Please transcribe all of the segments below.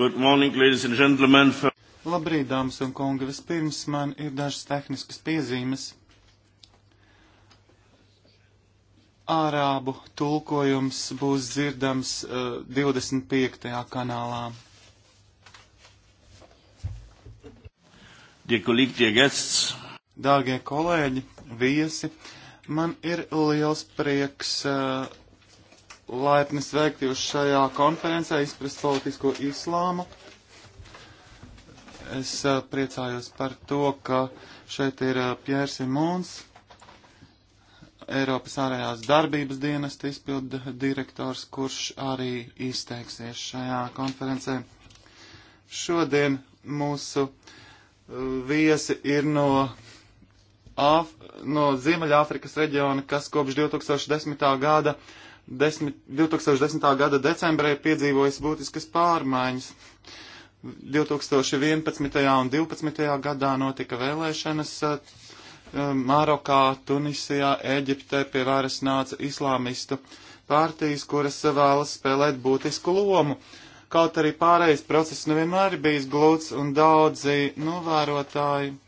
Good morning, ladies and gentlemen. Labrīt, dāmas un kungi. Vispirms man ir dažas tehniskas piezīmes. Ārābu tulkojums būs dzirdams uh, eh, 25. kanālā. Dear colleague, dear guests. Dārgie kolēģi, viesi, man ir liels prieks uh, laipni sveikti jūs šajā konferencē izprast politisko islāmu. Es uh, priecājos par to, ka šeit ir uh, eh, Pjērs Imons, Eiropas ārējās darbības dienesta izpildu direktors, kurš arī izteiksies šajā konferencē. Šodien mūsu eh, viesi ir no Af no Ziemeļāfrikas reģiona, kas kopš 2010. gada 10, 2010. gada decembrī piedzīvojis būtiskas pārmaiņas. 2011. un 2012. gadā notika vēlēšanas uh, Marokā, Tunisijā, Eģiptē pie varas nāca islāmistu partijas, kuras vēlas spēlēt būtisku lomu. Kaut arī pārējais process nevienmēr bijis glūds un daudzi novērotāji. Nu,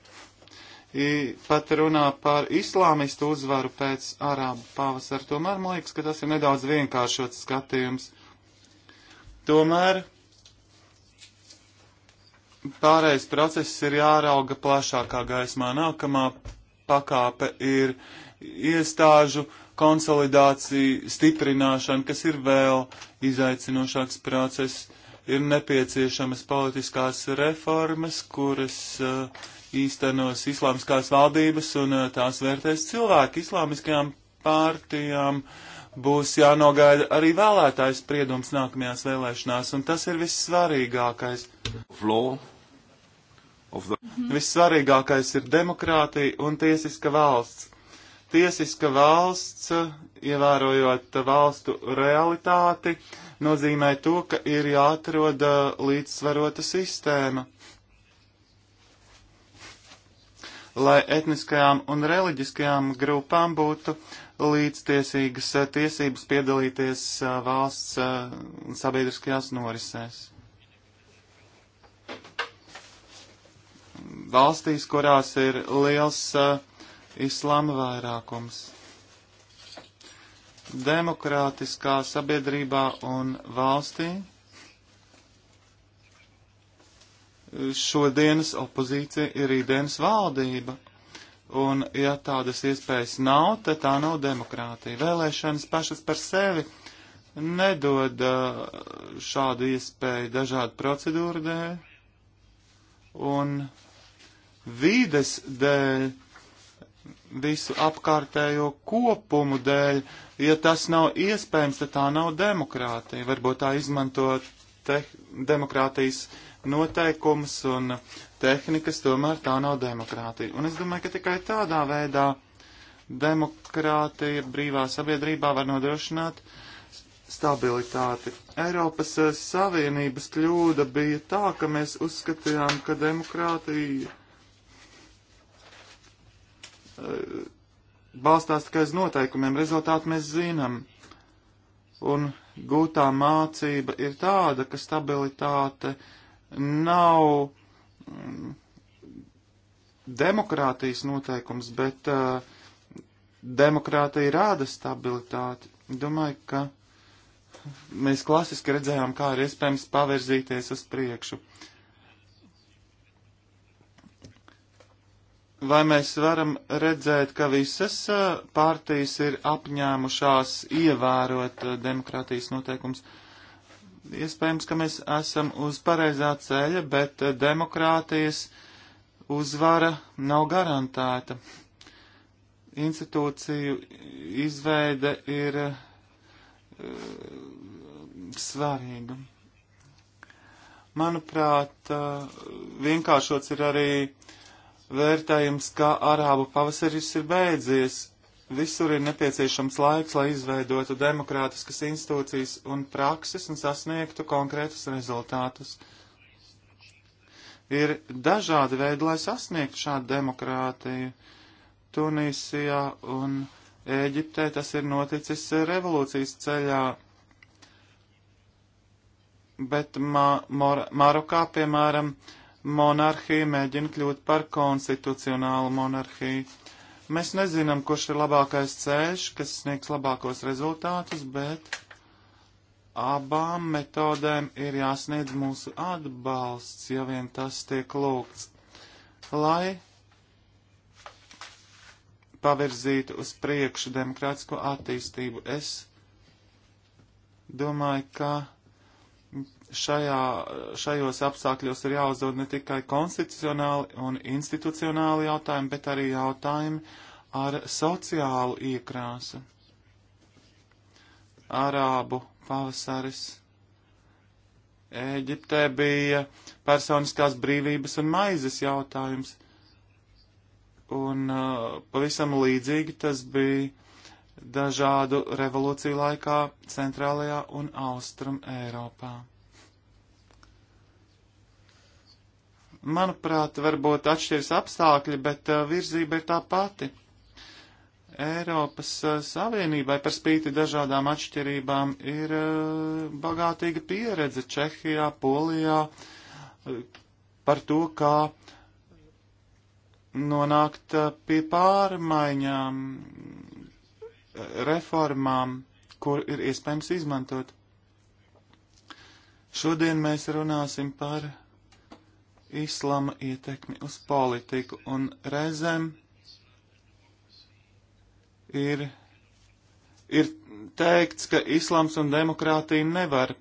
pat runā par islāmistu uzvaru pēc arābu pavasara. Tomēr man liekas, ka tas ir nedaudz vienkāršots skatījums. Tomēr pārējais process ir jārauga plašākā gaismā. Nākamā pakāpe ir iestāžu konsolidācija, stiprināšana, kas ir vēl izaicinošāks process. Ir nepieciešamas politiskās reformas, kuras uh, īstenos islāmskās valdības un eh, tās vērtēs cilvēki. Islāmiskajām pārtijām būs jānogaida arī vēlētājs spriedums nākamajās vēlēšanās, un tas ir vissvarīgākais. The... Mhm. Vissvarīgākais ir demokrātija un tiesiska valsts. Tiesiska valsts, ievērojot valstu realitāti, nozīmē to, ka ir jāatrod eh, līdzsvarota sistēma lai etniskajām un reliģiskajām grupām būtu līdztiesīgas eh, tiesības piedalīties eh, valsts un eh, sabiedriskajās norisēs. Valstīs, kurās ir liels islāma vairākums. Demokrātiskā sabiedrībā un valstī šodienas opozīcija ir rītdienas valdība. Un, ja tādas iespējas nav, tad tā nav demokrātija. Vēlēšanas pašas par sevi nedod uh, šādu iespēju dažādu procedūru dēļ un vīdes dēļ, visu apkārtējo kopumu dēļ. Ja tas nav iespējams, tad tā nav demokrātija. Varbūt tā izmanto demokrātijas uh, noteikumus un tehnikas, tomēr tā nav demokrātija. Un es domāju, ka tikai tādā veidā demokrātija brīvā sabiedrībā var nodrošināt stabilitāti. Eiropas eh, Savienības kļūda bija tā, ka mēs uzskatījām, ka demokrātija eh, balstās tikai uz noteikumiem, rezultātu mēs zinām. Un gūtā mācība ir tāda, ka stabilitāte uh, nav mm, demokrātijas noteikums, bet uh, demokrātija rāda stabilitāti. Domāju, ka mēs klasiski redzējām, kā ir iespējams pavirzīties uz priekšu. Vai mēs varam redzēt, ka visas uh, pārtīs ir apņēmušās ievērot uh, demokrātijas noteikums? Uh, Iespējams, ka mēs esam uz pareizā ceļa, bet eh, demokrātijas uzvara nav garantēta. Institūciju izveide ir eh, svarīga. Manuprāt, eh, vienkāršots ir arī vērtējums, kā arābu pavasaris ir beidzies. Visur ir nepieciešams laiks, lai izveidotu demokrātiskas institūcijas un prakses un sasniegtu konkrētus rezultātus. Ir dažādi veidi, lai sasniegtu šādu demokrātiju. Tunisijā un Ēģiptē tas ir noticis revolūcijas ceļā bet ma Mar Marokā, piemēram, monarhija mēģina kļūt par konstitucionālu monarhiju. Mēs nezinām, kurš ir labākais ceļš, kas sniegs labākos rezultātus, bet abām metodēm ir jāsniedz mūsu atbalsts, ja vien tas tiek lūgts, lai pavirzītu uz priekšu demokrātisko attīstību. Es domāju, ka šajā, šajos apstākļos ir jāuzdod ne tikai konstitucionāli un institucionāli jautājumi, bet arī jautājumi ar sociālu iekrāsu. Arābu pavasaris Ēģiptē bija personiskās brīvības un maizes jautājums. Un uh, pavisam līdzīgi tas bija dažādu revolūciju laikā centrālajā un austrum Eiropā. Manuprāt, varbūt atšķiras apstākļi, bet uh, virzība ir tā pati. Eiropas uh, Savienībai par spīti dažādām atšķirībām ir uh, bagātīga pieredze Čehijā, Polijā uh, par to, kā nonākt uh, pie pārmaiņām, reformām, kur ir iespējams izmantot. Šodien mēs runāsim par islama ietekmi uz politiku, un reizēm ir, ir teikts, ka islams un demokrātija nevar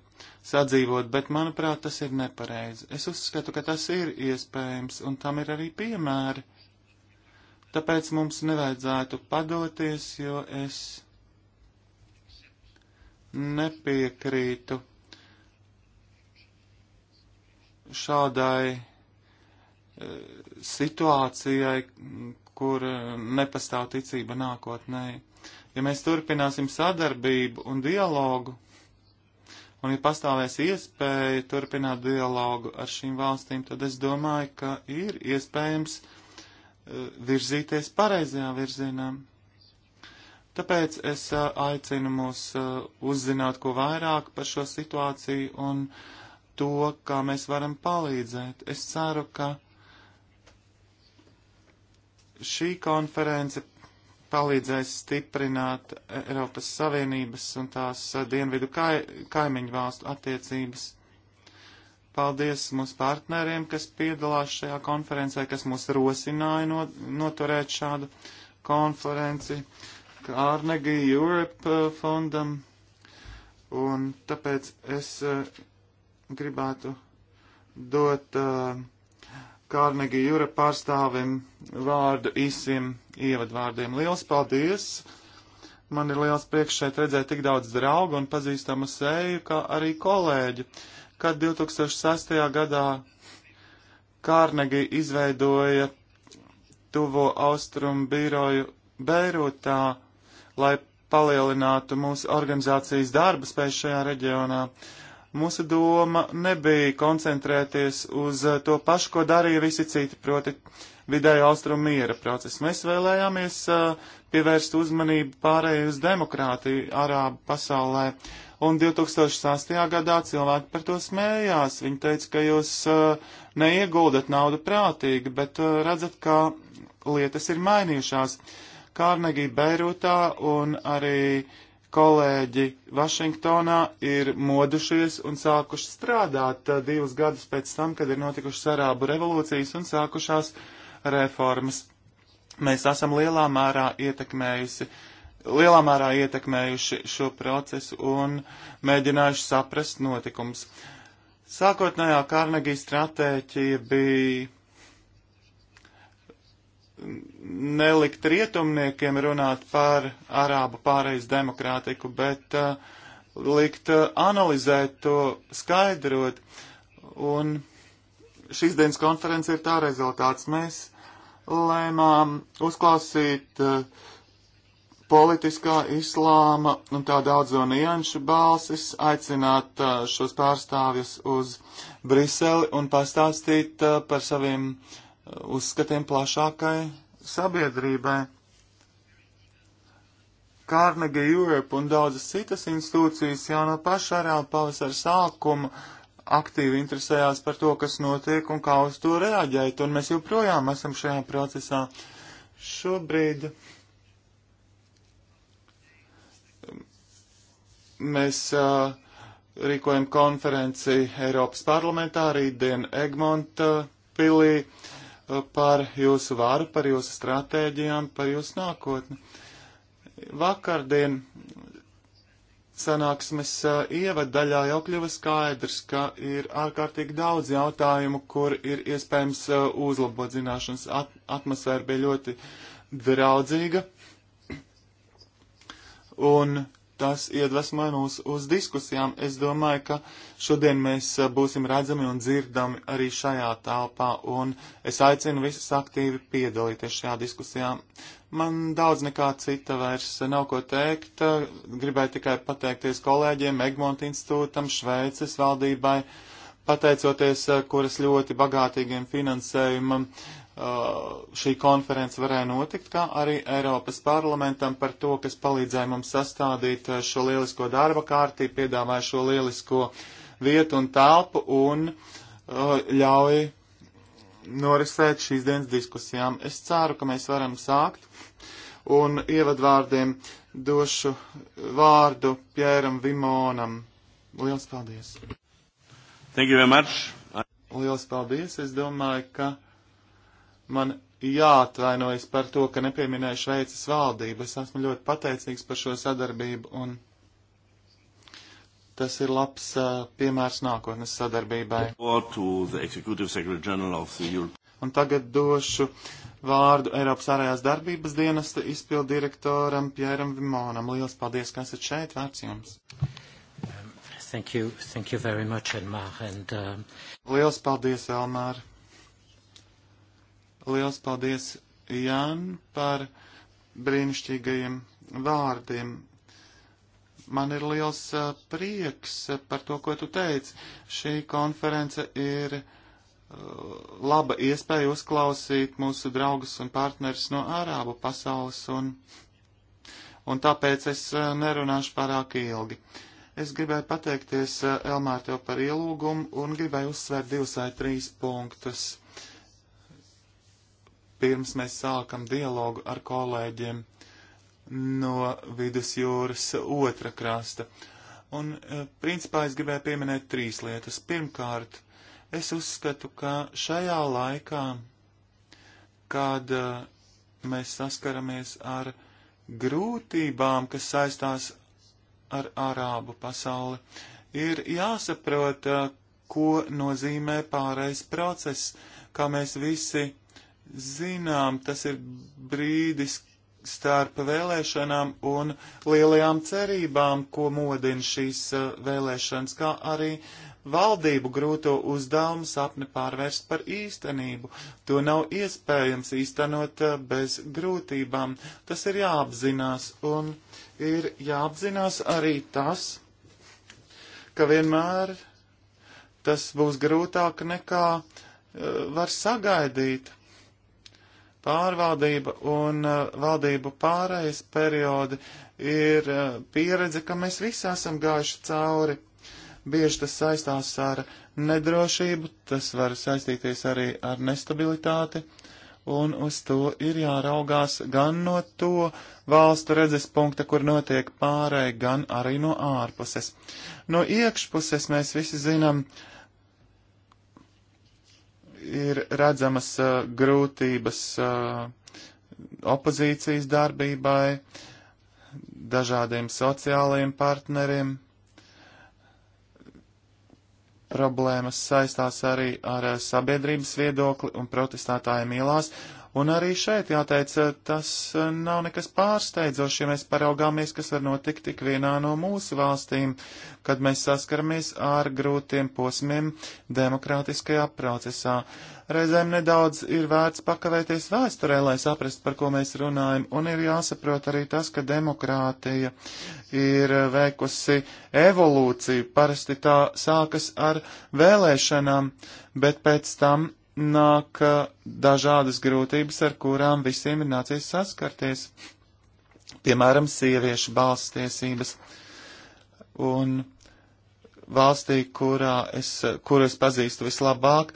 sadzīvot, bet, manuprāt, tas ir nepareizi. Es uzskatu, ka tas ir iespējams, un tam ir arī piemēri. Tāpēc mums nevajadzētu padoties, jo es nepiekrītu šādai situācijai, kur mm, nepastāv ticība nākotnē. Ja mēs turpināsim sadarbību un dialogu, un ja pastāvēs iespēja turpināt dialogu ar šīm valstīm, tad es domāju, ka ir iespējams e, virzīties pareizajā virzienā. Tāpēc es e, aicinu mūs e, uzzināt ko vairāk par šo situāciju un to, kā mēs varam palīdzēt. Es ceru, ka Šī konference palīdzēs stiprināt Eiropas Savienības un tās dienvidu kai, kaimiņu valstu attiecības. Paldies mūsu partneriem, kas piedalās šajā konferencē, kas mūs rosināja not, noturēt šādu konferenci, Carnegie Europe uh, fondam. Un tāpēc es uh, gribētu dot uh, Kārnegi Jura pārstāvim vārdu īsiem ievadvārdiem. Liels paldies! Man ir liels prieks šeit redzēt tik daudz draugu un pazīstamu seju, kā arī kolēģi. Kad 2006. gadā Kārnegi izveidoja tuvo austrumu biroju Beirutā, lai palielinātu mūsu organizācijas darba spēju šajā reģionā, uh, Mūsu doma nebija koncentrēties uz eh, to pašu, ko darīja visi citi, proti vidēja austrumu miera procesu. Mēs vēlējāmies uh, pievērst uzmanību pārējai uz demokrātiju Arābu pasaulē. Un 2008. gadā cilvēki par to smējās. Viņi teica, ka jūs uh, neieguldat naudu prātīgi, bet uh, redzat, kā lietas ir mainījušās. Kārnegī Beirutā un arī uh, kolēģi Vašingtonā ir modušies un sākuši strādāt eh, divus gadus pēc tam, kad ir notikušas arābu revolūcijas un sākušās reformas. Mēs esam lielā mērā ietekmējusi, lielā mērā ietekmējuši šo procesu un mēģinājuši saprast notikums. Sākotnējā Kārnegija stratēģija bija nelikt rietumniekiem runāt par arābu pārejas demokrātiku, bet uh, likt uh, analizēt to, skaidrot. Un šīs dienas konferences ir tā rezultāts. Mēs lēmām uzklausīt uh, politiskā islāma un tā daudzo nianšu balsis, aicināt uh, šos pārstāvjus uz Briseli un pastāstīt uh, par saviem uh, uzskatiem plašākai sabiedrībai. Kārnegi Europe un daudzas citas institūcijas jau no paša arāba pavasara sākuma aktīvi interesējās par to, kas notiek un kā uz to reaģēt, un mēs joprojām esam šajā procesā. Šobrīd mēs uh, rīkojam konferenci Eiropas parlamentā, rītdien Egmonta pilī. Uh, par jūsu varu, par jūsu stratēģijām, par jūsu nākotni. Vakardien sanāksmes uh, ievadaļā jau kļuva skaidrs, ka ir ārkārtīgi daudz jautājumu, kur ir iespējams uh, uzlabot zināšanas. At atmosfēra bija ļoti draudzīga. Un tas iedvesmo mūs uz diskusijām. Es domāju, ka šodien mēs eh, būsim redzami un dzirdami arī šajā telpā, un es aicinu visus aktīvi piedalīties šajā diskusijā. Man daudz nekā cita vairs nav ko teikt. Gribēju tikai pateikties kolēģiem, Egmonta institūtam, Šveices valdībai, pateicoties eh, kuras ļoti bagātīgiem finansējumam. Uh, Uh, šī konference varēja notikt, kā arī Eiropas parlamentam par to, kas palīdzēja mums sastādīt uh, šo lielisko darba kārtī, piedāvāja šo lielisko vietu un telpu un uh, ļauj norisēt šīs dienas diskusijām. Es ceru, ka mēs varam sākt un ievadvārdiem došu vārdu Pjēram Vimonam. Liels paldies! Thank you very much! Liels paldies! Es domāju, ka Man jāatvainojas par to, ka nepieminēju Šveices valdību. Es esmu ļoti pateicīgs par šo sadarbību un tas ir labs uh, piemērs nākotnes sadarbībai. Un tagad došu vārdu Eiropas ārējās darbības dienesta izpildu direktoram Pjēram Vimonam. Lielas paldies, ka esat šeit. Vārds jums. Thank you, thank you very much, Elmar. And, um... Lielas paldies, Elmar. Liels paldies, Jan, par brīnišķīgajiem vārdiem. Man ir liels uh, prieks par to, ko tu teici. Šī konference ir uh, laba iespēja uzklausīt mūsu draugus un partners no ārābu pasaules, un, un tāpēc es uh, nerunāšu pārāk ilgi. Es gribēju pateikties Elmār tev par ielūgumu un gribēju uzsvērt divus vai trīs punktus pirms mēs sākam dialogu ar kolēģiem no vidusjūras otra krasta. Un, e, principā, es gribēju pieminēt trīs lietas. Pirmkārt, es uzskatu, ka šajā laikā, kad e, mēs saskaramies ar grūtībām, kas saistās ar arābu pasauli, ir jāsaprot, e, ko nozīmē pārējais process, kā mēs visi zinām, tas ir brīdis starp vēlēšanām un lielajām cerībām, ko modina šīs eh, vēlēšanas, kā arī valdību grūto uzdevumu sapni pārvērst par īstenību. To nav iespējams īstenot eh, bez grūtībām. Tas ir jāapzinās un ir jāapzinās arī tas, ka vienmēr tas būs grūtāk nekā uh, var sagaidīt pārvaldība un uh, valdību pārējais periodi ir uh, pieredze, ka mēs visi esam gājuši cauri. Bieži tas saistās ar nedrošību, tas var saistīties arī ar nestabilitāti, un uz to ir jāraugās gan no to valstu redzes punkta, kur notiek pārēj, gan arī no ārpuses. No iekšpuses mēs visi zinām, uh, ir redzamas uh, grūtības uh, opozīcijas darbībai, dažādiem sociālajiem partneriem. Problēmas saistās arī ar uh, sabiedrības viedokli un protestētājiem ielās, Un arī šeit jāteic, eh, tas eh, nav nekas pārsteidzošs, ja mēs paraugāmies, kas var notikt tik vienā no mūsu valstīm, kad mēs saskaramies ar grūtiem posmiem demokrātiskajā procesā. Reizēm nedaudz ir vērts pakavēties vēsturē, lai saprastu, par ko mēs runājam, un ir jāsaprot arī tas, ka demokrātija ir veikusi evolūciju. Parasti tā sākas ar vēlēšanām, bet pēc tam nāk dažādas grūtības, ar kurām visiem ir nācies saskarties. Piemēram, sieviešu balss tiesības. Un valstī, kurā es, kuru es pazīstu vislabāk,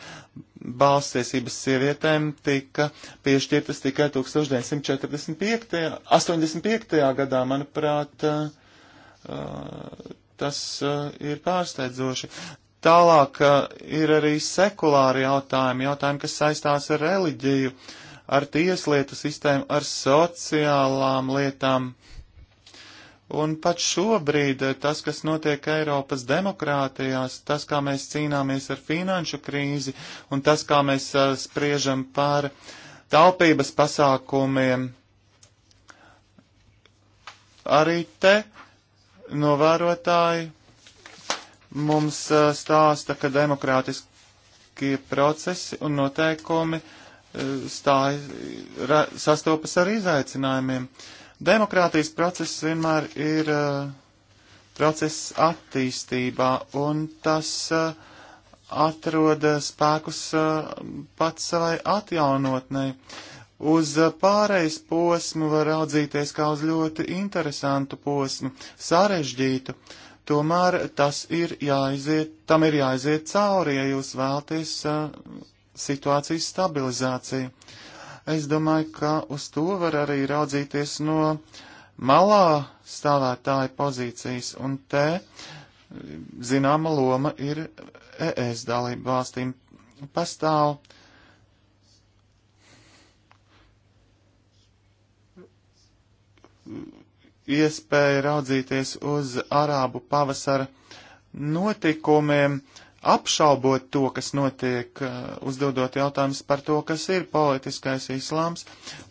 balss tiesības sievietēm tika piešķirtas tikai 1945. 85. gadā, manuprāt, eh, eh, tas eh, ir pārsteidzoši. Tālāk ir arī sekulāri jautājumi, jautājumi, kas saistās ar reliģiju, ar tieslietu sistēmu, ar sociālām lietām. Un pat šobrīd eh, tas, kas notiek Eiropas demokrātijās, tas, kā mēs cīnāmies ar finanšu krīzi un tas, kā mēs uh, spriežam par taupības pasākumiem, arī te novērotāji mums stāsta, ka demokrātiskie procesi un noteikumi stāj, ra, sastopas ar izaicinājumiem. Demokrātijas process vienmēr ir process attīstībā, un tas atrod spēkus pats savai atjaunotnei. Uz pārejas posmu var raudzīties kā uz ļoti interesantu posmu, sarežģītu. Uh, Tomēr tas ir jāiziet, tam ir jāiziet cauri, ja jūs vēlaties uh, situācijas stabilizāciju. Es domāju, ka uz to var arī raudzīties no malā stāvētāja pozīcijas, un te zināma loma ir ES dalību valstīm. Pastāv iespēja raudzīties uz arābu pavasara notikumiem, apšaubot to, kas notiek, uh, uzdodot jautājumus par to, kas ir politiskais islāms,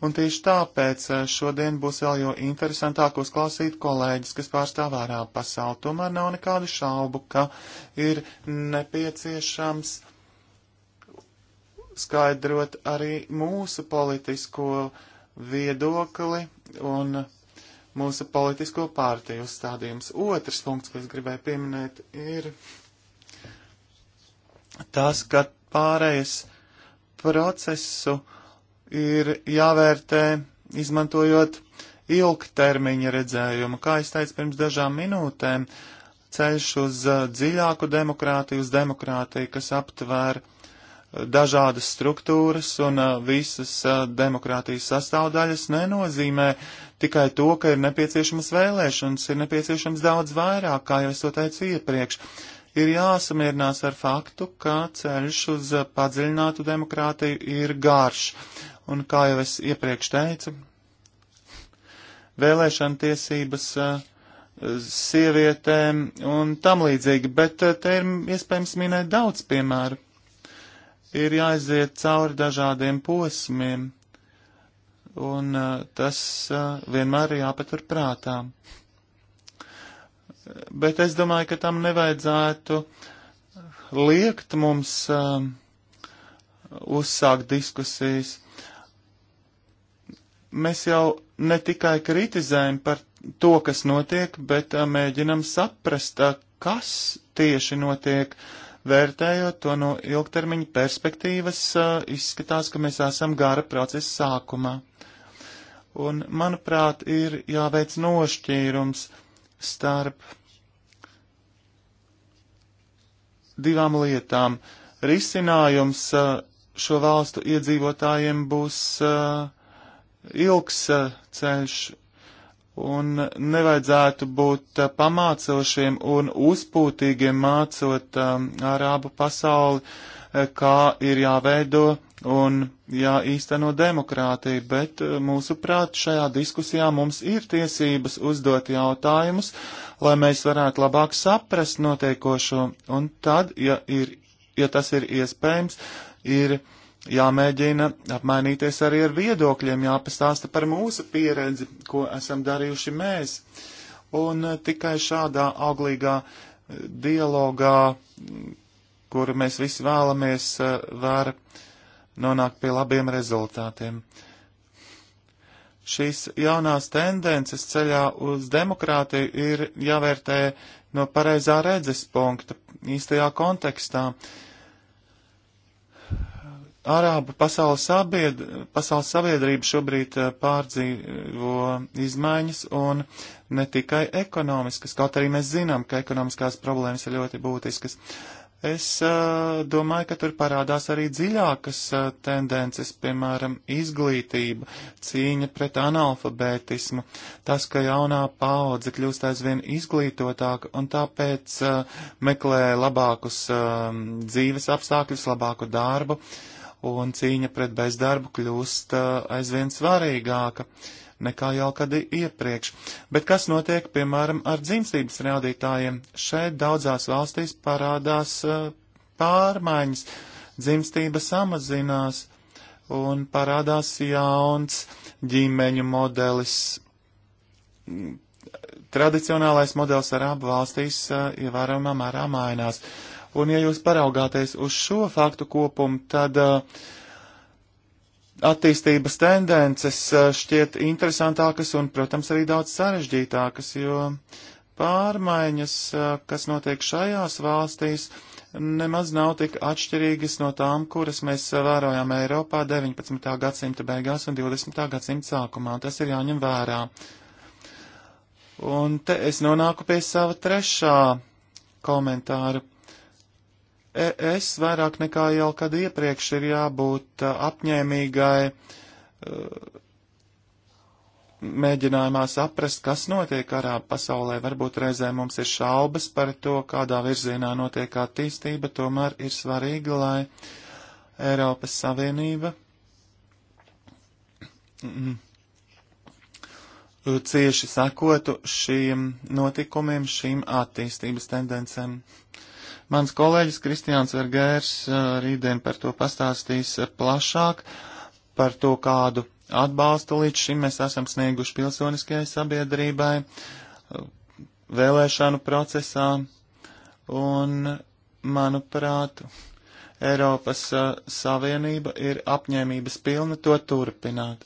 un tieši tāpēc uh, šodien būs vēl jo interesantāk uzklausīt kolēģis, kas pārstāv ārā pasauli. Tomēr nav nekādu šaubu, ka ir nepieciešams skaidrot arī mūsu politisko viedokli un mūsu politisko pārtiju uzstādījums. Otrs punkts, ko es gribēju pieminēt, ir tas, ka pārējais procesu ir jāvērtē izmantojot ilgtermiņa redzējumu. Kā es teicu pirms dažām minūtēm, ceļš uz uh, dziļāku demokrātiju, uz demokrātiju, kas aptver uh, dažādas struktūras un uh, visas demokrātijas sastāvdaļas, nenozīmē tikai to, ka ir nepieciešamas vēlēšanas, ir nepieciešams daudz vairāk, kā jau es to teicu iepriekš. Ir jāsamierinās ar faktu, ka ceļš uz padziļinātu demokrātiju ir garš. Un kā jau es iepriekš teicu, vēlēšana tiesības uh, sievietēm un tam līdzīgi, bet eh, te ir iespējams minēt daudz piemēru. Ir jāiziet cauri dažādiem posmiem, un uh, tas uh, vienmēr ir jāpatur prātā. Bet es domāju, ka tam nevajadzētu liekt mums uh, uzsākt diskusijas. Mēs jau ne tikai kritizējam par to, kas notiek, bet mēģinam saprast, kas tieši notiek. Vērtējot to no ilgtermiņa perspektīvas, izskatās, ka mēs esam gara procesa sākumā. Un, manuprāt, ir jāveic nošķīrums starp divām lietām. Risinājums uh, šo valstu iedzīvotājiem būs uh, ilgs uh, ceļš un nevajadzētu būt pamācošiem un uzpūtīgiem mācot arābu um, pasauli, kā ir jāveido un jāīsteno demokrātija, bet eh, mūsuprāt šajā diskusijā mums ir tiesības uzdot jautājumus, lai mēs varētu labāk saprast notiekošo, un tad, ja, ir, ja tas ir iespējams, ir jāmēģina apmainīties arī ar viedokļiem, jāpastāsta par mūsu pieredzi, ko esam darījuši mēs, un eh, tikai šādā auglīgā eh, dialogā, kuru mēs visi vēlamies, var. Vēra nonāk pie labiem rezultātiem. Šīs jaunās tendences ceļā uz demokrātiju ir jāvērtē no pareizā redzes punkta, īstajā kontekstā. Arābu pasaules, sabied, pasaules sabiedrība šobrīd eh, pārdzīvo izmaiņas un ne tikai ekonomiskas, kaut arī mēs zinām, ka ekonomiskās problēmas ir ļoti būtiskas. Uh, Es uh, domāju, ka tur parādās arī dziļākas uh, tendences, piemēram, izglītība, cīņa pret analfabētismu, tas, ka jaunā paudze kļūst aizvien izglītotāka un tāpēc uh, meklē labākus uh, dzīves apstākļus, labāku darbu, un cīņa pret bezdarbu kļūst uh, aizvien svarīgāka. Uh, nekā jau kad iepriekš. Bet kas notiek, piemēram, ar dzimstības rādītājiem? Šeit daudzās valstīs parādās uh, pārmaiņas, dzimstība samazinās un parādās jauns ģimeņu modelis. Tradicionālais modelis Arābu valstīs uh, ievērojamā mērā mainās. Un ja jūs paraugāties uz šo faktu kopumu, tad uh, attīstības tendences eh, šķiet interesantākas un, protams, arī daudz sarežģītākas, jo pārmaiņas, eh, kas notiek šajās valstīs, nemaz nav tik atšķirīgas no tām, kuras mēs eh, vērojām Eiropā 19. gadsimta beigās un 20. gadsimta sākumā. Tas ir jāņem vērā. Un te es nonāku pie sava trešā komentāra Es vairāk nekā jau kad iepriekš ir jābūt uh, apņēmīgai uh, mēģinājumā saprast, kas notiek arābu pasaulē. Varbūt reizē mums ir šaubas par to, kādā virzienā notiek attīstība, tomēr ir svarīgi, lai Eiropas Savienība mm, cieši sekotu šiem notikumiem, šīm attīstības tendencēm. Uh, Mans kolēģis Kristiāns Vergērs uh, rītdien par to pastāstīs uh, plašāk, par to, kādu atbalstu līdz šim mēs esam snieguši pilsoniskajai sabiedrībai uh, vēlēšanu procesā. Un, manuprāt, Eiropas Savienība ir apņēmības pilna to turpināt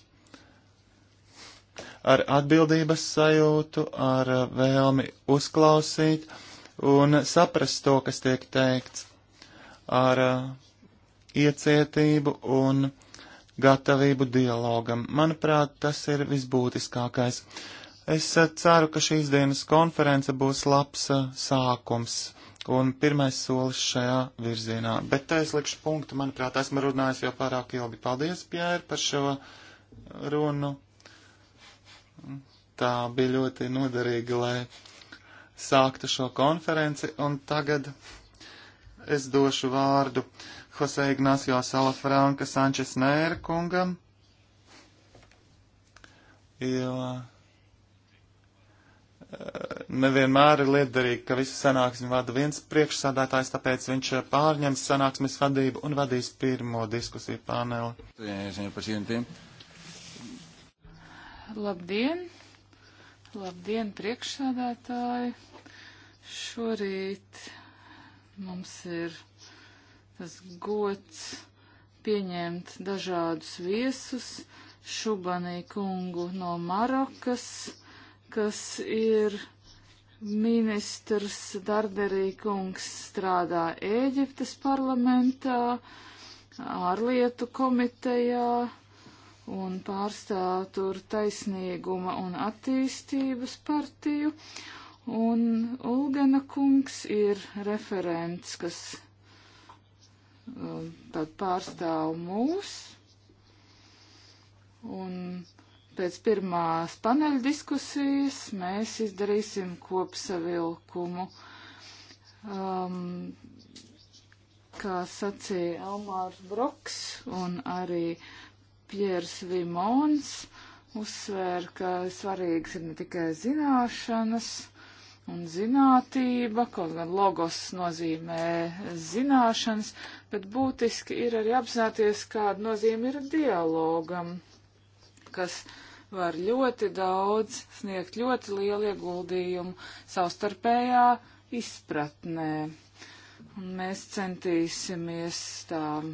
ar atbildības sajūtu, ar vēlmi uzklausīt un saprast to, kas tiek teikts ar uh, iecietību un gatavību dialogam. Manuprāt, tas ir visbūtiskākais. Es uh, ceru, ka šīs dienas konference būs labs uh, sākums un pirmais solis šajā virzienā. Bet tā es likšu punktu, manuprāt, esmu runājis jau pārāk ilgi. Paldies, Pjēri, par šo runu. Tā bija ļoti noderīga, lai sāktu šo konferenci, un tagad es došu vārdu Jose Ignacio Salafranka Sančes Nēra kungam, jo eh, nevienmēr ir lietderīgi, ka visu sanāksmi vada viens priekšsādātājs, tāpēc viņš eh, pārņems sanāksmes vadību un vadīs pirmo diskusiju pāneli. Eh, Labdien! Labdien, priekšsādātāji! Šorīt mums ir tas gods pieņemt dažādus viesus. Šubanī kungu no Marokas, kas ir ministrs Darderī kungs strādā Ēģiptes parlamentā, ārlietu komitejā un pārstāv tur taisnīguma un attīstības partiju. Un Ulgana kungs ir referents, kas um, tad pārstāv mūs. Un pēc pirmās paneļa diskusijas mēs izdarīsim kopsavilkumu. Um, kā sacīja Elmārs Broks un arī Pjērs Vimons uzsvēra, ka svarīgs ir ne tikai zināšanas un zinātība, kaut gan logos nozīmē zināšanas, bet būtiski ir arī apzināties, kāda nozīme ir dialogam, kas var ļoti daudz sniegt ļoti lielu ieguldījumu savstarpējā izpratnē. Un mēs centīsimies tām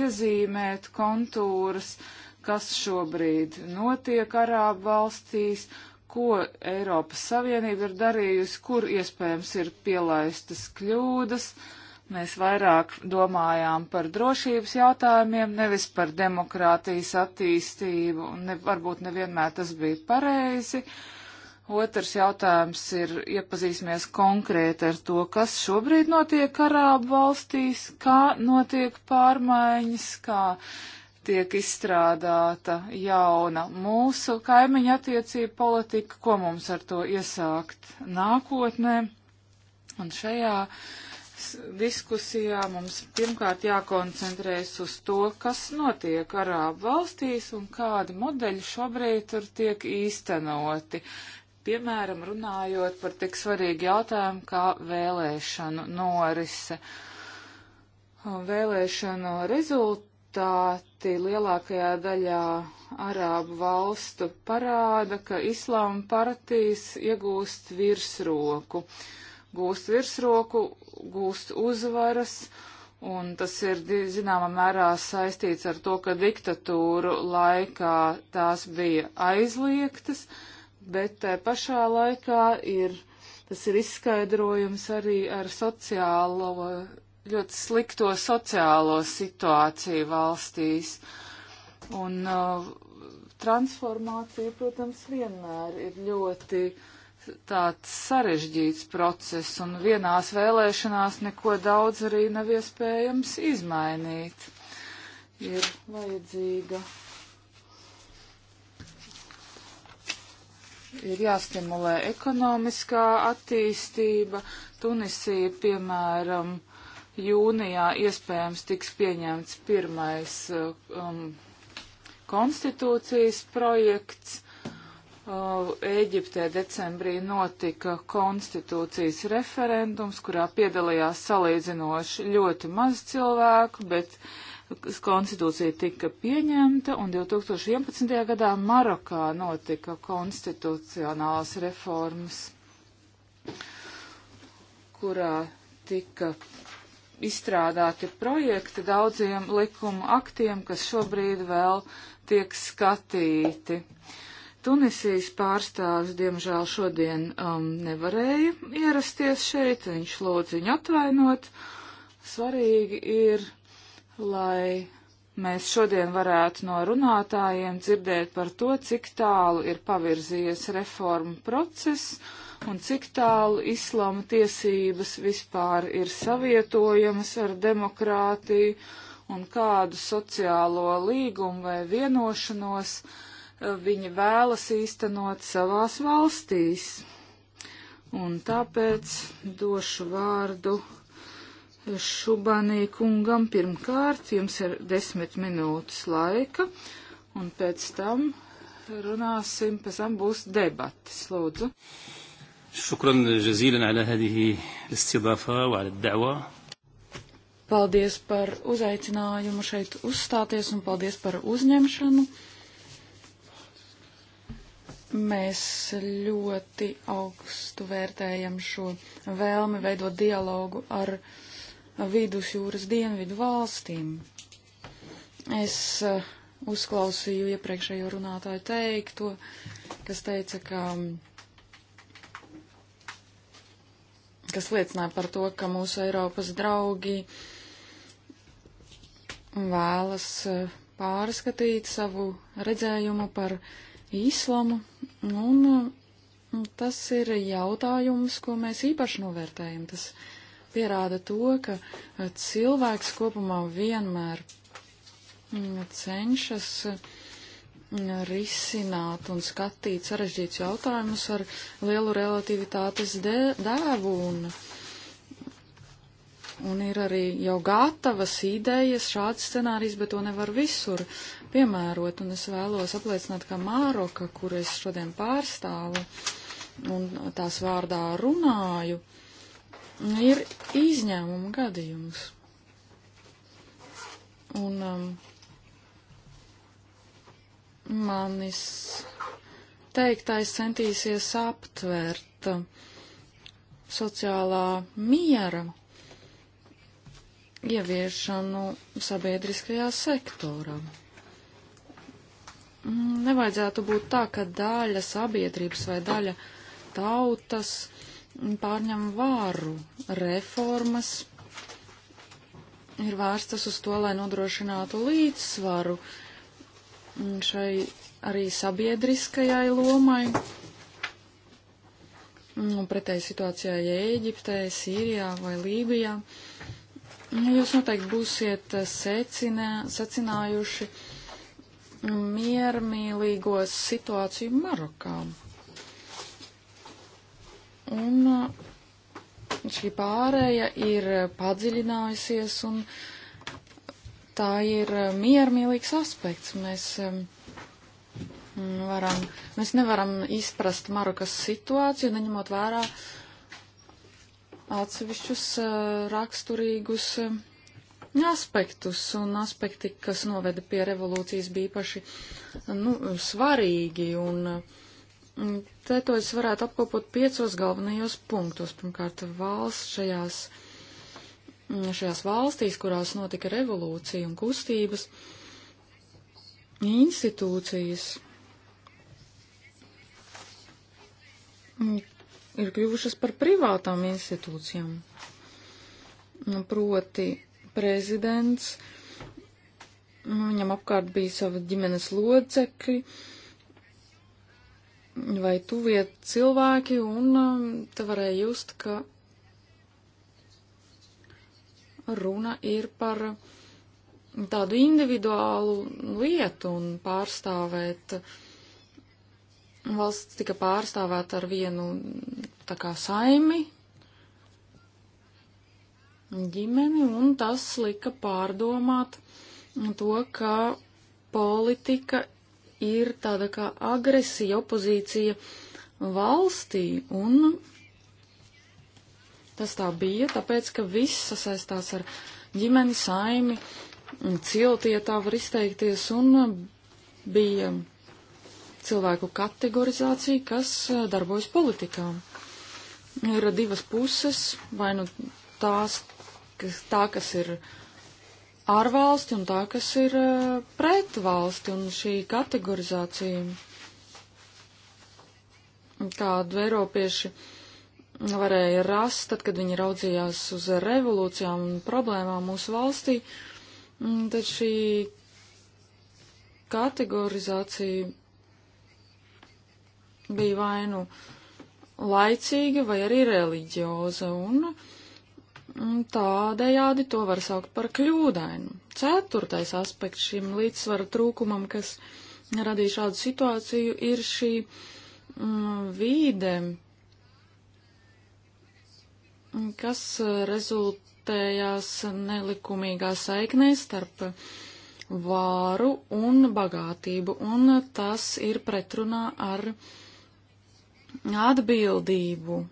iezīmēt kontūrus, kas šobrīd notiek Arābu valstīs, ko Eiropas Savienība ir darījusi, kur iespējams ir pielaistas kļūdas. Mēs vairāk domājām par drošības jautājumiem, nevis par demokrātijas attīstību, un ne, varbūt nevienmēr tas bija pareizi. Uh, Otrs jautājums ir iepazīsimies konkrēti ar to, kas šobrīd notiek Arābu valstīs, kā notiek pārmaiņas, kā tiek izstrādāta jauna mūsu kaimiņa attiecība politika, ko mums ar to iesākt nākotnē. Un šajā diskusijā mums pirmkārt jākoncentrējas uz to, kas notiek Arābu valstīs un kādi modeļi šobrīd tur tiek īstenoti Piemēram, runājot par tik svarīgu jautājumu kā vēlēšanu norise. Vēlēšanu rezultāti lielākajā daļā arābu valstu parāda, ka islāma partijas iegūst virsroku. Gūst virsroku, gūst uzvaras. Un tas ir zināmā mērā saistīts ar to, ka diktatūru laikā tās bija aizliegtas, uh, bet tā pašā laikā ir, tas ir izskaidrojums arī ar sociālo, ļoti slikto sociālo situāciju valstīs. Un uh, transformācija, protams, vienmēr ir ļoti tāds sarežģīts process, un vienās vēlēšanās neko daudz arī nav iespējams izmainīt. Ir vajadzīga ir jāstimulē ekonomiskā attīstība. Tunisija, piemēram, jūnijā iespējams tiks pieņemts pirmais uh, um, konstitūcijas projekts. Uh, Ēģiptē uh, decembrī notika konstitūcijas referendums, kurā piedalījās salīdzinoši ļoti maz cilvēku, bet uh, konstitūcija tika pieņemta un 2011. gadā Marokā notika konstitucionālas reformas, kurā tika izstrādāti projekti daudziem likuma aktiem, kas šobrīd vēl tiek skatīti. Tunisijas pārstāvis, diemžēl, šodien um, nevarēja ierasties šeit, viņš lūdz viņu atvainot. Svarīgi ir lai mēs šodien varētu no runātājiem dzirdēt par to, cik tālu ir pavirzījies reformu process un cik tālu islama tiesības vispār ir savietojamas ar demokrātiju un kādu sociālo līgumu vai vienošanos eh, viņi vēlas īstenot savās valstīs. Un tāpēc došu vārdu Šubanī kungam pirmkārt jums ir desmit minūtes laika, un pēc tam runāsim, pēc tam būs debatas. Lūdzu. Šukran žazīlen ala hadihi istidafā wa ala da'wā. Paldies par uzaicinājumu šeit uzstāties un paldies par uzņemšanu. Mēs ļoti augstu vērtējam šo vēlmi veidot dialogu ar uh, vidusjūras dienvidu valstīm. Es uh, uzklausīju iepriekšējo runātāju teikto, kas teica, ka kas liecināja par to, ka mūsu Eiropas draugi vēlas eh, pārskatīt savu redzējumu par islamu, un eh, tas ir jautājums, ko mēs īpaši novērtējam. Tas ir pierāda to, ka e, cilvēks kopumā vienmēr mm, cenšas mm, risināt un skatīt sarežģītus jautājumus ar lielu relativitātes dēvu. Un, un ir arī jau gatavas idejas šāds scenārijs, bet to nevar visur piemērot. Un es vēlos apliecināt, ka Māroka, kur es šodien pārstāvu un tās vārdā runāju, uh, ir izņēmuma gadījums. Un um, manis teiktais centīsies aptvert um, sociālā miera ieviešanu sabiedriskajā sektorā. Mm, nevajadzētu būt tā, ka daļa sabiedrības vai daļa tautas uh, pārņem vāru. Reformas ir vērstas uz to, lai nodrošinātu līdzsvaru šai arī sabiedriskajai lomai. Nu, pretēji situācijai ja Ēģiptē, Sīrijā vai Lībijā. Nu, jūs noteikti būsiet secinē, secinājuši miermīlīgos situāciju Marokām. Un uh, šī pārēja ir padziļinājusies un tā ir uh, miermīlīgs aspekts. Mēs um, varam, mēs nevaram izprast Marokas situāciju, neņemot vērā atsevišķus uh, raksturīgus aspektus, un aspekti, kas noveda pie revolūcijas, bija paši nu, svarīgi, un Te to es varētu apkopot piecos galvenajos punktos. Pirmkārt, valsts šajās, mm, šajās valstīs, kurās notika revolūcija un kustības, institūcijas mm, ir kļuvušas par privātām institūcijām. Nu, proti, prezidents, nu, viņam apkārt bija savi ģimenes locekļi, vai tuvie cilvēki, un um, te varēja just, ka runa ir par tādu individuālu lietu un pārstāvēt. Valsts tika pārstāvēta ar vienu tā kā saimi, ģimeni, un tas lika pārdomāt to, ka politika ir tāda kā agresija, opozīcija valstī, un tas tā bija, tāpēc, ka viss sasaistās ar ģimeni, saimi, cilti, ja tā var izteikties, un bija cilvēku kategorizācija, kas eh, darbojas politikā. Ir divas puses, vai nu tās, kas, tā, kas ir uh, ārvalsti un tā, kas ir eh, pretvalsti un šī kategorizācija, kādu Eiropieši varēja rast, tad, kad viņi raudzījās uz revolūcijām un problēmām mūsu valstī, mm, tad šī kategorizācija bija vainu laicīga vai arī reliģioza, un Tādējādi to var saukt par kļūdainu. Ceturtais aspekts šim līdzsvara trūkumam, kas radīja šādu situāciju, ir šī mm, vīde, kas rezultējās nelikumīgā saiknē starp vāru un bagātību, un tas ir pretrunā ar atbildību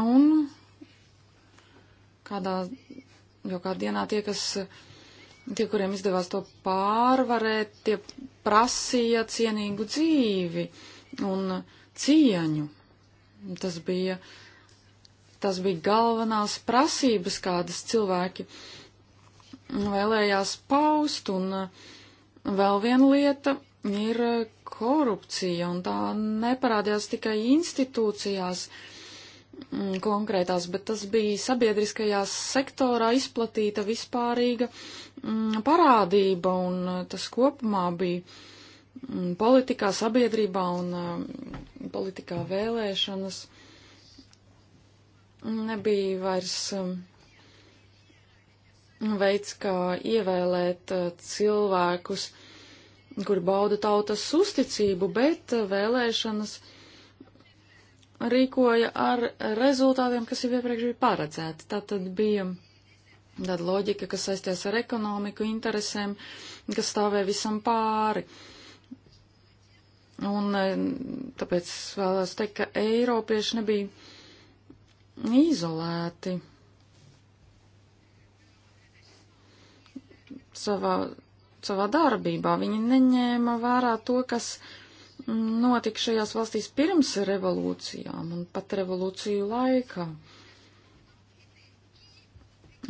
Un kādā, jau kādā dienā tie, kas, tie, kuriem izdevās to pārvarēt, tie prasīja cienīgu dzīvi un cieņu. Tas bija, tas bija galvenās prasības, kādas cilvēki vēlējās paust, un vēl viena lieta ir korupcija, un tā neparādījās tikai institūcijās, uh, Mm, konkrētās, bet tas bija sabiedriskajā sektorā izplatīta vispārīga mm, parādība, un uh, tas kopumā bija mm, politikā, sabiedrībā un uh, politikā vēlēšanas nebija vairs um, veids, kā ievēlēt uh, cilvēkus, kuri bauda tautas uzticību, bet vēlēšanas uh, rīkoja ar rezultātiem, kas jau iepriekš bija paredzēti. Tā tad bija tāda loģika, kas saistījās ar ekonomiku, interesēm, kas stāvēja visam pāri. Un e, tāpēc vēlos teikt, ka Eiropieši nebija izolēti savā, savā darbībā. Viņi neņēma vērā to, kas notika šajās valstīs pirms revolūcijām un pat revolūciju laikā.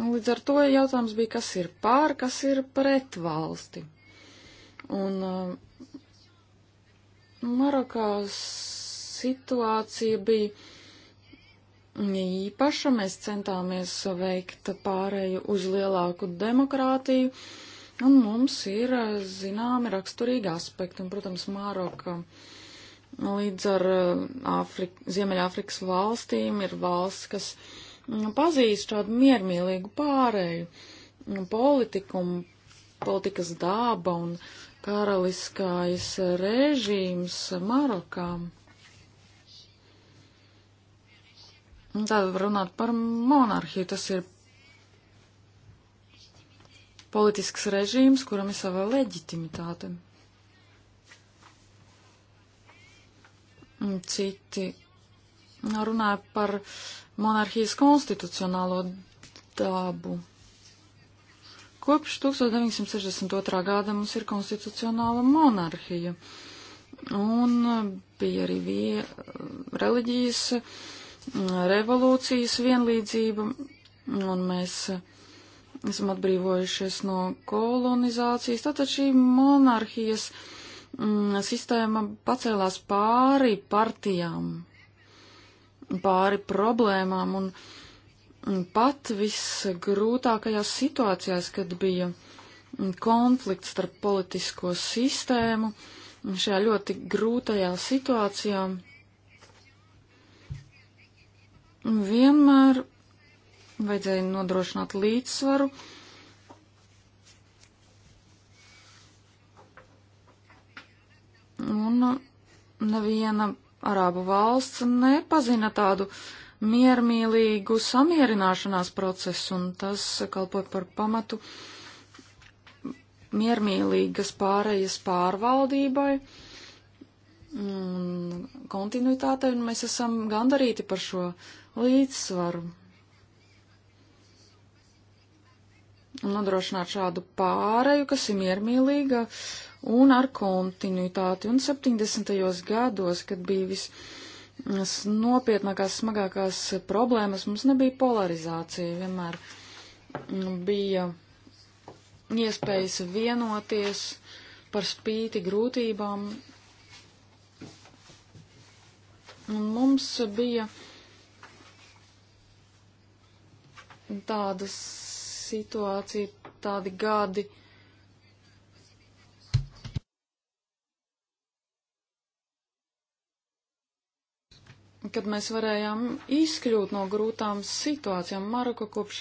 Līdz ar to jautājums bija, kas ir pār, kas ir pret valsti. Un uh, Marokā situācija bija īpaša. Mēs centāmies veikt pārēju uz lielāku demokrātiju. Uh, Un mums ir zināmi raksturīgi aspekti, un, protams, Māroka līdz ar Āfrik, Ziemeļāfrikas valstīm ir valsts, kas mm, pazīst šādu miermīlīgu pārēju mm, politikumu, politikas dāba un karaliskais režīms Marokā. Tad runāt par monarhiju, tas ir politisks režīms, kuram ir sava leģitimitāte. Citi runāja par monarhijas konstitucionālo dabu. Kopš 1962. gada mums ir konstitucionāla monarhija, un bija arī vie, reliģijas revolūcijas vienlīdzība, un mēs uh, esam atbrīvojušies no kolonizācijas. Tātad šī monarhijas mm, sistēma pacēlās pāri partijām, pāri problēmām un mm, pat visgrūtākajās situācijās, kad bija mm, konflikts starp politisko sistēmu, mm, šajā ļoti grūtajā situācijā. Vien Vajadzēja nodrošināt līdzsvaru. Un neviena arābu valsts nepazina tādu miermīlīgu samierināšanās procesu, un tas kalpoja par pamatu miermīlīgas pārējas pārvaldībai un kontinuitātei, un mēs esam gandarīti par šo līdzsvaru. nodrošināt šādu pāreju, kas ir miermīlīga un ar kontinuitāti. Un 70. gados, kad bija vis nopietnākās, smagākās problēmas, mums nebija polarizācija, vienmēr mm, bija iespējas vienoties par spīti grūtībām. Un mums bija tādas situācija ir tādi gadi. Kad mēs varējām izkļūt no grūtām situācijām, Maroka kopš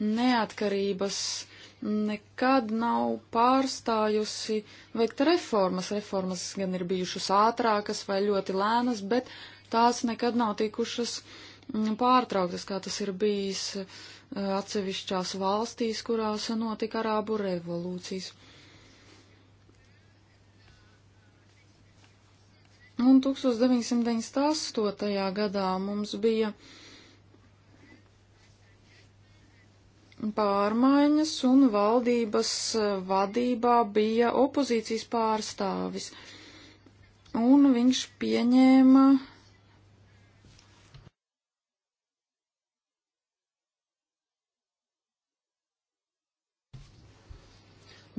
neatkarības nekad nav pārstājusi veikt reformas. Reformas gan ir bijušas ātrākas vai ļoti lēnas, bet tās nekad nav tikušas mm, pārtrauktas, kā tas ir bijis atsevišķās valstīs, kurās notika arābu revolūcijas. Un 1998. gadā mums bija pārmaiņas, un valdības vadībā bija opozīcijas pārstāvis. Un viņš pieņēma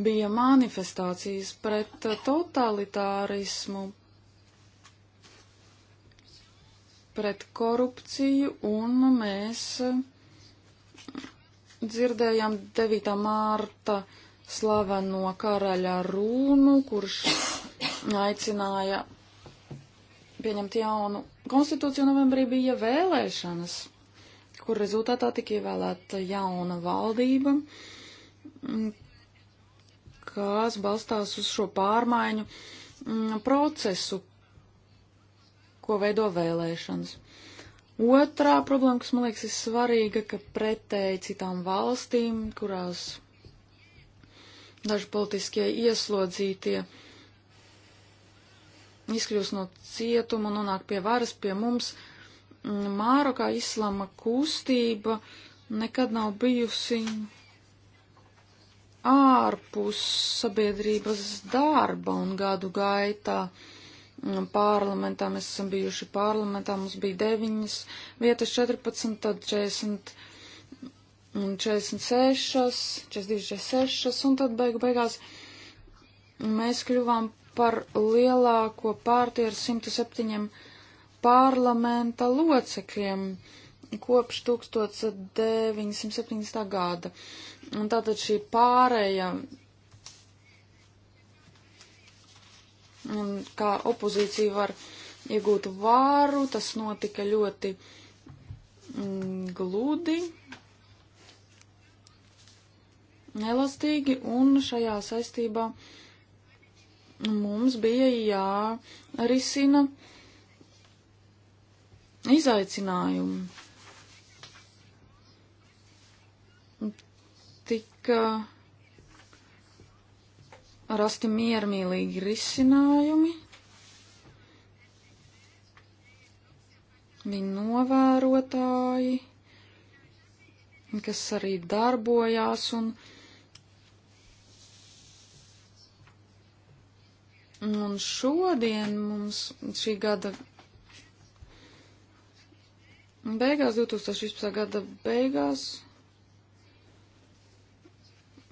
bija manifestācijas pret totalitārismu, pret korupciju, un mēs dzirdējām 9. mārta slaveno karaļa rūnu, kurš aicināja pieņemt jaunu konstitūciju. Novembrī bija vēlēšanas, kur rezultātā tika ievēlēta jauna valdība, gāze balstās uz šo pārmaiņu mm, procesu, ko veido vēlēšanas. Otrā problēma, kas man liekas ir svarīga, ka pretēji citām valstīm, kurās daži politiskie ieslodzītie izkļūst no cietuma un nonāk pie varas pie mums, mm, Mārokā islama kustība nekad nav bijusi ārpus sabiedrības darba un gadu gaitā. Mm, parlamentā mēs esam bijuši parlamentā, mums bija 9 vietas 14, tad 40, 46, 42, 46, un tad beigu beigās mēs kļuvām par lielāko pārti ar 107 parlamenta locekļiem. Uh, kopš 1970. gada. Un tātad šī pārēja, kā opozīcija var iegūt vāru, tas notika ļoti mm, gludi, elastīgi, un šajā saistībā mums bija jārisina izaicinājumi. tika rasti miermīlīgi risinājumi. Viņi novērotāji, kas arī darbojās un, un šodien mums šī gada beigās, 2016. gada beigās,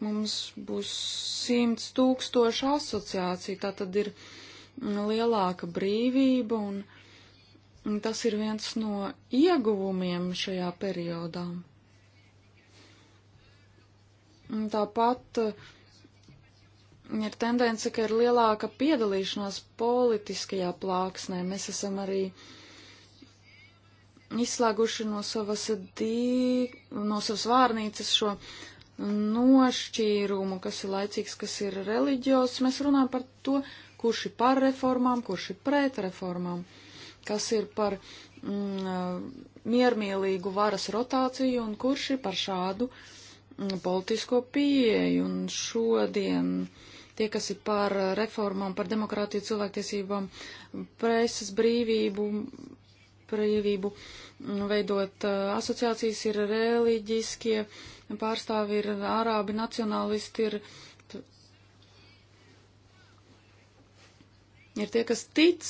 mums būs simts tūkstoši asociāciju, tā tad ir lielāka brīvība un, un tas ir viens no ieguvumiem šajā periodā. Un tāpat uh, ir tendence, ka ir lielāka piedalīšanās politiskajā plāksnē. Mēs esam arī izslēguši no savas, dī, no savas vārnīcas šo nošķīrumu, kas ir laicīgs, kas ir reliģijos. Mēs runājam par to, kurš ir par reformām, kurš ir pret reformām, kas ir par mm, eh, miermīlīgu varas rotāciju un kurš ir par šādu mm, politisko pieeju. Un šodien tie, kas ir par reformām, par demokrātiju, cilvēktiesībām, preses brīvību, brīvību veidot asociācijas, ir reliģiskie pārstāvi, ir ārābi nacionālisti, ir Ir tie, kas tic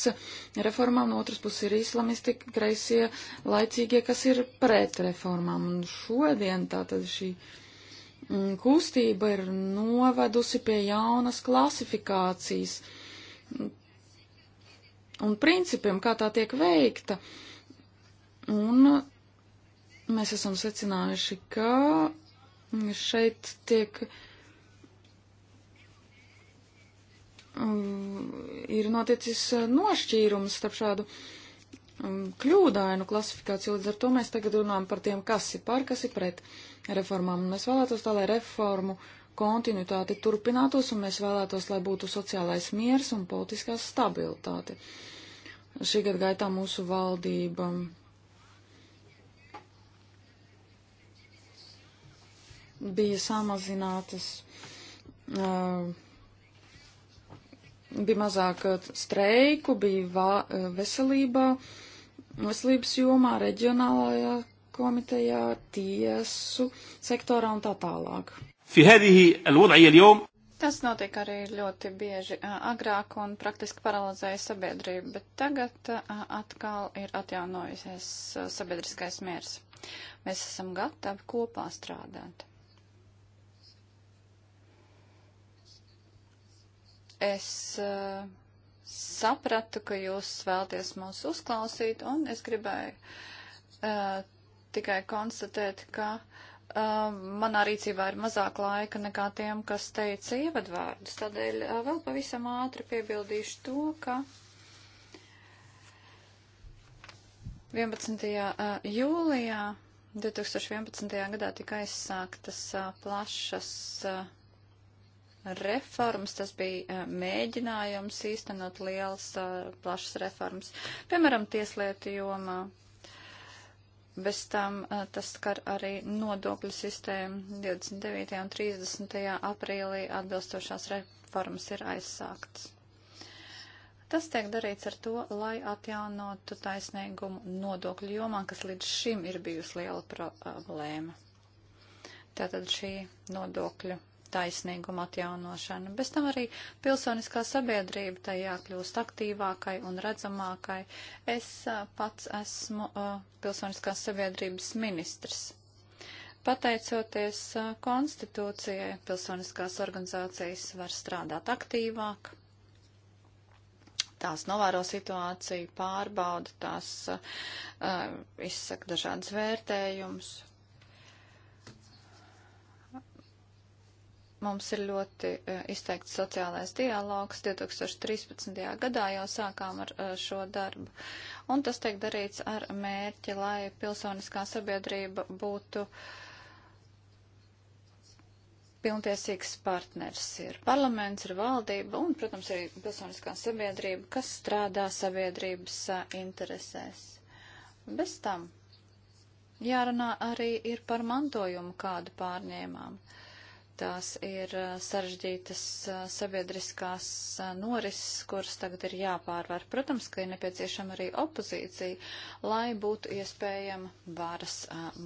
reformām, no otras puses ir islamisti, kreisie, laicīgie, kas ir pret reformām. Un šodien tātad šī mm, kustība ir novedusi pie jaunas klasifikācijas, un principiem, kā tā tiek veikta. Un mēs esam secinājuši, ka šeit tiek. Um, ir noticis nošķīrums starp šādu um, kļūdainu klasifikāciju, līdz ar to mēs tagad runājam par tiem, kas ir par, kas ir pret reformām. Un mēs vēlētos tā, lai reformu uh, kontinuitāte turpinātos, un mēs vēlētos, lai būtu sociālais miers un politiskā stabilitāte. Šī gada gaitā mūsu valdība bija samazinātas, uh, bija mazāk streiku, bija vā, veselībā, veselības jomā, reģionālajā komitejā, tiesu sektorā un tā tālāk. في هذه الوضعية اليوم Tas notiek arī ļoti bieži agrāk un praktiski paralizēja sabiedrību, bet tagad atkal ir atjaunojusies sabiedriskais miers. Mēs esam gatavi kopā strādāt. Es sapratu, ka jūs vēlties mūs uzklausīt, un es gribēju tikai konstatēt, ka uh, manā rīcībā ir mazāk laika nekā tiem, kas teica ievadvārdus. Tādēļ vēl pavisam ātri piebildīšu to, ka 11. jūlijā 2011. gadā tika aizsāktas plašas reformas, tas bija mēģinājums īstenot lielas, plašas reformas, piemēram, tieslietu jomā, Bez tam eh, tas skar arī nodokļu sistēmu 29. un 30. aprīlī atbilstošās reformas ir aizsāktas. Tas tiek darīts ar to, lai atjaunotu taisnīgumu nodokļu jomā, kas līdz šim ir bijusi liela problēma. Eh, Tātad šī nodokļu taisnīguma atjaunošana. Bez tam arī pilsoniskā sabiedrība tai jākļūst aktīvākai un redzamākai. Es pats esmu pilsoniskās sabiedrības ministrs. Pateicoties konstitūcijai, pilsoniskās organizācijas var strādāt aktīvāk, tās novēro situāciju, pārbauda, tās uh, izsaka dažādas vērtējumus. Mums ir ļoti eh, izteikts sociālais dialogs. 2013. gadā jau sākām ar eh, šo darbu. Un tas tiek darīts ar mērķi, lai pilsoniskā sabiedrība būtu pilntiesīgs partners. Ir parlaments, ir valdība un, protams, arī pilsoniskā sabiedrība, kas strādā sabiedrības eh, interesēs. Bez tam jārunā arī ir par mantojumu, kādu pārņēmām. Uh, Tās ir sarežģītas sabiedriskās norises, kuras tagad ir jāpārvar. Protams, ka ir nepieciešama arī opozīcija, lai būtu iespējama varas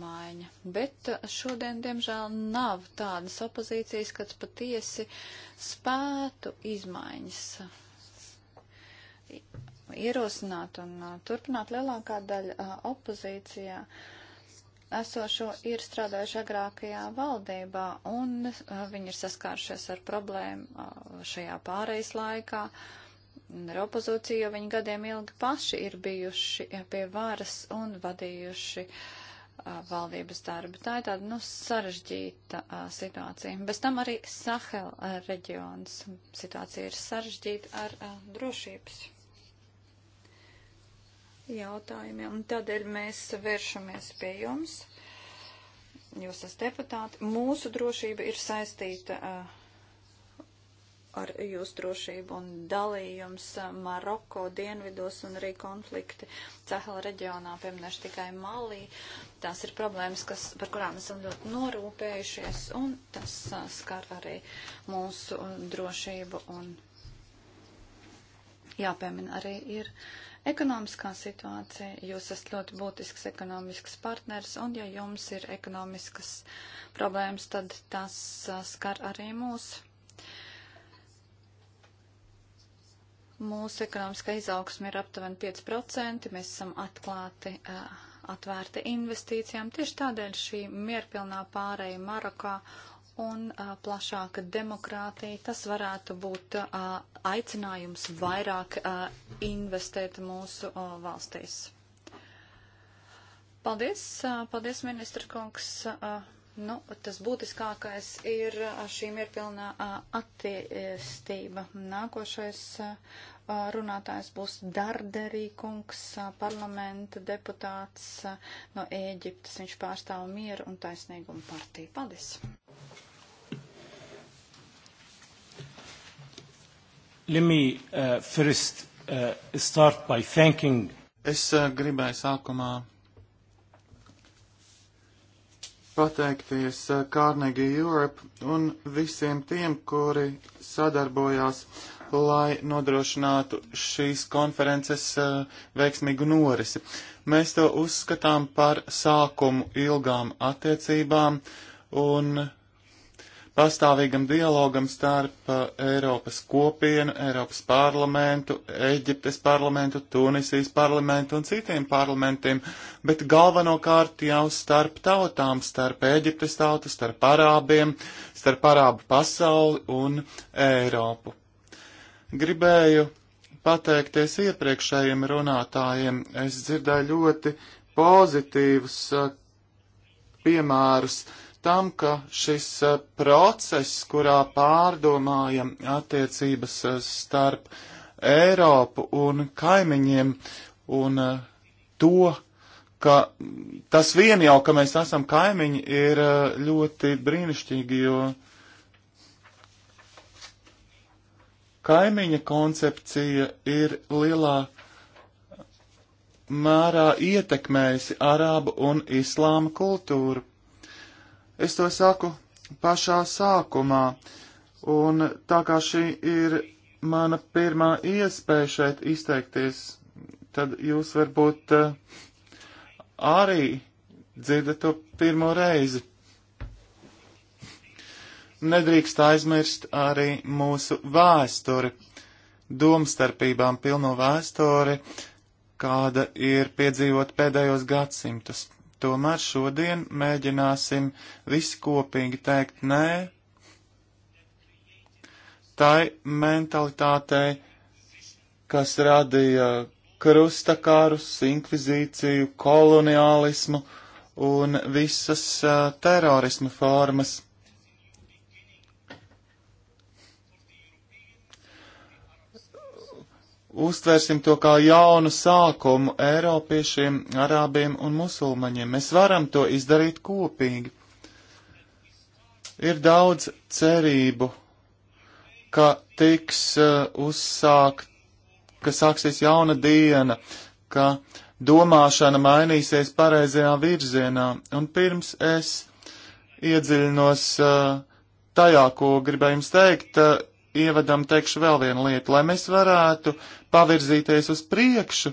maiņa. Bet šodien, diemžēl, nav tādas opozīcijas, kas patiesi spētu izmaiņas ierosināt un turpināt lielākā daļa opozīcijā. Uh, esošo ir strādājuši agrākajā valdībā, un eh, viņi ir saskāršies ar problēmu eh, šajā pārejas laikā. Ar opozīciju, jo viņi gadiem ilgi paši ir bijuši eh, pie varas un vadījuši valdības darbu. Tā ir tāda, nu, sarežģīta situācija. Bez tam arī Sahel reģions situācija ir sarežģīta ar drošības jautājumiem. Un tādēļ mēs vēršamies pie jums. Jūs esat deputāti. Mūsu drošība ir saistīta uh, ar jūsu drošību un dalījums eh, Maroko dienvidos un arī konflikti Cehela reģionā, pieminēšu tikai Malī. Tās ir problēmas, kas, par kurām esam ļoti norūpējušies un tas uh, skar arī mūsu drošību un jāpiemina arī ir Ekonomiskā situācija, jūs esat ļoti būtisks ekonomisks partners, un ja jums ir ekonomiskas problēmas, tad tas skar arī mūs. Mūsu ekonomiskā izaugsme ir aptuveni 5%, mēs esam atklāti, atvērti investīcijām. Tieši tādēļ šī mierpilnā pārēja Marokā un a, plašāka demokrātija, tas varētu būt a, aicinājums vairāk a, investēt mūsu a, valstīs. Paldies, a, paldies, ministra kungs. A, nu, tas būtiskākais ir a, šī mierpilnā a, attīstība. Nākošais a, runātājs būs Darderī kungs, a, parlamenta deputāts a, no Ēģiptes. Viņš pārstāv mieru un taisnīgumu partiju. Paldies! Let me uh, first uh, start by thanking. Es uh, gribēju sākumā pateikties uh, Carnegie Europe un visiem tiem, kuri sadarbojās, lai nodrošinātu šīs konferences uh, veiksmīgu norisi. Mēs to uzskatām par sākumu ilgām attiecībām un pastāvīgam dialogam starp uh, Eiropas kopienu, Eiropas parlamentu, Eģiptes parlamentu, Tunisijas parlamentu un citiem parlamentiem, bet galvenokārt jau starp tautām, starp Eģiptes tautu, starp arābiem, starp arābu pasauli un Eiropu. Gribēju pateikties iepriekšējiem runātājiem. Es dzirdēju ļoti pozitīvus uh, piemērus tam, ka šis eh, process, kurā pārdomājam attiecības eh, starp Eiropu un kaimiņiem un eh, to, ka tas vien jau, ka mēs esam kaimiņi, ir ļoti brīnišķīgi, jo kaimiņa koncepcija ir lielā mērā ietekmējusi arābu un islāma kultūru. Es to saku pašā sākumā, un tā kā šī ir mana pirmā iespēja šeit izteikties, tad jūs varbūt eh, arī dzirdat to pirmo reizi. Nedrīkst aizmirst arī mūsu vēsturi, domstarpībām pilno vēsturi, kāda ir piedzīvot pēdējos gadsimtus. Tomēr šodien mēģināsim visi kopīgi teikt nē tai mentalitātei, kas radīja krustakārus, inkvizīciju, koloniālismu un visas uh, eh, terorismu formas. Uztversim to kā jaunu sākumu Eiropiešiem, arābiem un musulmaņiem. Mēs varam to izdarīt kopīgi. Ir daudz cerību, ka tiks uh, uzsākt, ka sāksies jauna diena, ka domāšana mainīsies pareizajā virzienā. Un pirms es iedziļinos uh, tajā, ko gribēju jums teikt, uh, ievadam teikšu vēl vienu lietu. Lai mēs varētu pavirzīties uz priekšu,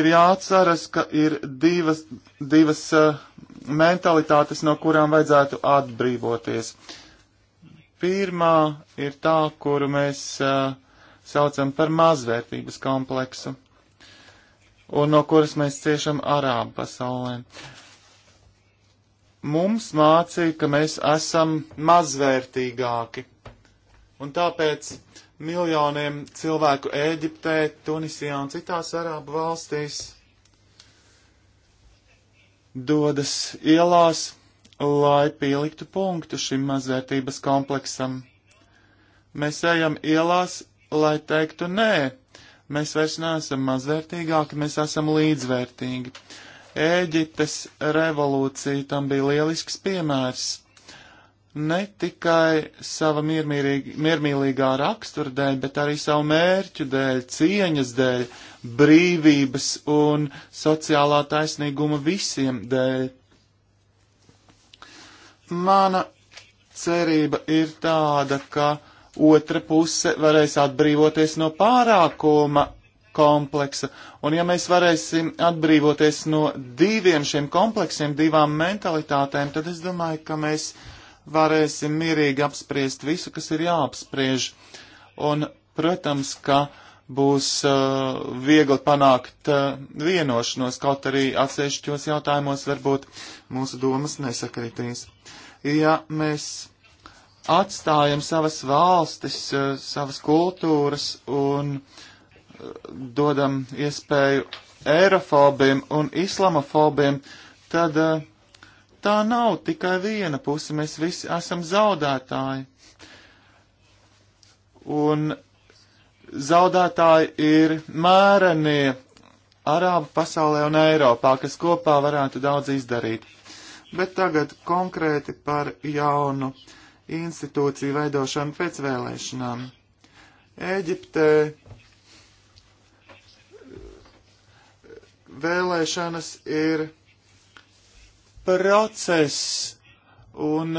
ir jāatceras, ka ir divas, divas uh, mentalitātes, no kurām vajadzētu atbrīvoties. Pirmā ir tā, kuru mēs uh, saucam par mazvērtības kompleksu, un no kuras mēs ciešam arābu pasaulē. Mums mācīja, ka mēs esam mazvērtīgāki Un tāpēc miljoniem cilvēku Ēģiptē, Tunisijā un citās arābu valstīs dodas ielās, lai pieliktu punktu šim mazvērtības kompleksam. Mēs ejam ielās, lai teiktu nē, mēs vairs neesam mazvērtīgāki, mēs esam līdzvērtīgi. Ēģiptes revolūcija tam bija lielisks piemērs ne tikai sava miermīlīgā rakstura dēļ, bet arī savu mērķu dēļ, cieņas dēļ, brīvības un sociālā taisnīguma visiem dēļ. Mana cerība ir tāda, ka otra puse varēs atbrīvoties no pārākuma kompleksa. Un ja mēs varēsim atbrīvoties no diviem šiem kompleksiem, divām mentalitātēm, tad es domāju, ka mēs varēsim mierīgi apspriest visu, kas ir jāapspriež. Un, protams, ka būs uh, viegli panākt uh, vienošanos, kaut arī atsevišķos jautājumos varbūt mūsu domas nesakritīs. Ja mēs atstājam savas valstis, uh, savas kultūras un uh, dodam iespēju eirofobiem un islamofobiem, tad uh, tā nav tikai viena puse, mēs visi esam zaudētāji. Un zaudētāji ir mērenie Arābu pasaulē un Eiropā, kas kopā varētu daudz izdarīt. Bet tagad konkrēti par jaunu institūciju veidošanu pēc vēlēšanām. Eģiptē eh, vēlēšanas ir process un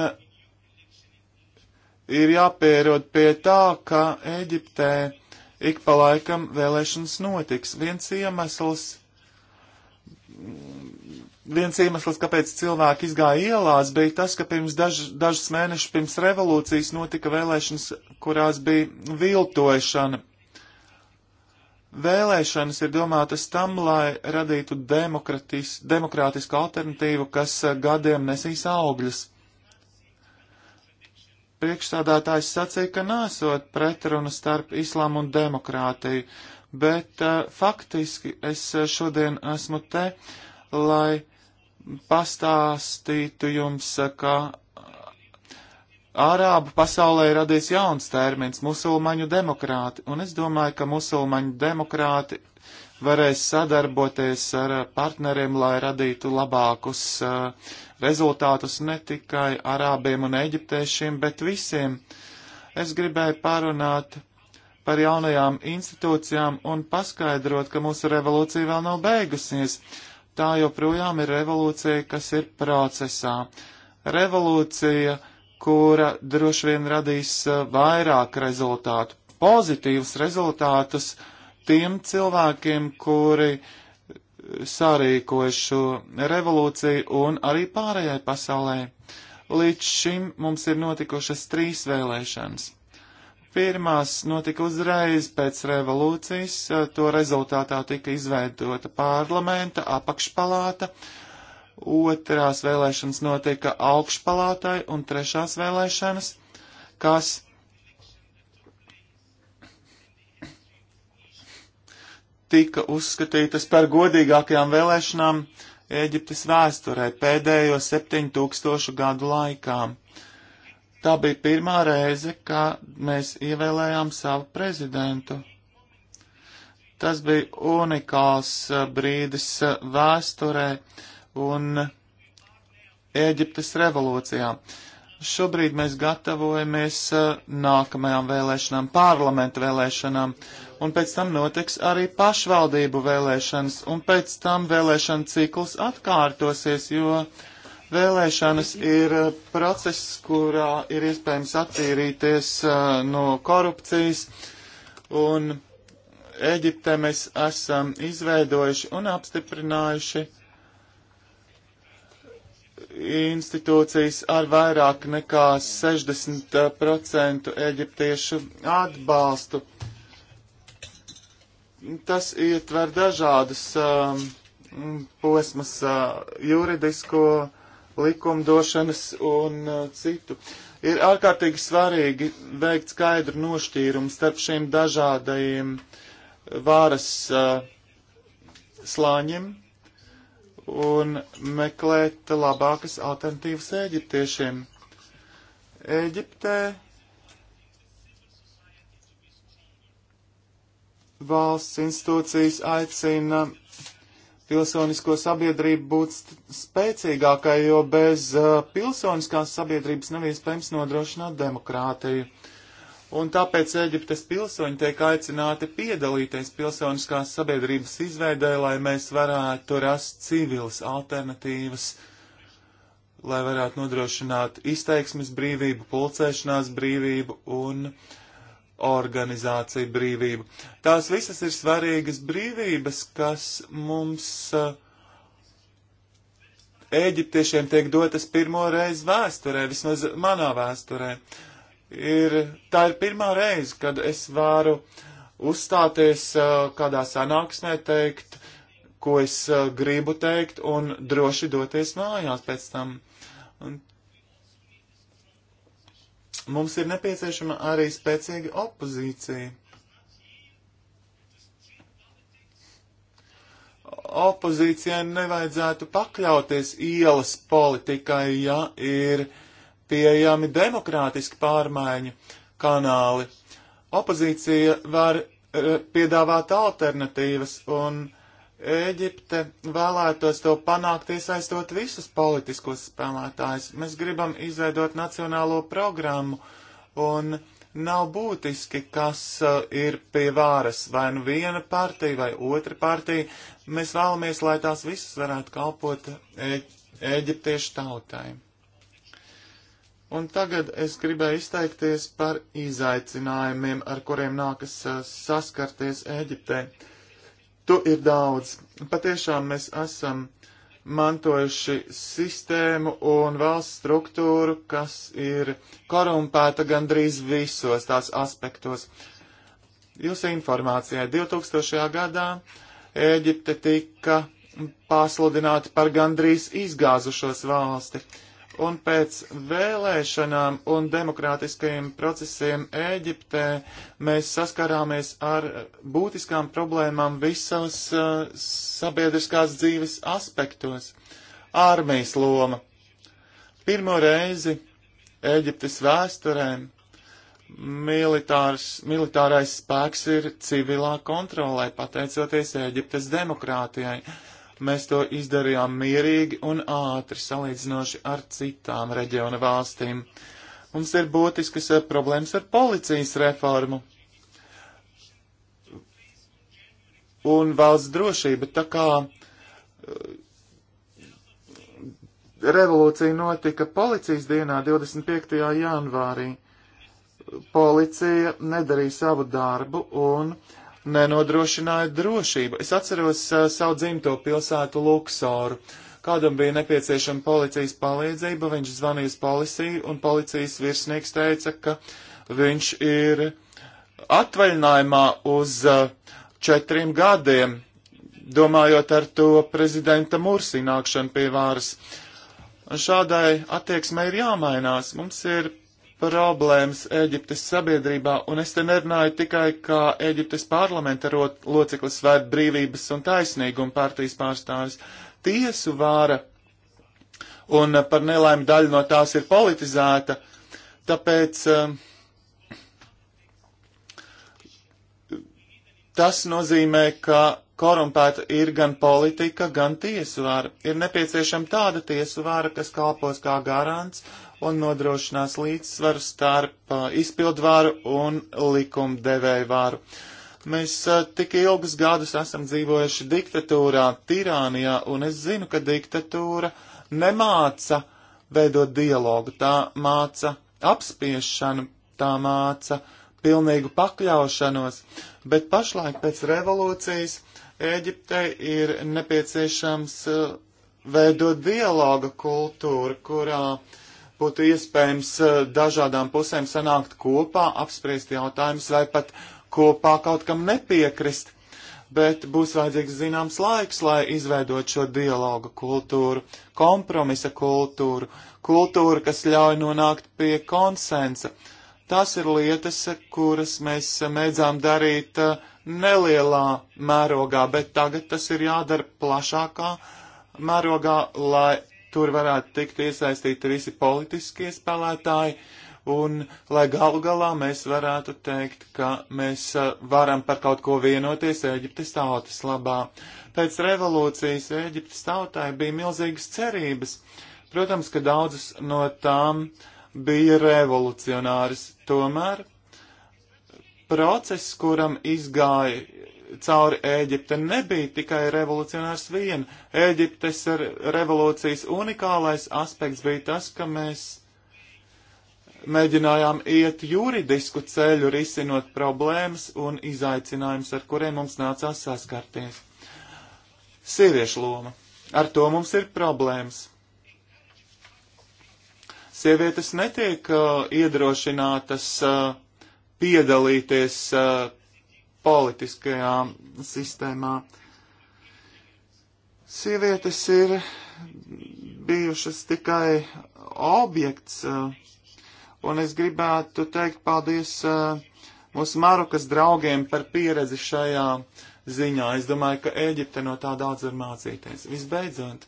ir jāpierod pie tā, ka Eģiptē ik pa laikam vēlēšanas notiks. Viens iemesls, viens iemesls, kāpēc cilvēki izgāja ielās, bija tas, ka pirms daž, dažas mēnešus pirms revolūcijas notika vēlēšanas, kurās bija viltošana. Vēlēšanas ir domātas tam, lai radītu demokrātisku alternatīvu, kas eh, gadiem nesīs augļus. Priekšstādātājs sacīja, ka nesot pretrunu starp islāmu un demokrātiju, bet uh, faktiski es eh, šodien esmu te, lai pastāstītu jums, ka Ārābu pasaulē radīs jauns termins - musulmaņu demokrāti, un es domāju, ka musulmaņu demokrāti varēs sadarboties ar partneriem, lai radītu labākus uh, rezultātus ne tikai arābiem un eģiptēšiem, bet visiem. Es gribēju pārunāt par jaunajām institūcijām un paskaidrot, ka mūsu revolūcija vēl nav beigusies. Tā joprojām ir revolūcija, kas ir procesā. Revolūcija kura droši vien radīs eh, vairāk rezultātu, pozitīvus rezultātus tiem cilvēkiem, kuri eh, sārīkoja šo revolūciju un arī pārējai pasaulē. Līdz šim mums ir notikušas trīs vēlēšanas. Pirmās notika uzreiz pēc revolūcijas, eh, to rezultātā tika izveidota parlamenta apakšpalāta, uh, otrās vēlēšanas notika augšpalātai un trešās vēlēšanas, kas tika uzskatītas par godīgākajām vēlēšanām Ēģiptes vēsturē pēdējo 7000 gadu laikā. Tā bija pirmā reize, kad mēs ievēlējām savu prezidentu. Tas bija unikāls uh, brīdis uh, vēsturē, uh, un Ēģiptes revolūcijām. Šobrīd mēs gatavojamies uh, nākamajām vēlēšanām, parlamenta vēlēšanām, un pēc tam notiks arī pašvaldību vēlēšanas, un pēc tam vēlēšana cikls atkārtosies, jo vēlēšanas ir uh, process, kurā ir iespējams attīrīties uh, no korupcijas, un Eģiptē mēs esam izveidojuši un apstiprinājuši institūcijas ar vairāk nekā 60% eh, eģiptiešu atbalstu. Tas ietver dažādas um, posmas uh, juridisko likumdošanas un uh, citu. Ir ārkārtīgi svarīgi veikt skaidru nošķīrumu starp šiem dažādajiem vāras uh, slāņiem un meklēt labākas alternatīvas eģiptiešiem. Eģiptē valsts institūcijas aicina pilsonisko sabiedrību būt spēcīgākai, jo bez uh, pilsoniskās sabiedrības nav iespējams nodrošināt demokrātiju un tāpēc Eģiptes pilsoņi tiek aicināti piedalīties pilsoniskās sabiedrības izveidē, lai mēs varētu rast civilas alternatīvas, lai varētu nodrošināt izteiksmes brīvību, pulcēšanās brīvību un organizāciju brīvību. Tās visas ir svarīgas brīvības, kas mums uh, Eģiptiešiem tiek dotas pirmo reizi vēsturē, vismaz manā vēsturē. Uh, ir, tā ir pirmā reize, kad es varu uzstāties uh, kādā sanāksmē teikt, ko es uh, gribu teikt, un droši doties mājās pēc tam. Un mums ir nepieciešama arī spēcīga opozīcija. Opozīcijai nevajadzētu pakļauties ielas politikai, ja ir uh, pieejami demokrātiski pārmaiņu kanāli. Opozīcija var e, piedāvāt alternatīvas, un Ēģipte vēlētos to panākt, iesaistot visus politiskos spēlētājus. Mēs gribam izveidot nacionālo programmu, un nav būtiski, kas e, ir pie vāras, vai nu viena partija vai otra partija. Mēs vēlamies, lai tās visas varētu kalpot Ēģiptiešu tautai. Un tagad es gribēju izteikties par izaicinājumiem, ar kuriem nākas uh, saskarties Eģiptē. Tu ir daudz. Patiešām mēs esam mantojuši sistēmu un valsts struktūru, kas ir korumpēta gandrīz visos tās aspektos. Jūsu informācijai 2000. gadā Eģipte tika pasludināta par gandrīz izgāzušos valsti un pēc vēlēšanām un demokrātiskajiem procesiem Ēģiptē mēs saskarāmies ar būtiskām problēmām visos uh, sabiedriskās dzīves aspektos. Armijas loma. Pirmo reizi Ēģiptes vēsturēm militārs, militārais spēks ir civilā kontrolē, pateicoties Ēģiptes demokrātijai. Uh, Mēs to izdarījām mierīgi un ātri salīdzinoši ar citām reģiona valstīm. Mums ir būtiskas eh, problēmas ar policijas reformu un valsts drošība, tā kā eh, revolūcija notika policijas dienā 25. janvārī. Policija nedarīja savu darbu un uh, nenodrošināja drošību. Es atceros uh, savu dzimto pilsētu Luksoru. Kādam bija nepieciešama policijas palīdzība, viņš zvanīja uz policiju, un policijas virsnieks teica, ka viņš ir atvaļinājumā uz uh, četriem gadiem, domājot ar to prezidenta Mursi nākšanu pie vāras. Un šādai attieksmei ir jāmainās. Mums ir problēmas Eģiptes sabiedrībā, un es te nerunāju tikai kā Eģiptes parlamenta loceklis vai brīvības un taisnīguma partijas pārstāvis. Tiesu vāra, un par nelaimi daļa no tās ir politizēta, tāpēc um, tas nozīmē, ka korumpēta ir gan politika, gan tiesvāra. Ir nepieciešama tāda tiesvāra, kas kalpos kā garants un nodrošinās līdzsvaru starp uh, izpildvāru un likumdevēju vāru. Mēs a, uh, tik ilgus gadus esam dzīvojuši diktatūrā, tirānijā, un es zinu, ka diktatūra nemāca veidot dialogu, tā māca apspiešanu, tā māca pilnīgu pakļaušanos, bet pašlaik pēc revolūcijas Ēģiptei ir nepieciešams a, uh, veidot dialoga kultūru, kurā uh, būtu iespējams eh, dažādām pusēm sanākt kopā, apspriest jautājumus vai pat kopā kaut kam nepiekrist, bet būs vajadzīgs zināms laiks, lai izveidot šo dialogu kultūru, kompromisa kultūru, kultūru, kas ļauj nonākt pie konsensa. Tās ir lietas, kuras mēs mēdzām darīt eh, nelielā mērogā, bet tagad tas ir jādara plašākā mērogā, lai tur varētu tikt iesaistīti visi politiskie spēlētāji, un lai galu galā mēs varētu teikt, ka mēs uh, varam par kaut ko vienoties Ēģiptes tautas labā. Pēc revolūcijas Ēģiptes tautai bija milzīgas cerības. Protams, ka daudzas no tām bija revolucionāras, tomēr process, kuram izgāja cauri Ēģipte nebija tikai revolucionārs vien. Ēģiptes revolūcijas unikālais aspekts bija tas, ka mēs mēģinājām iet juridisku ceļu, risinot problēmas un izaicinājumus, ar kuriem mums nācās saskarties. Sieviešu loma. Ar to mums ir problēmas. Sievietes netiek uh, iedrošinātas uh, piedalīties uh, politiskajā sistēmā. Sievietes ir bijušas tikai objekts, eh, un es gribētu teikt paldies eh, mūsu Marokas draugiem par pieredzi šajā ziņā. Es domāju, ka Ēģipte no tā daudz var mācīties. Visbeidzot,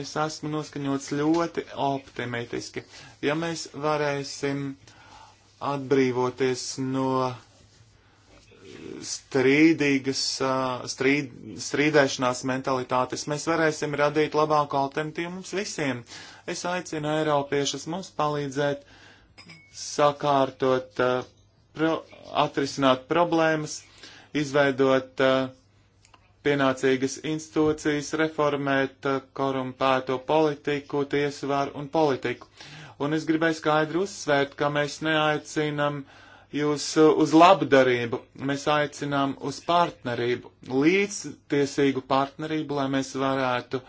es esmu noskaņots ļoti optimistiski. Ja mēs varēsim atbrīvoties no strīdīgas, strīd, strīdēšanās mentalitātes, mēs varēsim radīt labāku alternatīvu mums visiem. Es aicinu Eiropiešus mums palīdzēt sakārtot, pro, atrisināt problēmas, izveidot pienācīgas institūcijas, reformēt korumpēto politiku, tiesvaru un politiku. Un es gribēju skaidri uzsvērt, ka mēs neaicinam uh, jūs uh, uz labdarību, mēs aicinām uz partnerību, līdztiesīgu partnerību, lai mēs varētu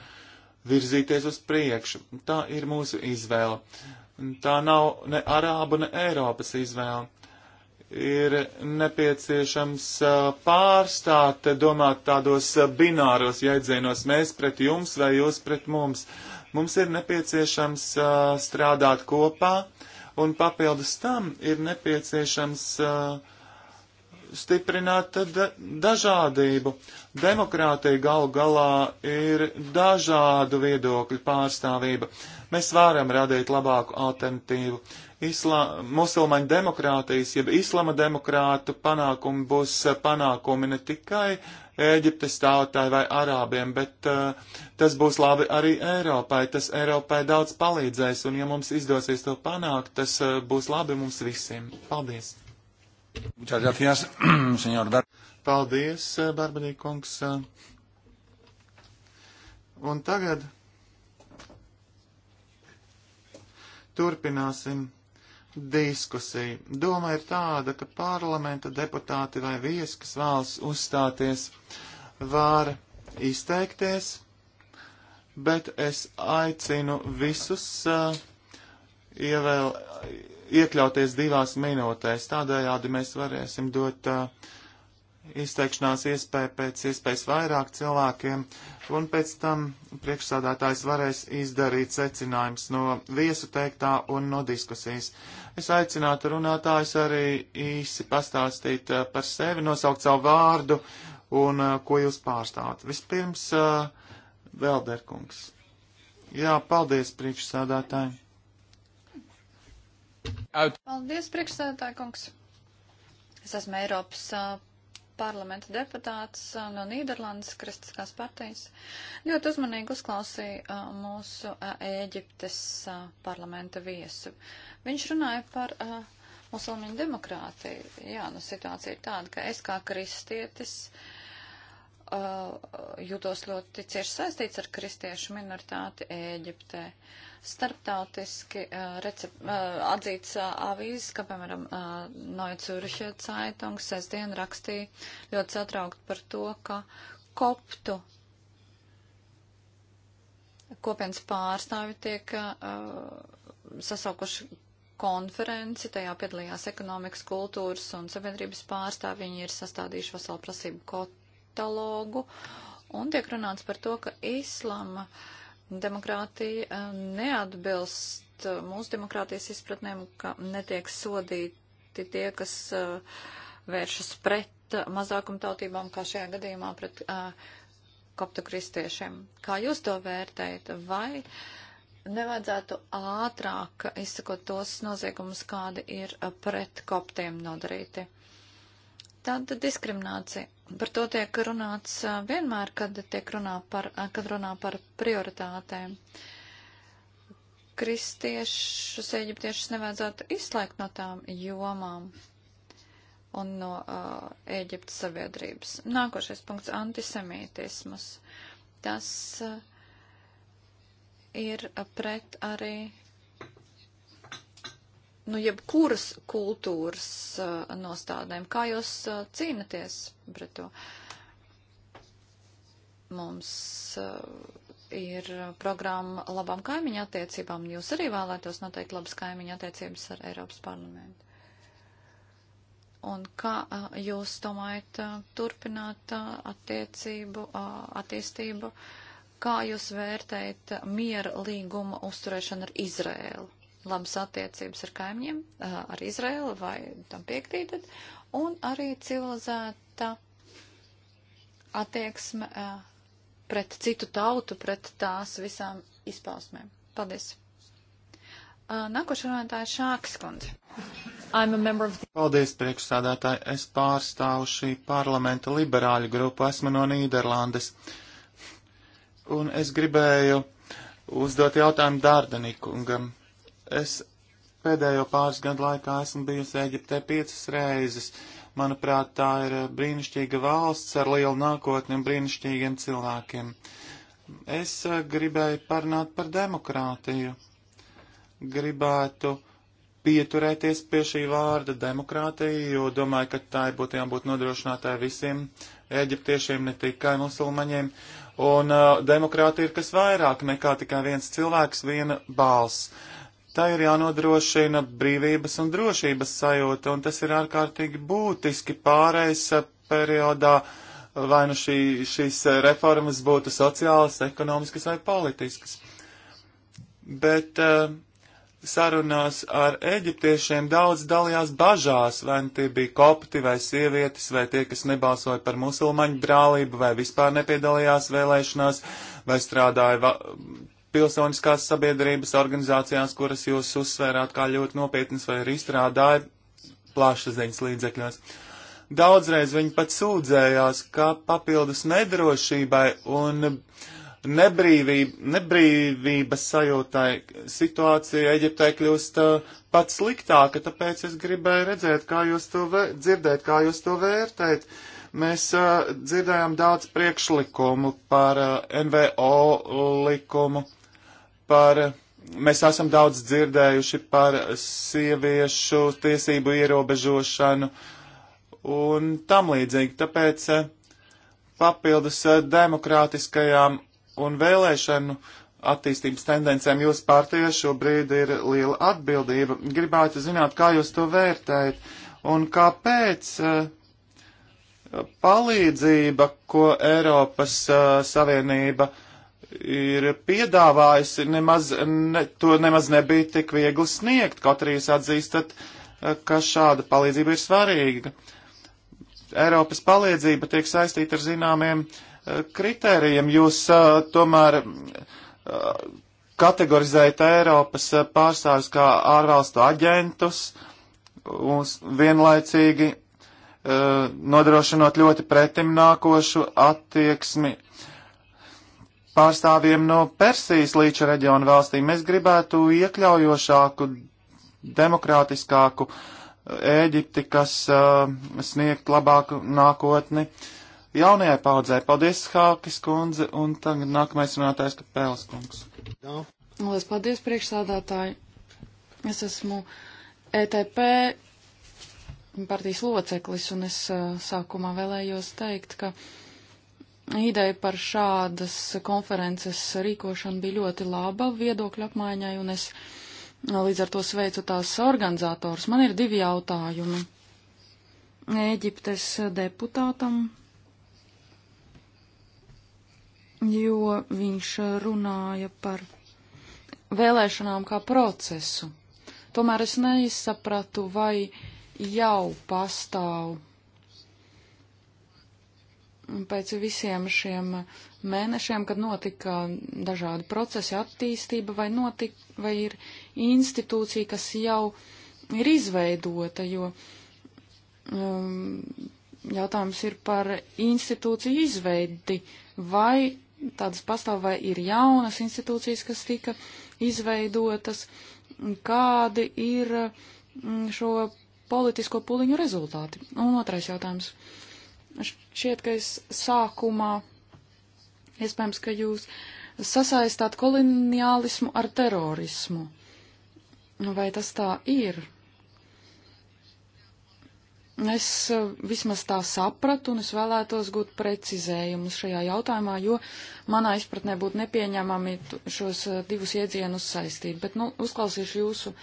virzīties uz priekšu. Tā ir mūsu izvēle. Tā nav ne Arābu, ne Eiropas izvēle. Ir nepieciešams uh, pārstāt domāt tādos uh, bināros jēdzienos mēs pret jums vai jūs pret mums. Mums ir nepieciešams strādāt kopā, uh, un papildus tam ir nepieciešams uh, stiprināt dažādību. Demokrātija galu galā ir dažādu viedokļu pārstāvība. Mēs varam radīt labāku alternatīvu. Islā, musulmaņu demokrātijas, jeb islama demokrātu panākumi būs panākumi ne tikai Ēģiptes tautai vai arābiem, bet uh, tas būs labi arī Eiropai. Tas Eiropai daudz palīdzēs, un ja mums izdosies to panākt, tas uh, būs labi mums visiem. Paldies! Gracias, Dar Paldies, eh, Barbarī kungs! Un tagad turpināsim diskusiju. Doma ir tāda, ka parlamenta deputāti vai viesi, kas vēlas uzstāties, var izteikties, bet es aicinu visus uh, ievēl, iekļauties divās minūtēs. Tādējādi mēs varēsim dot uh, izteikšanās iespēju pēc iespējas vairāk cilvēkiem, un pēc tam priekšsādātājs varēs izdarīt secinājums no viesu teiktā un no diskusijas. Uh, Es aicinātu runātājus arī īsi pastāstīt eh, par sevi, nosaukt savu vārdu un eh, ko jūs pārstāvat. Vispirms, eh, Velderkungs. Jā, paldies priekšsādātājiem. Paldies priekšsādātāji, kungs. Es esmu Eiropas parlamenta deputāts uh, no Nīderlandes Kristiskās partijas ļoti uzmanīgi uzklausīja uh, mūsu uh, Ēģiptes parlamenta viesu. Viņš runāja par musulmaņu demokrātiju. Jā, nu situācija ir tāda, ka es kā kristietis jūtos ļoti cieši saistīts ar kristiešu minoritāti Ēģiptē. Uh, starptautiski uh, recep, uh, atzīts uh, avīzes, kā piemēram uh, Noja Cūrišie Caitungs sestdien rakstīja ļoti satraukt par to, ka koptu kopienas pārstāvi tiek uh, sasaukuši konferenci, tajā piedalījās ekonomikas, kultūras un sabiedrības pārstāvi, viņi ir sastādījuši veselu prasību katalogu un tiek runāts par to, ka islama uh, Demokrātija eh, neatbilst eh, mūsu demokrātijas izpratnēm, ka netiek sodīti tie, kas eh, vēršas pret mazākumtautībām, kā šajā gadījumā pret koptu kristiešiem. Kā jūs to vērtējat? Vai nevajadzētu ātrāk izsakot tos noziegumus, kādi ir pret koptiem nodarīti? Tāda diskriminācija. Par to tiek runāts vienmēr, kad, tiek runā par, kad runā par prioritātēm. Kristiešus, eģiptiešus nevajadzētu izslēgt no tām jomām un no uh, Ēģiptes sabiedrības. Nākošais punkts - antisemītismus. Tas uh, ir pret arī nu, jebkuras kultūras uh, nostādēm. Kā jūs uh, cīnaties pret to? Mums uh, ir programma labām kaimiņa attiecībām. Jūs arī vēlētos noteikti labas kaimiņa attiecības ar Eiropas parlamentu. Un kā uh, jūs domājat uh, turpināt uh, attiecību, uh, attīstību? Kā jūs vērtējat miera līguma uzturēšanu ar Izrēlu? labas attiecības ar kaimiņiem, ar Izraelu, vai tam piekrītat, un arī civilizēta attieksme pret citu tautu, pret tās visām izpausmēm. Paldies! Nākošais runātājs Šāks kundze. The... Paldies, priekšsādātāji. Es pārstāvu šī parlamenta liberāļu grupu. Esmu no Nīderlandes. Un es gribēju uzdot jautājumu Dārdenikungam Es pēdējo pāris gadu laikā esmu bijusi Eģiptē piecas reizes. Manuprāt, tā ir eh, brīnišķīga valsts ar lielu nākotni un brīnišķīgiem cilvēkiem. Es eh, gribēju parunāt par demokrātiju. Gribētu pieturēties pie šī vārda demokrātija, jo domāju, ka tā būtu jābūt nodrošinātāja visiem eģiptiešiem, ne tikai musulmaņiem. Un uh, demokrātija ir kas vairāk nekā tikai viens cilvēks, viena balss. Uh, tā ir jānodrošina brīvības un drošības sajūta, un tas ir ārkārtīgi būtiski pārējais periodā, vai nu šī, šīs reformas būtu sociālas, ekonomiskas vai politiskas. Bet uh, sarunās ar eģiptiešiem daudz dalījās bažās, vai nu tie bija kopti vai sievietes, vai tie, kas nebalsoja par musulmaņu brālību, vai vispār nepiedalījās vēlēšanās, vai strādāja va pilsoniskās sabiedrības organizācijās, kuras jūs uzsvērāt kā ļoti nopietnas vai arī izstrādāja plašsaziņas līdzekļos. Daudzreiz viņi pat sūdzējās, ka papildus nedrošībai un nebrīvība, nebrīvības sajūtai situācija Eģiptē kļūst uh, pat sliktāka, tāpēc es gribēju redzēt, kā jūs to vēr, dzirdēt, kā jūs to vērtēt. Mēs uh, dzirdējām daudz priekšlikumu par uh, NVO likumu, par, mēs esam daudz dzirdējuši par sieviešu tiesību ierobežošanu un tam līdzīgi. Tāpēc eh, papildus eh, demokrātiskajām un vēlēšanu attīstības tendencēm jūsu pārtie šobrīd ir liela atbildība. Gribētu zināt, kā jūs to vērtējat un kāpēc eh, palīdzība, ko Eiropas Savienība uh, ir piedāvājusi, nemaz, ne, to nemaz nebija tik viegli sniegt, kaut arī jūs atzīstat, eh, ka šāda palīdzība ir svarīga. Eiropas palīdzība tiek saistīta ar zināmiem eh, kritērijiem. Jūs eh, tomēr kategorizējat Eiropas pārstāvis kā ārvalstu aģentus un vienlaicīgi nodrošinot ļoti pretimnākošu attieksmi pārstāvjiem no Persijas līča reģiona valstīm. Mēs gribētu iekļaujošāku, demokrātiskāku eh, Ēģipti, kas uh, sniegt labāku nākotni jaunajai paudzē. Paldies, Hākis kundze, un tagad nākamais runātājs, ka Pēles kungs. Lielas paldies, priekšsādātāji. Es esmu ETP partijas loceklis, un es uh, sākumā vēlējos teikt, ka. Uh, Ideja par šādas konferences rīkošanu bija ļoti laba viedokļu apmaiņai, un es līdz ar to sveicu tās organizators. Man ir divi jautājumi. Ēģiptes deputātam, jo viņš runāja par vēlēšanām kā procesu. Tomēr es neizsapratu, vai jau pastāv pēc visiem šiem mēnešiem, kad notika dažādi procesi, attīstība, vai, notik, vai ir institūcija, kas jau ir izveidota, jo um, jautājums ir par institūciju izveidi, vai tādas pastāv, vai ir jaunas institūcijas, kas tika izveidotas, kādi ir mm, šo politisko puliņu rezultāti. Un otrais jautājums. Uh, Šķiet, ka es sākumā, iespējams, ka jūs sasaistāt koloniālismu ar terorismu. Nu, vai tas tā ir? Es eh, vismaz tā sapratu, un es vēlētos gūt precizējumus šajā jautājumā, jo manā izpratnē būtu nepieņemami šos eh, divus iedzienus saistīt. Bet, nu, uzklausīšu jūsu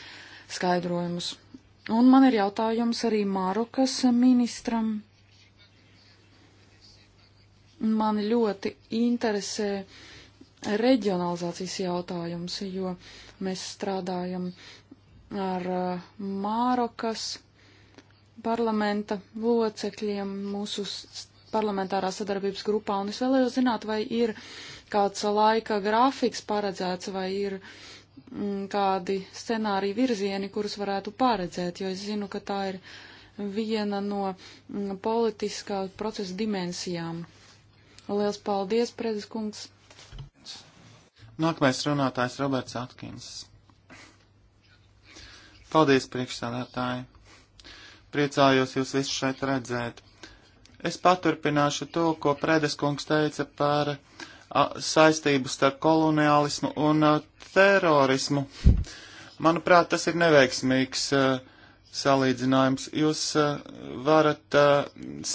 skaidrojumus. Un man ir jautājums arī Marokas ministram man ļoti interesē reģionalizācijas jautājums, jo mēs strādājam ar uh, Mārokas parlamenta locekļiem mūsu parlamentārā sadarbības grupā, un es vēlējos zināt, vai ir kāds laika grafiks paredzēts, vai ir mm, kādi scenāriju virzieni, kurus varētu paredzēt, jo es zinu, ka tā ir viena no mm, politiskā procesa dimensijām Liels paldies, Prezes kungs! Nākamais runātājs Roberts Atkins. Paldies, priekšsādātāji! Priecājos jūs visus šeit redzēt. Es paturpināšu to, ko Predes kungs teica par a, saistību starp koloniālismu un a, terorismu. Manuprāt, tas ir neveiksmīgs a, salīdzinājums. Jūs a, varat a,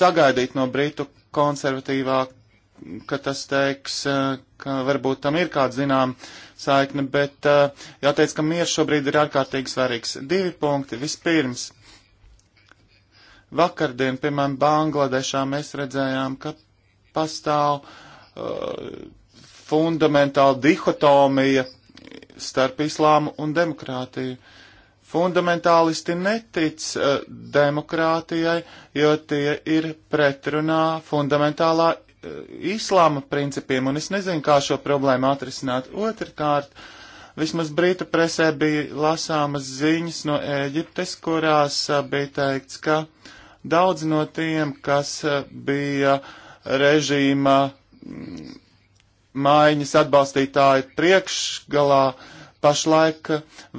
sagaidīt no Britu konservatīvā ka tas teiks, eh, ka varbūt tam ir kāda zinām saikne, bet eh, jāteic, ka miers šobrīd ir ārkārtīgi svarīgs. Divi punkti. Vispirms, vakardien, piemēram, Bangladešā mēs redzējām, ka pastāv uh, fundamentāla dihotomija starp islāmu un demokrātiju. Fundamentālisti netic uh, demokrātijai, jo tie ir pretrunā fundamentālā Eh, islāma principiem, un es nezinu, kā šo problēmu atrisināt. Otrkārt, vismaz brītu presē bija lasāmas ziņas no Ēģiptes, kurās eh, bija teikts, ka daudz no tiem, kas eh, bija režīma mm, maiņas atbalstītāji priekšgalā, pašlaik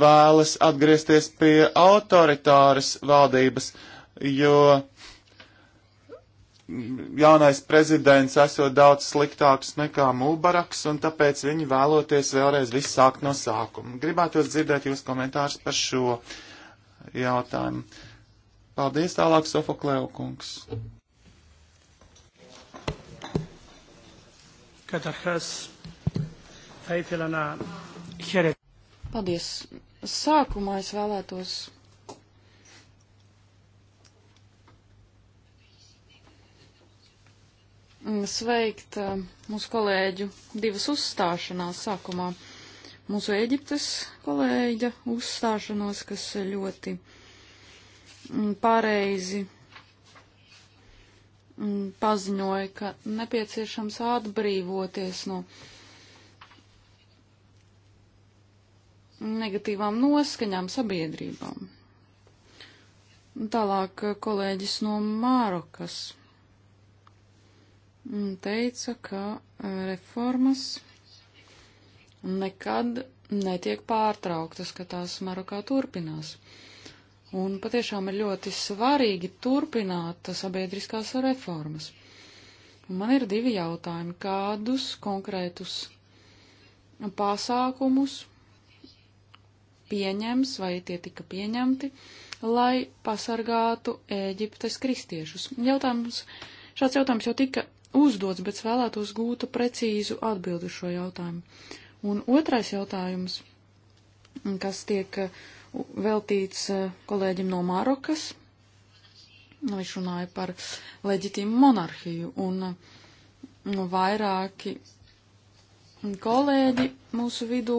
vēlas atgriezties pie autoritāras valdības, jo jaunais prezidents esot daudz sliktāks nekā Mubaraks, un tāpēc viņi vēloties vēlreiz viss sākt no sākuma. Gribētos dzirdēt jūs komentārus par šo jautājumu. Paldies tālāk, Sofoklēv kungs. Paldies. Sākumā es vēlētos Mm, sveikt eh, mūsu kolēģu divas uzstāšanās sākumā. Mūsu Eģiptes kolēģa uzstāšanos, kas ļoti mm, pareizi mm, paziņoja, ka nepieciešams atbrīvoties no negatīvām noskaņām sabiedrībām. Tālāk eh, kolēģis no Mārokas teica, ka e, reformas nekad netiek pārtrauktas, ka tās Marokā turpinās. Un patiešām ir ļoti svarīgi turpināt sabiedriskās reformas. Un man ir divi jautājumi. Kādus konkrētus pasākumus pieņems vai tie tika pieņemti, lai pasargātu Ēģiptes kristiešus? Jautājums, šāds jautājums jau tika uzdots, bet es vēlētos gūta precīzu atbildi šo jautājumu. Un otrais jautājums, kas tiek eh, veltīts eh, kolēģim no Marokas, viņš runāja par leģitīmu monarhiju, un eh, nu, vairāki kolēģi mūsu vidū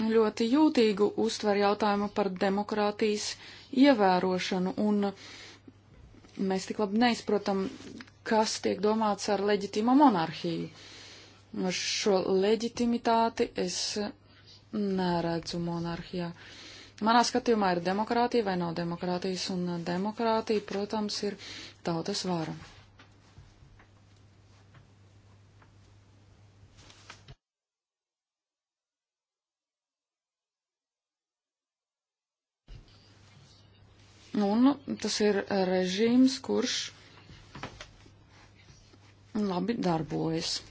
ļoti jūtīgu uztver jautājumu par demokrātijas ievērošanu, un mēs tik labi neizprotam, kas tiek domāts ar leģitīmo monarhiju. Šo leģitimitāti es neredzu monarhijā. Manā skatījumā ir demokrātija vai nav demokrātijas, un demokrātija, protams, ir tautas vara. Un tas ir režīms, kurš labi darbojas.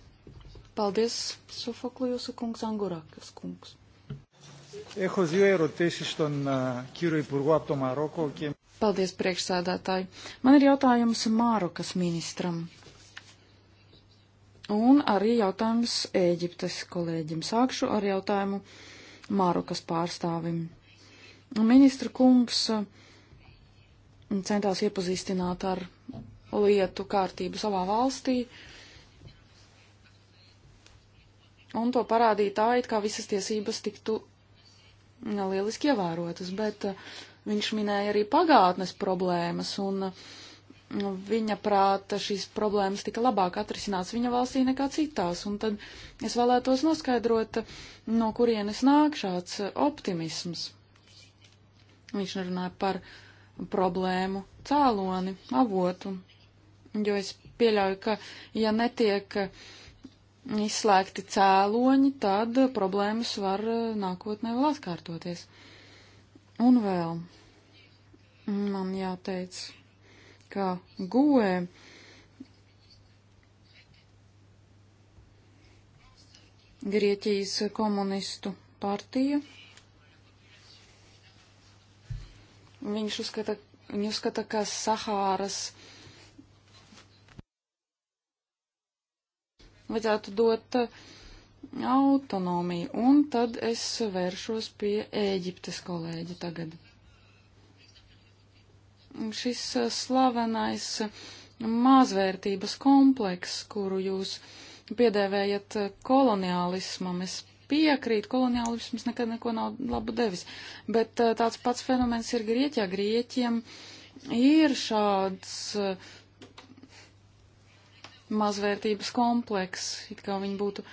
Paldies, Sofoklijusa kungs, Angurakas kungs. Έχω δύο ερωτήσεις στον uh, κύριο Υπουργό από το Μαρόκο και... Paldies, priekšsēdētāji. Man ir jautājums Mārokas ministram. Un arī jautājums Ēģiptes kolēģim. Sākšu ar jautājumu Mārokas pārstāvim. Ministra kungs centās iepazīstināt ar lietu kārtību savā valstī. Un to parādīja tā, it kā visas tiesības tiktu lieliski ievērotas, bet uh, viņš minēja arī pagātnes problēmas, un nu, viņa prāta šīs problēmas tika labāk atrisināts viņa valstī nekā citās, un tad es vēlētos noskaidrot, no kurienes nāk šāds uh, optimisms. Viņš runāja par problēmu cēloni, avotu, jo es pieļauju, ka ja netiek izslēgti cēloņi, tad problēmas var eh, nākotnē vēl atkārtoties. Un vēl man jāteic, ka guē e Grieķijas komunistu partija. Viņš uzskata, viņš uzskata ka Sahāras vajadzētu dot eh, autonomiju. Un tad es vēršos pie Ēģiptes kolēģa tagad. Šis eh, slavenais mazvērtības kompleks, kuru jūs piedēvējat eh, koloniālismam, es piekrītu, koloniālisms nekad neko nav labu devis, bet tāds pats fenomens ir Grieķijā. Grieķiem ir šāds uh, mazvērtības komplekss, it kā viņi būtu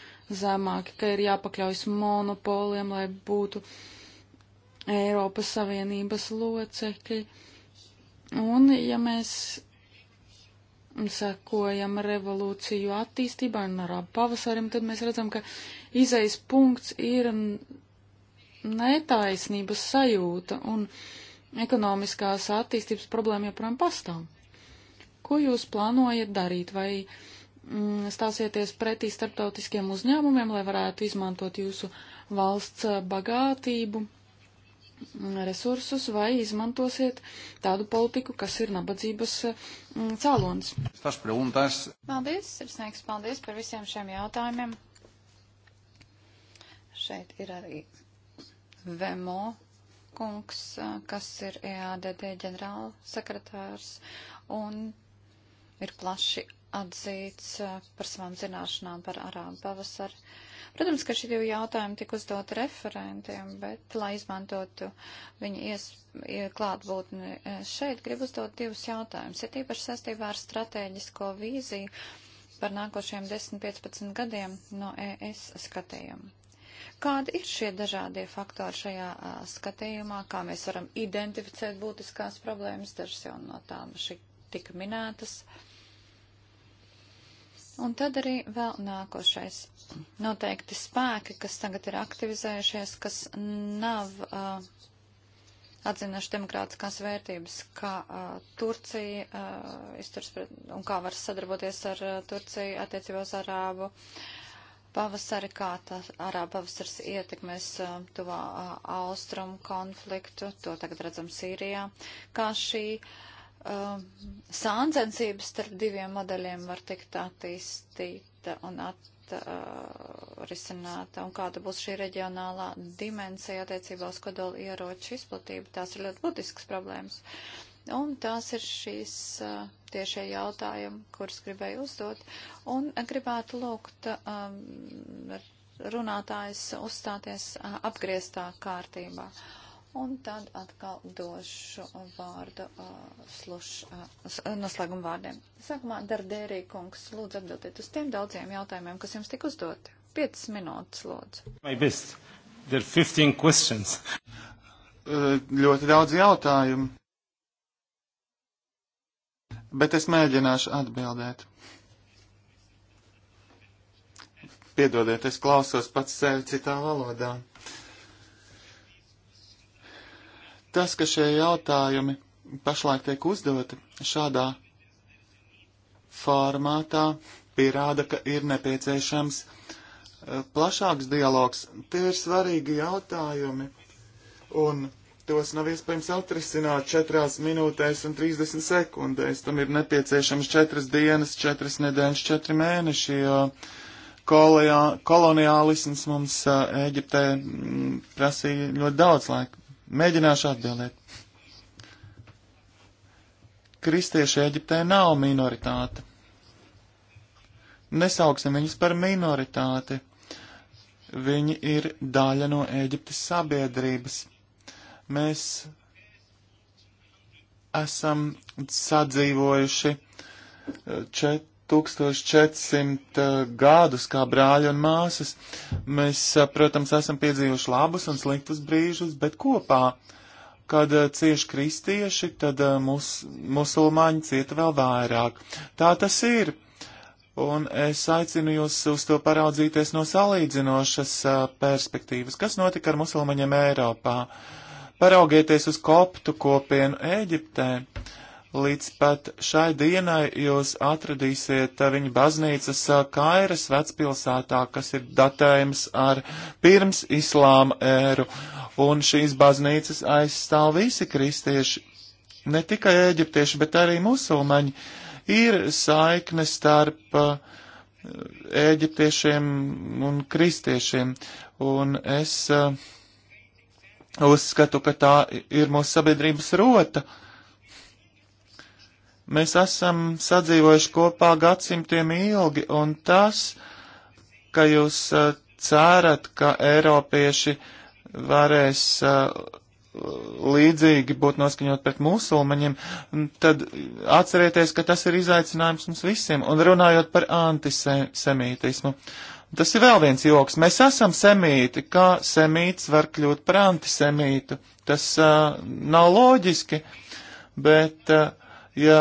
zemāki, ka ir jāpakļaujas monopoliem, lai būtu Eiropas Savienības locekļi. Un, ja mēs sekojam revolūciju attīstībai un arābu pavasarim, tad mēs redzam, ka izejas punkts ir netaisnības sajūta un ekonomiskās attīstības problēma joprojām pastāv. Ko jūs plānojat darīt? Vai mm, stāsieties pretī starptautiskiem uzņēmumiem, lai varētu izmantot jūsu valsts eh, bagātību, mm, resursus, vai izmantosiet tādu politiku, kas ir nabadzības mm, cēlons? Tas preguntas. Paldies, sirsnīgs paldies par visiem šiem jautājumiem. Šeit ir arī Vemo kungs, eh, kas ir EADD ģenerālsekretārs, un ir plaši atzīts eh, par savām zināšanām par arābu pavasaru. Protams, ka šie divi jautājumi tika uzdot referentiem, bet, lai izmantotu viņa ies, klātbūtni eh, šeit, gribu uzdot divus jautājumus. Ir ja tīpaši saistībā ar strateģisko vīziju par nākošajiem 10-15 gadiem no ES skatījuma. Kādi ir šie dažādie faktori šajā a, skatījumā, kā mēs varam identificēt būtiskās problēmas, dažas jau no tām šī tika minētas. Uh, Un tad arī vēl nākošais. Noteikti spēki, kas tagad ir aktivizējušies, kas nav uh, atzinuši demokrātiskās vērtības, kā uh, Turcija uh, izturs pret, un kā var sadarboties ar uh, Turciju attiecībā uz Arābu pavasari, kā tā Arāba pavasars ietekmēs uh, tuvā uh, austrumu konfliktu, to tagad redzam Sīrijā, kā šī uh, uh, sāncensības starp diviem modeļiem var tikt attīstīta un attīstīta risināta un kāda būs šī reģionālā dimensija attiecībā uz kodola ieroču izplatību. Tās ir ļoti būtiskas problēmas. Un tās ir šīs uh, tiešie jautājumi, kurus gribēju uzdot. Un gribētu lūgt um, runātājs uzstāties uh, apgrieztā kārtībā. Uh, Un tad atkal došu vārdu uh, sluš, uh, noslēguma vārdiem. Sākumā, Dardērī kungs, lūdzu atbildiet uz tiem daudziem jautājumiem, kas jums tik uzdoti. 5 minūtes, lūdzu. My best. There are 15 questions. Uh, ļoti daudz jautājumu. Bet es mēģināšu atbildēt. Piedodiet, es klausos pats sevi citā valodā. Uh, Tas, ka šie jautājumi pašlaik tiek uzdoti šādā formātā, pierāda, ka ir nepieciešams eh, plašāks dialogs. Tie ir svarīgi jautājumi, un tos nav iespējams atrisināt 4 minūtēs un 30 sekundēs. Tam ir nepieciešams 4 dienas, 4 nedēļas, 4 mēneši, jo koloniālisms mums eh, Ēģiptē mm, prasīja ļoti daudz laika. Mēģināšu atbildēt. Kristieši Eģiptē nav minoritāte. Nesauksim viņus par minoritāti. Viņi ir daļa no Eģiptes sabiedrības. Mēs esam sadzīvojuši eh, čet, 1400 gadus kā brāļi un māsas. Mēs, protams, esam piedzīvojuši labus un sliktus brīžus, bet kopā, kad cieši kristieši, tad mus, musulmaņi cieta vēl vairāk. Tā tas ir. Un es aicinu jūs uz to paraudzīties no salīdzinošas perspektīvas, kas notika ar musulmaņiem Eiropā. Paraugieties uz koptu kopienu Ēģiptē Līdz pat šai dienai jūs atradīsiet eh, viņa baznīcas eh, Kairas vecpilsētā, kas ir datējums ar pirms islāma ēru, un šīs baznīcas aizstāv visi kristieši, ne tikai eģiptieši, bet arī musulmaņi. Ir saikne starp eh, eģiptiešiem un kristiešiem, un es uzskatu, ka tā ir mūsu sabiedrības rota. Uh, Mēs esam sadzīvojuši kopā gadsimtiem ilgi, un tas, ka jūs cerat, ka Eiropieši varēs līdzīgi būt noskaņot pret musulmaņiem, tad atcerieties, ka tas ir izaicinājums mums visiem. Un runājot par antisemītismu, tas ir vēl viens joks. Mēs esam semīti, kā semīts var kļūt par antisemītu. Tas uh, nav loģiski, bet uh, Ja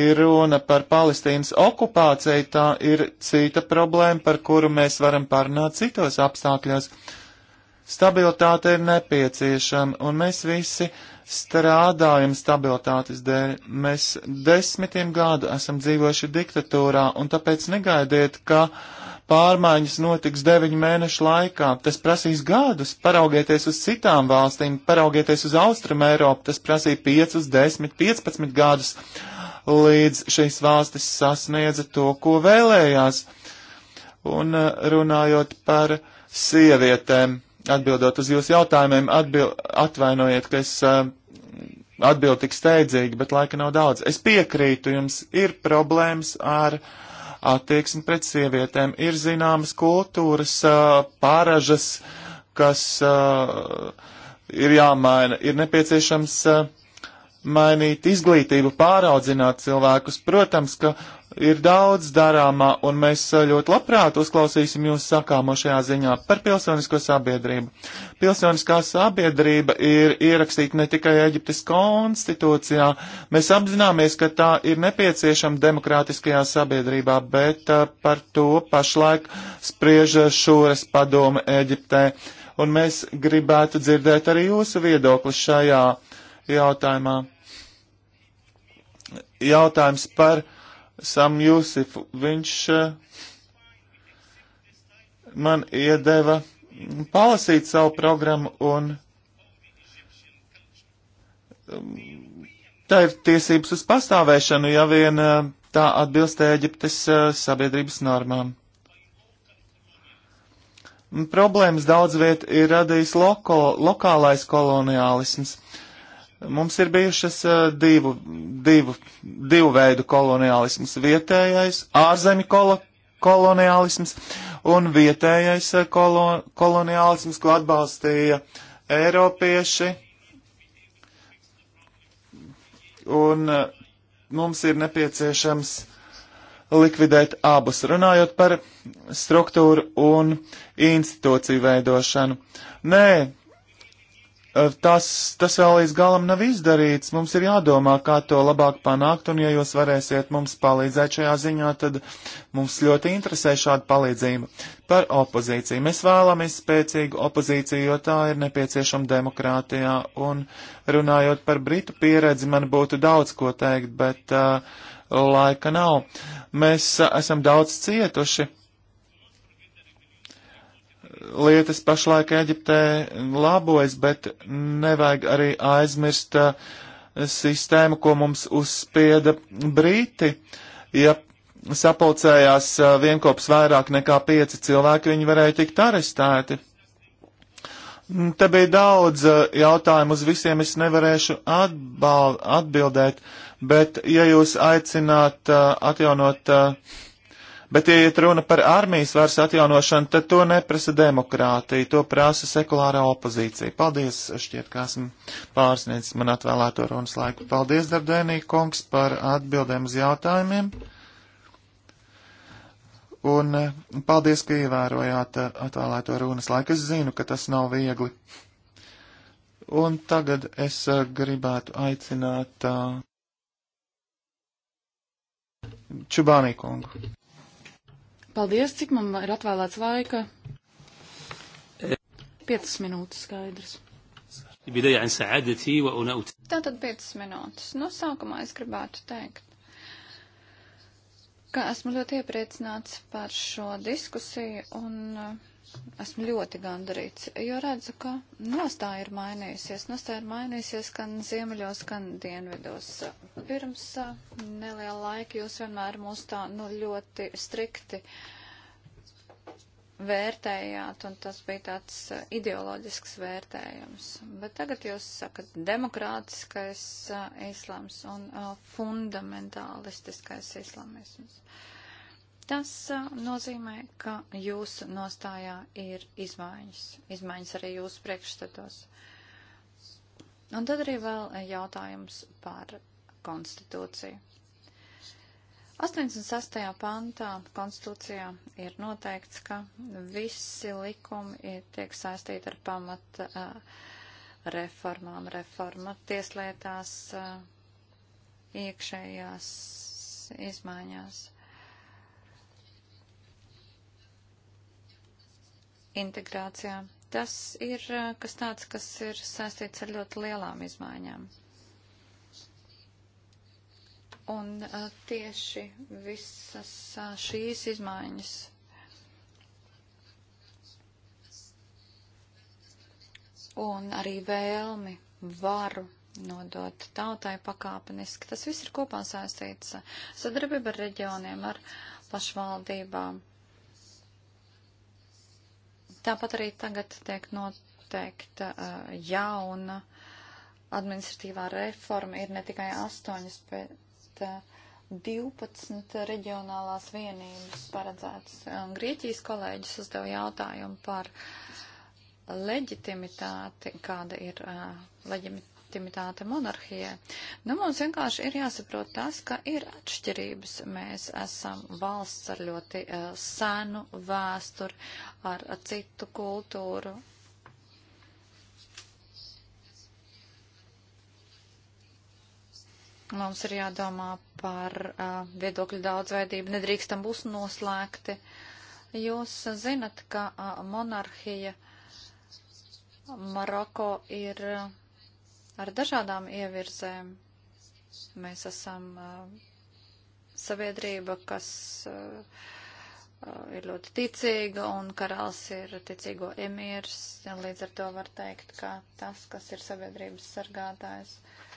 ir runa par Palestīnas okupāciju, tā ir cita problēma, par kuru mēs varam pārnāt citos apstākļos. Stabilitāte ir nepieciešama, un mēs visi strādājam stabilitātes dēļ. Mēs desmitiem gadu esam dzīvojuši diktatūrā, un tāpēc negaidiet, ka uh, pārmaiņas notiks deviņu mēnešu laikā. Tas prasīs gadus. Paraugieties uz citām valstīm, paraugieties uz Austrum Eiropu. Tas prasīja 5, 10, 15 gadus, līdz šīs valstis sasniedza to, ko vēlējās. Un eh, runājot par sievietēm, atbildot uz jūsu jautājumiem, atbil, atvainojiet, ka es eh, atbildu tik steidzīgi, bet laika nav daudz. Es piekrītu, jums ir problēmas ar. Uh, attieksmi pret sievietēm. Ir zināmas kultūras pāražas, kas ir jāmaina. Ir nepieciešams mainīt izglītību, pāraudzināt cilvēkus. Protams, ka ir daudz darāmā, un mēs uh, ļoti labprāt uzklausīsim jūs sakāmo šajā ziņā par pilsonisko sabiedrību. Pilsoniskā sabiedrība ir ierakstīta ne tikai Eģiptes konstitūcijā, mēs apzināmies, ka tā ir nepieciešama demokrātiskajā sabiedrībā, bet uh, par to pašlaik spriež šūras padome Eģiptē, un mēs gribētu dzirdēt arī jūsu viedokli šajā jautājumā. Jautājums par uh, Sam Jūsifu. Viņš eh, man iedeva palasīt savu programmu un eh, tā ir tiesības uz pastāvēšanu, ja vien eh, tā atbilst Eģiptes sabiedrības normām. Problēmas daudz viet ir radījis loko, lokālais koloniālisms. Uh, Mums ir bijušas divu, divu, divu veidu koloniālisms - vietējais, ārzemju kolo, koloniālisms un vietējais kolo, koloniālisms, ko atbalstīja Eiropieši. Un mums ir nepieciešams likvidēt abus, runājot par struktūru un institūciju veidošanu. Nē, tas, tas vēl līdz galam nav izdarīts. Mums ir jādomā, kā to labāk panākt, un ja jūs varēsiet mums palīdzēt šajā ziņā, tad mums ļoti interesē šāda palīdzība. Par opozīciju. Mēs vēlamies spēcīgu opozīciju, jo tā ir nepieciešama demokrātijā, un runājot par Britu pieredzi, man būtu daudz ko teikt, bet uh, laika nav. Mēs uh, esam daudz cietuši lietas pašlaik Eģiptē labojas, bet nevajag arī aizmirst uh, sistēmu, ko mums uzspieda Brīti. Ja sapulcējās uh, vienkops vairāk nekā pieci cilvēki, viņi varēja tikt arestēti. Mm, te bija daudz uh, jautājumu, uz visiem es nevarēšu atbal, atbildēt, bet ja jūs aicināt uh, atjaunot uh, Bet, ja iet runa par armijas vairs atjaunošanu, tad to neprasa demokrātija, to prasa sekulārā opozīcija. Paldies, šķiet, ka esmu pārsniedzis man atvēlēto runas laiku. Paldies, Dardēnī kungs, par atbildēm uz jautājumiem. Un eh, paldies, ka ievērojāt eh, atvēlēto runas laiku. Es zinu, ka tas nav viegli. Un tagad es eh, gribētu aicināt uh, Čubānī kungu. Paldies, cik man ir atvēlēts laika. 5 minūtes skaidrs. Tātad 5 minūtes. No nu, sākumā es gribētu teikt, ka esmu ļoti iepriecināts par šo diskusiju un uh, Esmu ļoti gandarīts, jo redzu, ka nostāja ir mainījusies. Nostāja ir mainījusies gan ziemeļos, gan dienvidos. Pirms uh, neliela laika jūs vienmēr mūs tā nu, ļoti strikti vērtējāt, un tas bija tāds uh, ideoloģisks vērtējums. Bet tagad jūs sakat demokrātiskais uh, islams un fundamentālistiskais islamisms. Uh, Tas uh, nozīmē, ka jūsu nostājā ir izmaiņas, izmaiņas arī jūsu priekšstatos. Un tad arī vēl jautājums par konstitūciju. 86. pantā konstitūcijā ir noteikts, ka visi likumi tiek saistīti ar pamat uh, reformām, reforma tieslietās, uh, iekšējās izmaiņās. integrācijā. Tas ir eh, kas tāds, kas ir saistīts ar ļoti lielām izmaiņām. Un eh, tieši visas eh, šīs izmaiņas un arī vēlmi varu nodot tautai pakāpeniski. Tas viss ir kopā saistīts sadarbība ar reģioniem, ar pašvaldībām. Tāpat arī tagad tiek noteikta uh, jauna administratīvā reforma. Ir ne tikai astoņas, bet uh, eh, 12 reģionālās vienības paredzētas. Um, Grieķijas kolēģis uzdeva jautājumu par leģitimitāti, kāda ir uh, eh, leģitimitāte legitimitāte monarhijai. Nu, mums vienkārši ir jāsaprot tas, ka ir atšķirības. Mēs esam valsts ar ļoti uh, senu vēsturi, ar, ar citu kultūru. Mums ir jādomā par uh, viedokļu daudzveidību. Nedrīkstam būs noslēgti. Jūs zinat, ka uh, monarhija Maroko ir. Uh, ar dažādām ievirzēm. Mēs esam sabiedrība, kas ir ļoti ticīga, un karāls ir ticīgo emīrs. Līdz ar to var teikt, ka tas, kas ir sabiedrības sargātājs, uh,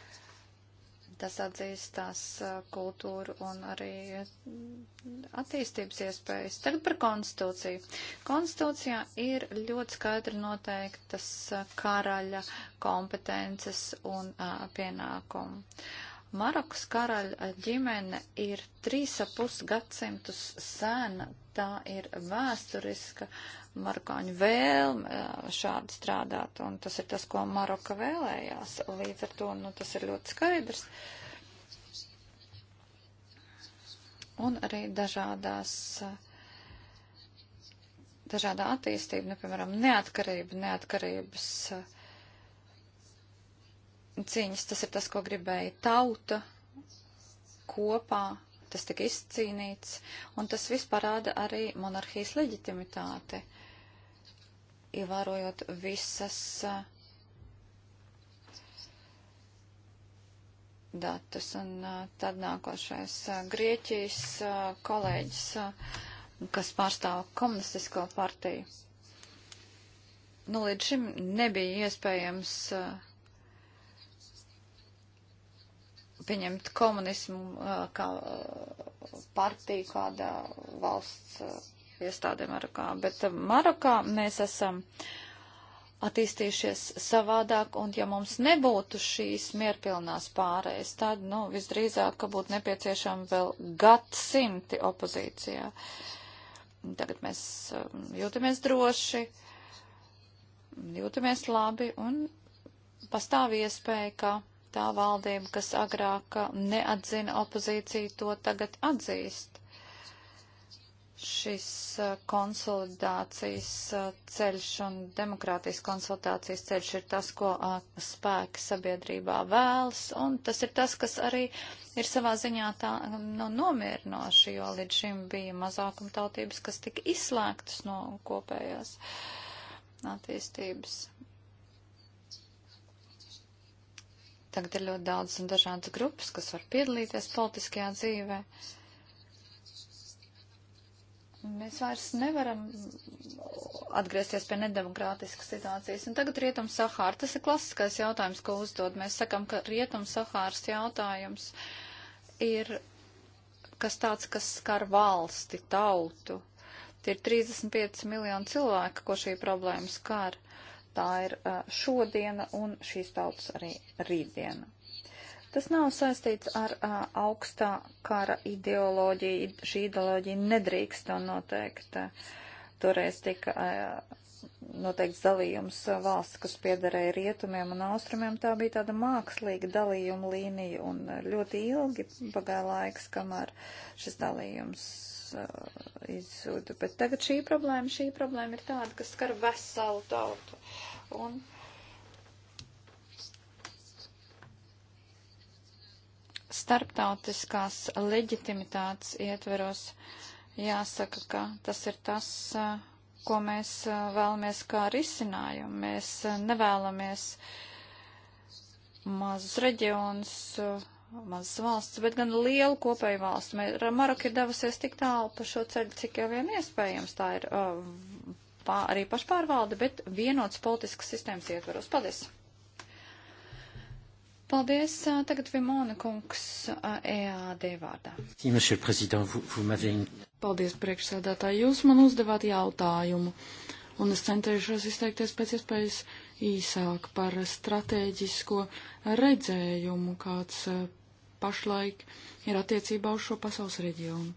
Tas atzīst tās uh, kultūru un arī attīstības iespējas. Tagad par konstitūciju. Konstitūcijā ir ļoti skaidri noteiktas uh, karaļa kompetences un uh, pienākumu. Marokas karaļa ģimene ir trīs ap pus gadsimtus sena, tā ir vēsturiska uh, marokāņu vēlme šādi strādāt, un tas ir tas, ko Maroka vēlējās. Līdz ar to, nu, tas ir ļoti skaidrs. Un arī dažādās, dažādā attīstība, nu, piemēram, neatkarība, neatkarības cīņas, tas ir tas, ko gribēja tauta kopā tas tika izcīnīts, un tas viss parāda arī monarhijas leģitimitāti ievērojot visas uh, datus. Un uh, tad nākošais uh, Grieķijas kolēģis, kas pārstāv komunistisko partiju. Nu, līdz šim nebija iespējams pieņemt komunismu kā partiju kādā valsts iestādē Marokā, bet eh, Marokā mēs esam attīstījušies savādāk, un ja mums nebūtu šīs mierpilnās pārējas, tad, nu, visdrīzāk, ka būtu nepieciešama vēl gadsimti opozīcijā. Tagad mēs eh, jūtamies droši, jūtamies labi, un pastāv iespēja, ka tā valdība, kas agrāk neatzina opozīciju, to tagad atzīst šis konsolidācijas ceļš un demokrātijas konsolidācijas ceļš ir tas, ko spēki sabiedrībā vēlas, un tas ir tas, kas arī ir savā ziņā tā nu, nomierinoši, jo līdz šim bija mazākumtautības, kas tika izslēgtas no kopējās attīstības. Tagad ir ļoti daudz un dažādas grupas, kas var piedalīties politiskajā dzīvē. Uh, Mēs vairs nevaram atgriezties pie nedemokrātiskas situācijas. Un tagad Rietum Sahāra. Tas ir klasiskais jautājums, ko uzdod. Mēs sakam, ka Rietum Sahāras jautājums ir kas tāds, kas skar valsti, tautu. Tie ir 35 miljoni cilvēku, ko šī problēma skar. Tā ir šodiena un šīs tautas arī rītdiena. Tas nav saistīts ar uh, augstā kara ideoloģiju. Šī ideoloģija nedrīkst un noteikti toreiz tika. Uh, noteikts dalījums valsts, kas piederēja rietumiem un austrumiem. Tā bija tāda mākslīga dalījuma līnija un ļoti ilgi pagāja laiks, kamēr šis dalījums uh, izzuda. Bet tagad šī problēma, šī problēma ir tāda, kas skar veselu tautu. Un uh, starptautiskās leģitimitātes ietveros jāsaka, ka tas ir tas, ko mēs vēlamies kā risinājumu. Mēs nevēlamies mazus reģionus, mazas valsts, bet gan lielu kopēju valstu. Maroka ir devusies tik tālu pa šo ceļu, cik jau vien iespējams. Tā ir pā, arī pašpārvalde, bet vienots politiskas sistēmas ietveros. Paldies! Paldies. Tagad Vimona kungs EAD vārdā. Paldies, priekšsēdētāji. Jūs man uzdevāt jautājumu, un es centīšos izteikties pēc iespējas īsāk par stratēģisko redzējumu, kāds pašlaik ir attiecībā uz šo pasaules reģionu.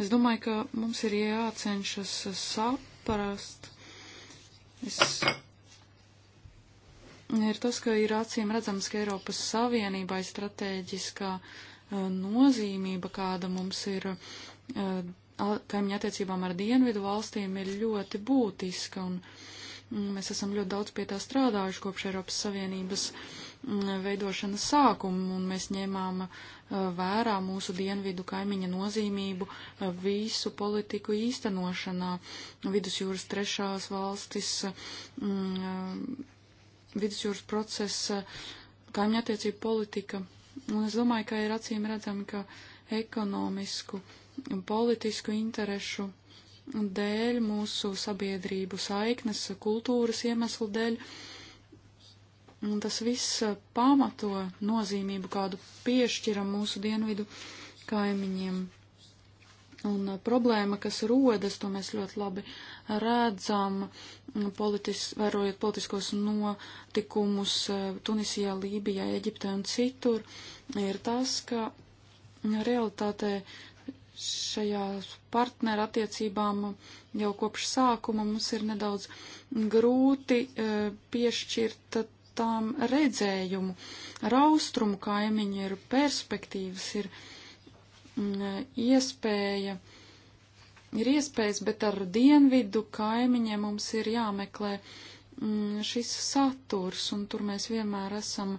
Es domāju, ka mums ir jācenšas saprast. Es ir tas, ka ir acīm redzams, ka Eiropas Savienībai stratēģiskā e, nozīmība, kāda mums ir e, kaimiņa attiecībām ar dienvidu valstīm, ir ļoti būtiska. Un mm, mēs esam ļoti daudz pie tā strādājuši kopš Eiropas Savienības mm, veidošanas sākumu, un mēs ņēmām e, vērā mūsu dienvidu kaimiņa nozīmību visu politiku īstenošanā. Vidusjūras trešās valstis. Mm, vidusjūras procesa, kaimiņa attiecību politika. Un es domāju, ka ir acīm redzami, ka ekonomisku un politisku interešu dēļ, mūsu sabiedrību saiknes, kultūras iemeslu dēļ, Un tas viss pamato nozīmību, kādu piešķiram mūsu dienvidu kaimiņiem. Un uh, problēma, kas rodas, to mēs ļoti labi redzam, politis, vērojot politiskos notikumus uh, Tunisijā, Lībijā, Eģiptē un citur, ir tas, ka realitātē šajās partnerattiecībām jau kopš sākuma mums ir nedaudz grūti uh, piešķirt tām redzējumu. Ar austrumu kaimiņu ir perspektīvas, ir Mm, iespēja, ir iespējas, bet ar dienvidu kaimiņiem mums ir jāmeklē mm, šis saturs, un tur mēs vienmēr esam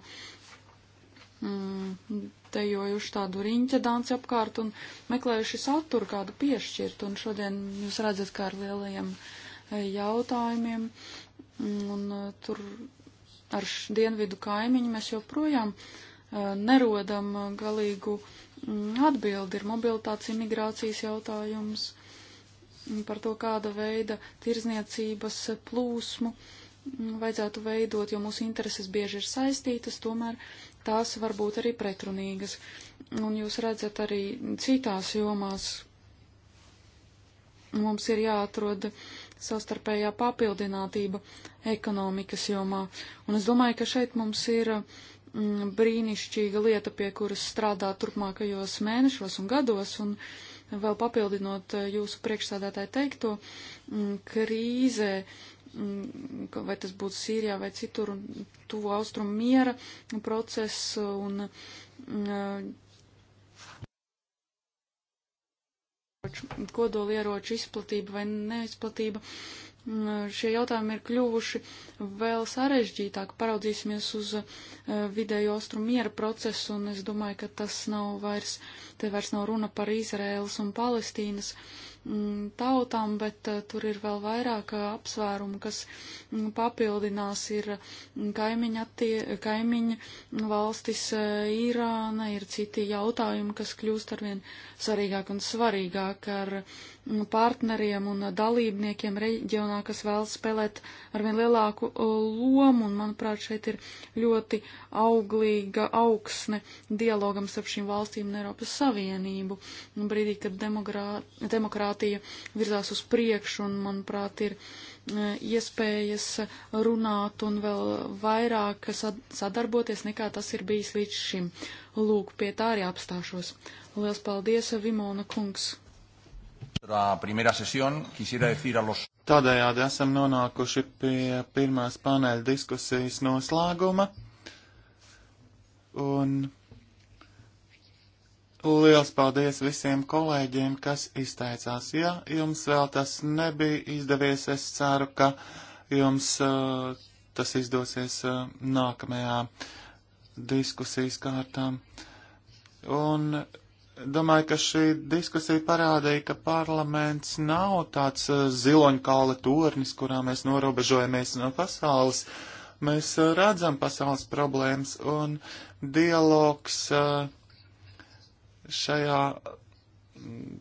tejojuši mm, tādu riņķa danci apkārt un meklējuši saturu kādu piešķirt, un šodien jūs redzat, kā ar lielajiem e, jautājumiem, un e, tur ar dienvidu kaimiņu mēs joprojām e, nerodam galīgu Mm, atbildi ir mobilitātes imigrācijas jautājums mm, par to, kāda veida tirzniecības plūsmu mm, vajadzētu veidot, jo mūsu intereses bieži ir saistītas, tomēr tās var būt arī pretrunīgas. Un jūs redzat arī citās jomās mums ir jāatrod savstarpējā papildinātība ekonomikas jomā. Un es domāju, ka šeit mums ir uh, Mm, brīnišķīga lieta, pie kuras strādāt turpmākajos mēnešos un gados. Un vēl papildinot eh, jūsu priekšsādātāju teikto, mm, krīzē, mm, vai tas būtu Sīrijā vai citur, un tuvu austrumu miera procesu un eh, kodolieroču izplatība vai neizplatība E, šie jautājumi ir kļuvuši vēl sarežģītāk. Paraudzīsimies uz e, vidēju ostru miera procesu, un es domāju, ka tas nav vairs, te vairs nav runa par Izraēlas un Palestīnas mm, tautām, bet e, tur ir vēl vairāk apsvērumu, kas mm, papildinās ir mm, kaimiņa, attie, kaimiņa valstis Irāna, ir citi jautājumi, kas kļūst arvien svarīgāk un svarīgāk ar partneriem un dalībniekiem reģionā, kas vēl spēlēt arvien lielāku uh, lomu, un, manuprāt, šeit ir ļoti auglīga augsne dialogam starp šīm valstīm un Eiropas Savienību. Un brīdī, kad demokrā, demokrātija virzās uz priekšu, un, manuprāt, ir uh, iespējas runāt un vēl vairāk sadarboties, nekā tas ir bijis līdz šim. Lūk, pie tā arī apstāšos. Lielas paldies, Vimona kungs! Tādējādi esam nonākuši pie pirmās paneļa diskusijas noslēguma. Un liels paldies visiem kolēģiem, kas izteicās. Ja jums vēl tas nebija izdevies, es ceru, ka jums uh, tas izdosies uh, nākamajā diskusijas kārtā. Un Domāju, ka šī diskusija parādīja, ka parlaments nav tāds uh, ziloņkāla tornis, kurā mēs norobežojamies no pasaules. Mēs uh, redzam pasaules problēmas un dialogs uh, šajā mm,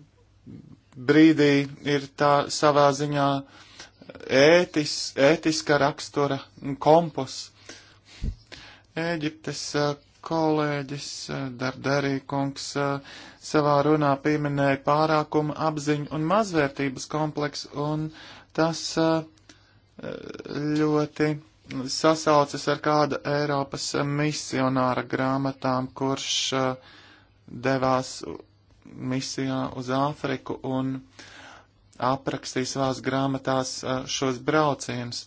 brīdī ir tā savā ziņā ētis, ētiska rakstura kompos. Ēģiptes kolēģis eh, Darderī kungs eh, savā runā pieminēja pārākuma apziņu un mazvērtības kompleksu, un tas eh, ļoti sasaucas ar kāda Eiropas misionāra grāmatām, kurš devās misijā uz Āfriku un aprakstīja savās grāmatās šos braucienus.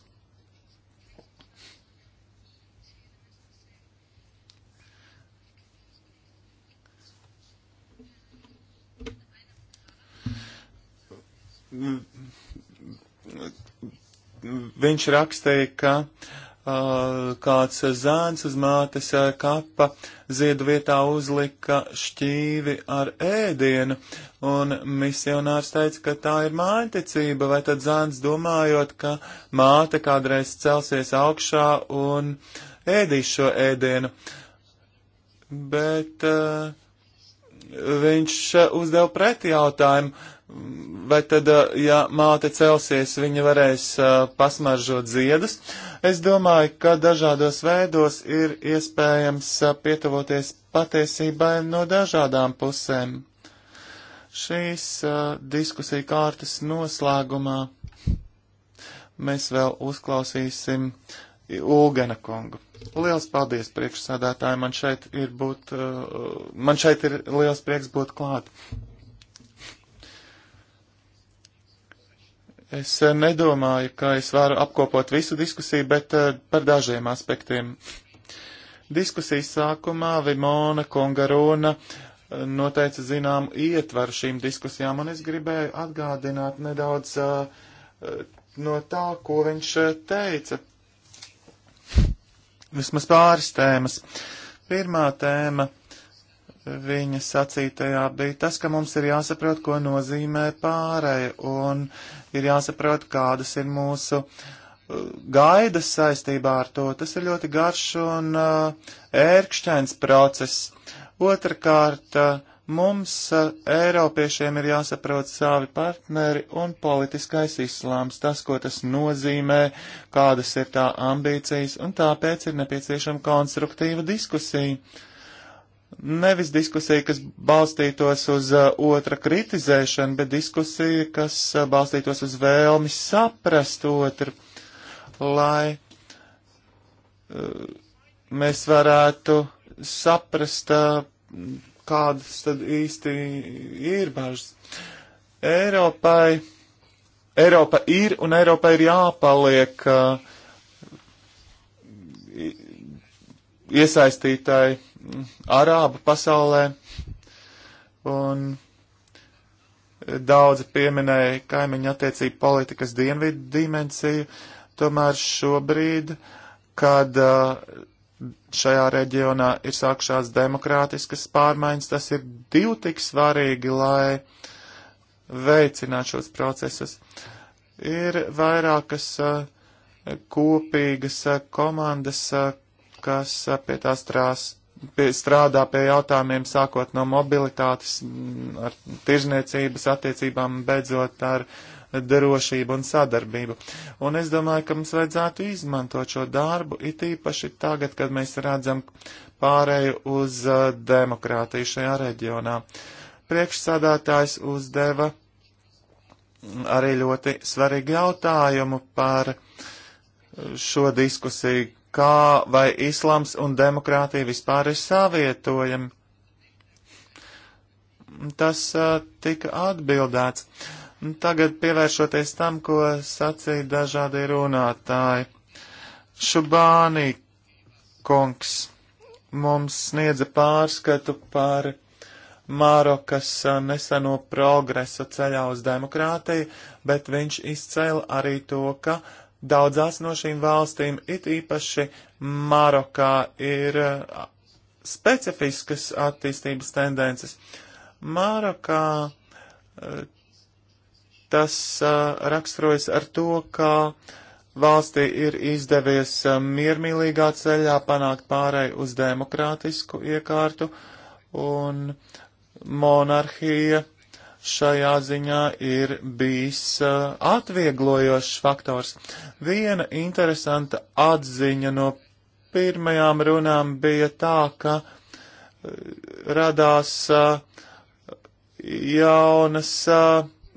viņš rakstīja, ka uh, kāds zēns uz mātes kapa ziedu vietā uzlika šķīvi ar ēdienu, un misionārs teica, ka tā ir mājticība, vai tad zēns domājot, ka māte kādreiz celsies augšā un ēdīs šo ēdienu. Bet uh, viņš uzdeva pretjautājumu, Vai tad, ja māte celsies, viņa varēs pasmaržot ziedus? Es domāju, ka dažādos veidos ir iespējams pietuvoties patiesībai no dažādām pusēm. Šīs diskusija kārtas noslēgumā mēs vēl uzklausīsim Ulgana kungu. Liels paldies priekšsādātāji, man šeit ir būt, man šeit ir liels prieks būt klāt. Es eh, nedomāju, ka es varu apkopot visu diskusiju, bet eh, par dažiem aspektiem. Diskusijas sākumā Vimona Kongarona eh, noteica zināmu ietvaru šīm diskusijām, un es gribēju atgādināt nedaudz no tā, ko viņš teica. Vismaz pāris tēmas. Pirmā tēma viņa sacītajā bija tas, ka mums ir jāsaprot, ko nozīmē pārēja, un ir jāsaprot, kādas ir mūsu uh, gaidas saistībā ar to. Tas ir ļoti garš un uh, ērkšķains process. Otrakārt, uh, mums, uh, Eiropiešiem, ir jāsaprot savi partneri un politiskais islāms, tas, ko tas nozīmē, kādas ir tā ambīcijas, un tāpēc ir nepieciešama konstruktīva diskusija nevis diskusija, kas balstītos uz uh, otra kritizēšanu, bet diskusija, kas uh, balstītos uz vēlmi saprast otru, lai uh, mēs varētu saprast, uh, kādas tad īsti ir bažas. Eiropai, Eiropa ir un Eiropa ir jāpaliek uh, iesaistītāji arābu pasaulē, un daudzi pieminēja kaimiņu attiecību politikas dienvidu dimensiju, tomēr šobrīd, kad uh, šajā reģionā ir sākšās demokrātiskas pārmaiņas, tas ir divi tik svarīgi, lai veicinātu šos procesus. Ir vairākas uh, kopīgas uh, komandas, kas pie tā strāsta pie, strādā pie jautājumiem sākot no mobilitātes, mm, ar tirzniecības attiecībām, beidzot ar drošību un sadarbību. Un es domāju, ka mums vajadzētu izmantot šo darbu, it īpaši tagad, kad mēs redzam pārēju uz uh, demokrātiju šajā reģionā. Priekšsādātājs uzdeva arī ļoti svarīgu jautājumu par uh, šo diskusiju kā vai islams un demokrātija vispār ir savietojami. Tas uh, tika atbildēts. Tagad pievēršoties tam, ko sacīja dažādi runātāji. Šubānī kungs mums sniedza pārskatu par Mārokas neseno progresu ceļā uz demokrātiju, bet viņš izcēla arī to, ka uh, Daudzās no šīm valstīm, it īpaši Marokā, ir specifiskas attīstības tendences. Marokā tas raksturojas ar to, ka valstī ir izdevies miermīlīgā ceļā panākt pārēj uz demokrātisku iekārtu, un monarhija šajā ziņā ir bijis uh, atvieglojošs faktors. Viena interesanta atziņa no pirmajām runām bija tā, ka uh, radās uh, jaunas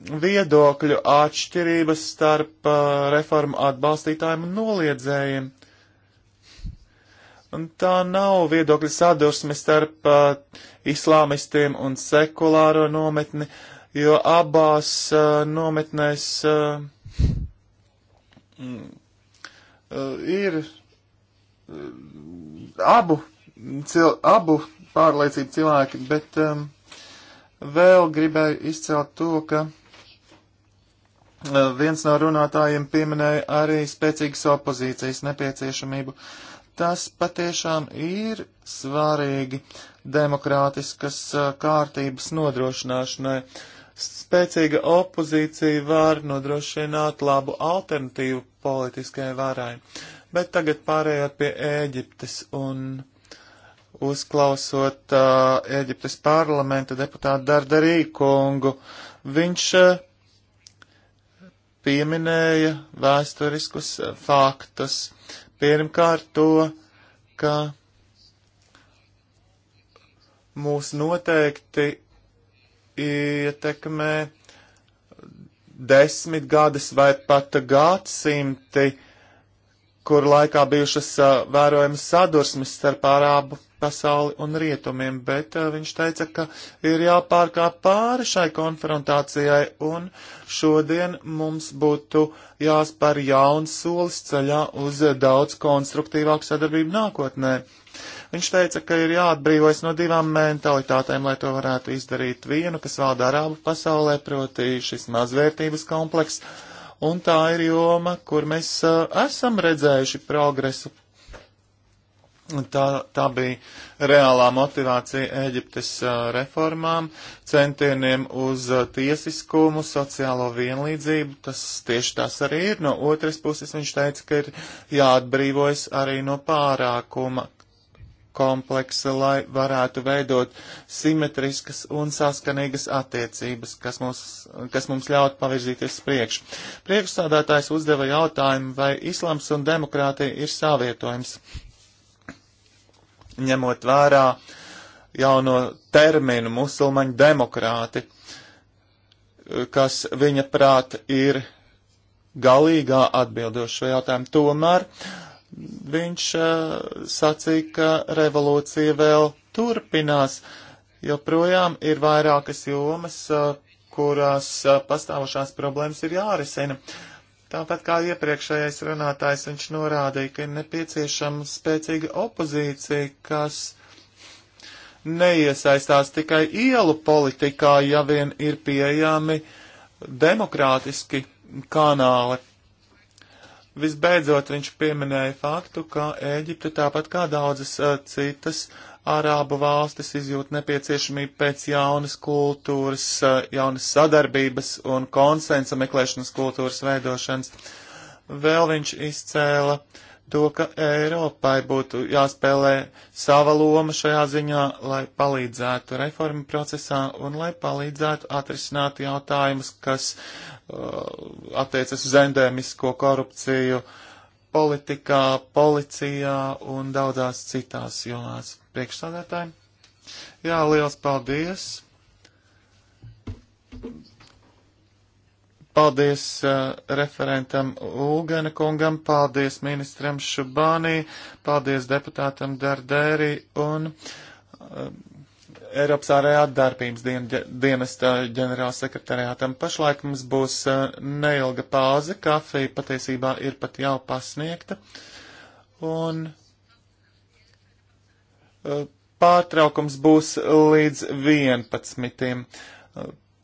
viedokļu atšķirības starp reformu atbalstītājiem un noliedzējiem. Un tā nav viedokļa sadursme starp uh, islāmistiem un sekulāro nometni, uh, jo abās uh, nometnēs uh, ir abu, cil, abu pārliecību cilvēki, bet um, vēl gribēju izcelt to, ka viens no runātājiem pieminēja arī spēcīgas opozīcijas nepieciešamību. Tas patiešām ir svarīgi demokrātiskas kārtības nodrošināšanai. Uh, Spēcīga opozīcija var nodrošināt labu alternatīvu politiskajai varai. Bet tagad pārējot pie Ēģiptes un uzklausot uh, Ēģiptes parlamenta deputātu Dardarī kungu, viņš uh, pieminēja vēsturiskus uh, faktus. Pirmkārt to, ka mūs noteikti ietekmē desmitgades vai pat gadsimti, kur laikā bijušas uh, vērojamas sadursmes starp ārābu pasauli un rietumiem, bet uh, viņš teica, ka ir jāpārkāp pāri šai konfrontācijai un šodien mums būtu jāspēr jauns solis ceļā uz daudz konstruktīvāku sadarbību nākotnē. Viņš teica, ka ir jāatbrīvojas no divām mentalitātēm, lai to varētu izdarīt vienu, kas valda arābu pasaulē, proti šis mazvērtības kompleks, un tā ir joma, kur mēs uh, esam redzējuši progresu. Tā, tā bija reālā motivācija Ēģiptes uh, reformām, centieniem uz uh, tiesiskumu, sociālo vienlīdzību. Tas tieši tas arī ir. No otras puses viņš teica, ka ir jāatbrīvojas arī no pārākuma, kompleksa, lai varētu veidot simetriskas un saskanīgas attiecības, kas mums, kas mums ļaut pavirzīties priekš. Priekšstādātājs uzdeva jautājumu, vai islams un demokrātija ir savietojums, ņemot vērā jauno terminu musulmaņu demokrāti, kas viņa prāt ir galīgā atbildošajā jautājumā. Tomēr viņš sacīja, ka revolūcija vēl turpinās. Joprojām ir vairākas jomas, kurās pastāvošās problēmas ir jārisina. Tāpat kā iepriekšējais runātājs, viņš norādīja, ka ir nepieciešama spēcīga opozīcija, kas neiesaistās tikai ielu politikā, ja vien ir pieejami demokrātiski kanāli. Visbeidzot, viņš pieminēja faktu, ka Ēģipte tāpat kā daudzas citas Arābu valstis izjūt nepieciešamību pēc jaunas kultūras, jaunas sadarbības un konsensa meklēšanas kultūras veidošanas. Vēl viņš izcēla uh, to, ka Eiropai būtu jāspēlē sava loma šajā ziņā, lai palīdzētu reformu procesā un lai palīdzētu atrisināt jautājumus, kas uh, attiecas uz endēmisko korupciju politikā, policijā un daudzās citās jomās. Priekšsādātāji? Jā, liels paldies! Paldies uh, referentam Ulgana kungam, paldies ministram Šubānī, paldies deputātam Dardēri un uh, Eiropas ārējā darbības dien, dienesta ģenerāla sekretariātam. Pašlaik mums būs uh, neilga pauze, kafija patiesībā ir pat jau pasniegta. Un uh, pārtraukums būs līdz 11. Uh,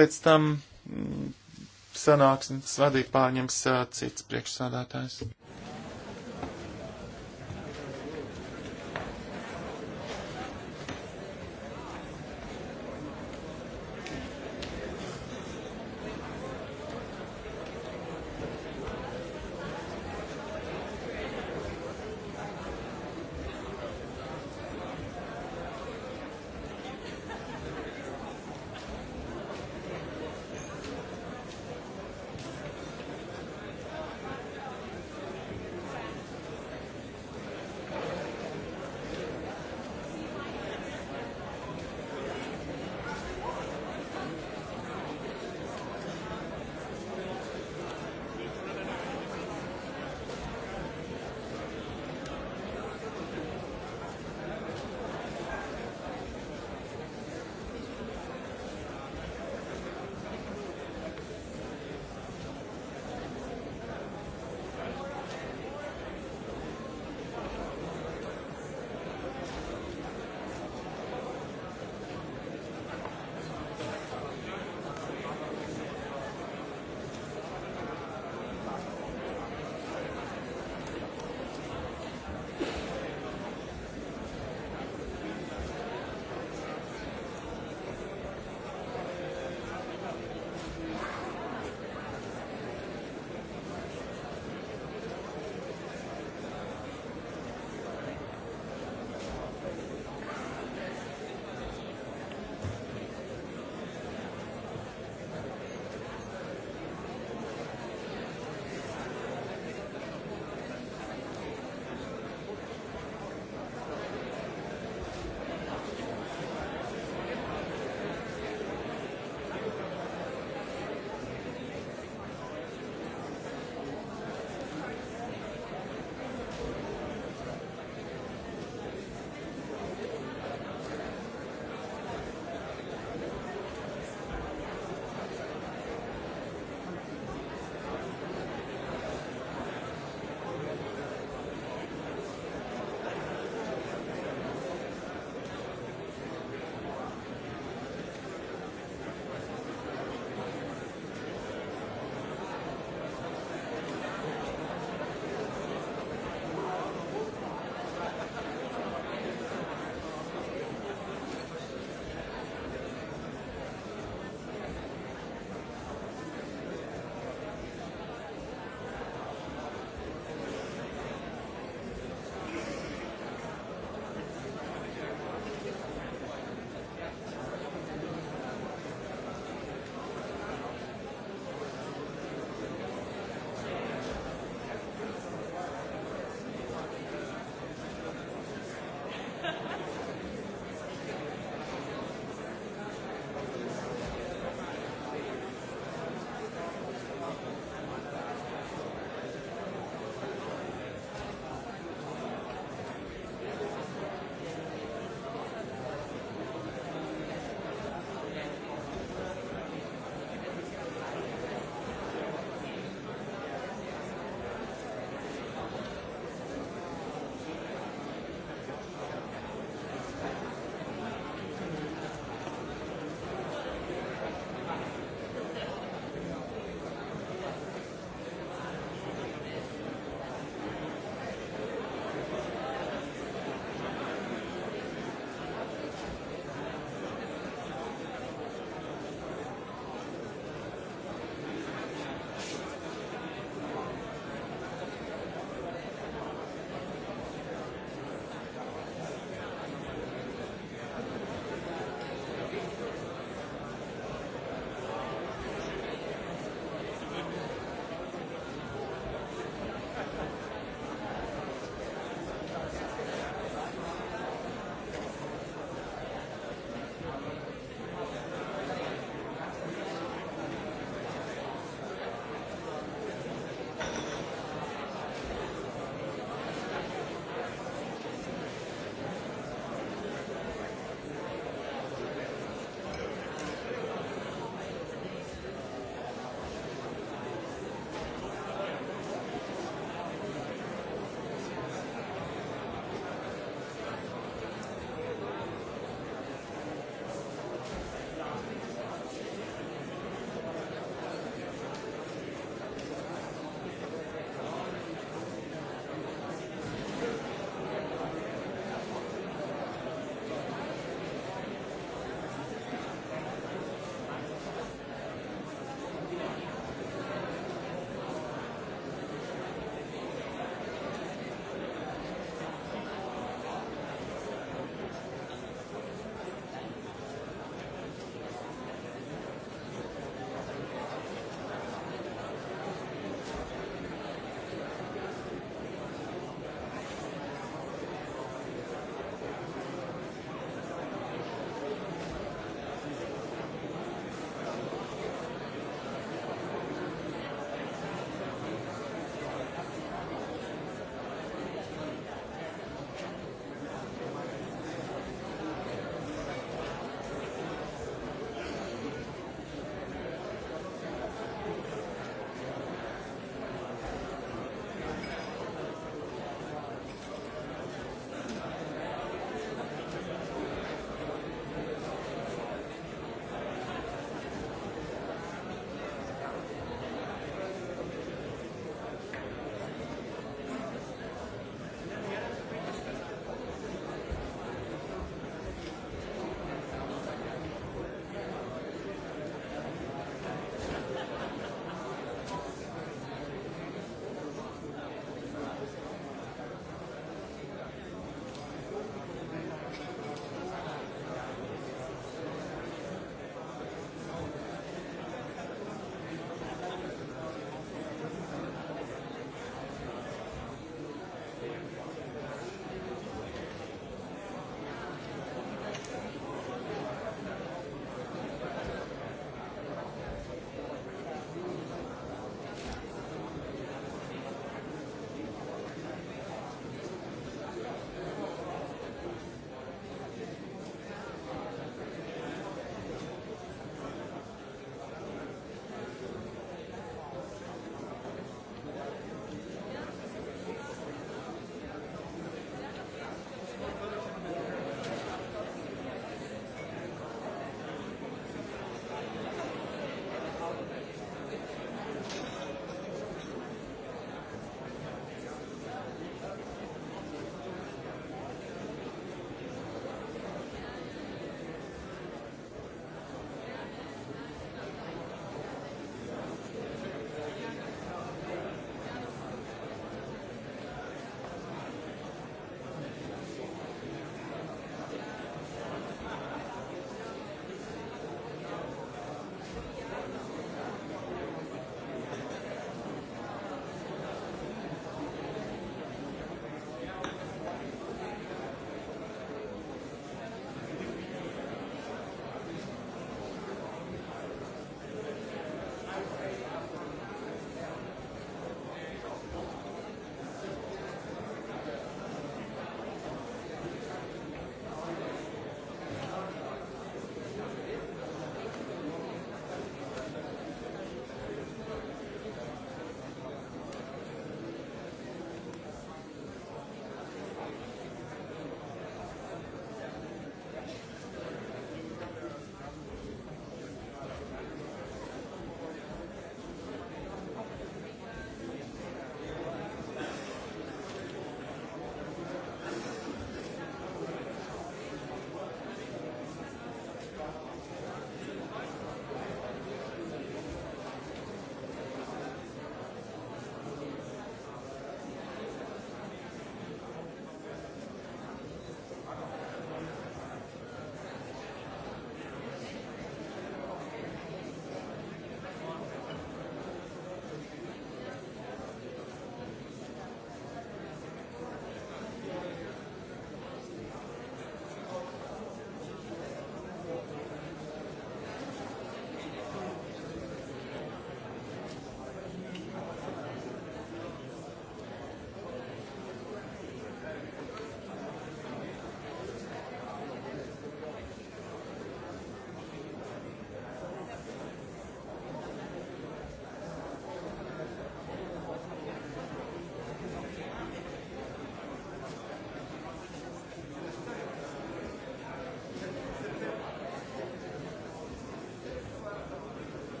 pēc tam. Mm, sanāksmes vadīt pārņems cits priekšsādātājs.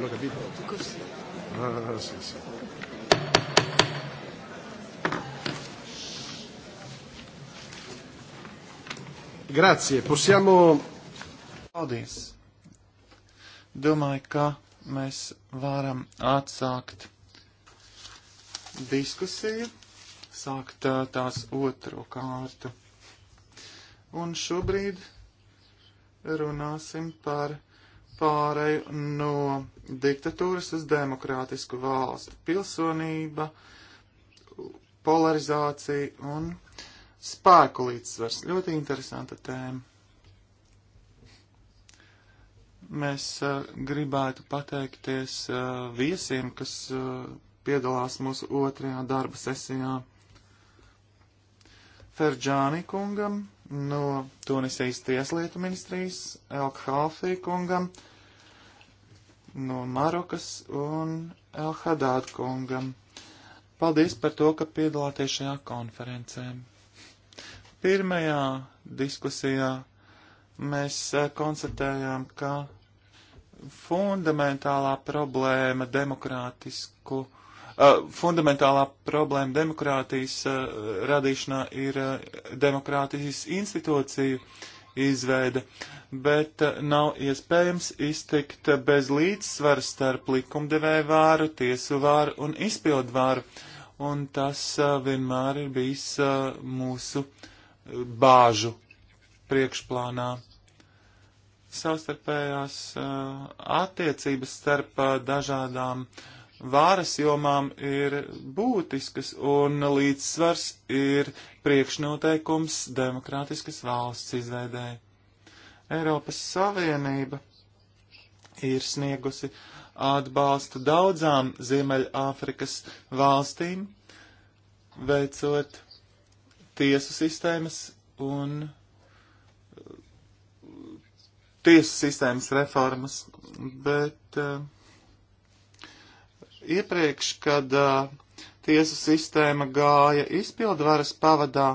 non ho capito. Così. Ah, sì, sì. Grazie, possiamo. Paldies. Domāju, ka mēs varam atsākt diskusiju, sākt tās otro kārtu. Un šobrīd runāsim par pāreju no diktatūras uz demokrātisku valstu. Pilsonība, polarizācija un spēku līdzsvars. Ļoti interesanta tēma. Mēs uh, gribētu pateikties uh, viesiem, kas uh, piedalās mūsu otrajā darba sesijā. Ferģāni kungam no Tunisijas tieslietu ministrijas, Elk Halfī kungam, uh, no Marokas un Elhadād kungam. Paldies par to, ka piedalāties šajā konferencē. Pirmajā diskusijā mēs eh, konstatējām, ka fundamentālā problēma demokrātisku, uh, fundamentālā problēma demokrātijas uh, radīšanā ir uh, demokrātijas institūciju uh, izveide, bet eh, nav iespējams iztikt bez līdzsvara starp likumdevēju vāru, tiesu vāru un izpildu vāru, un tas eh, vienmēr ir bijis eh, mūsu bāžu priekšplānā. Savstarpējās attiecības starp dažādām uh, vāras jomām ir būtiskas un līdzsvars ir priekšnoteikums demokrātiskas valsts izveidē. Eiropas Savienība ir sniegusi atbalstu daudzām Ziemeļāfrikas valstīm, veicot tiesu sistēmas un uh, tiesu sistēmas reformas, bet uh, Iepriekš, kad uh, tiesu sistēma gāja izpildvaras pavadā,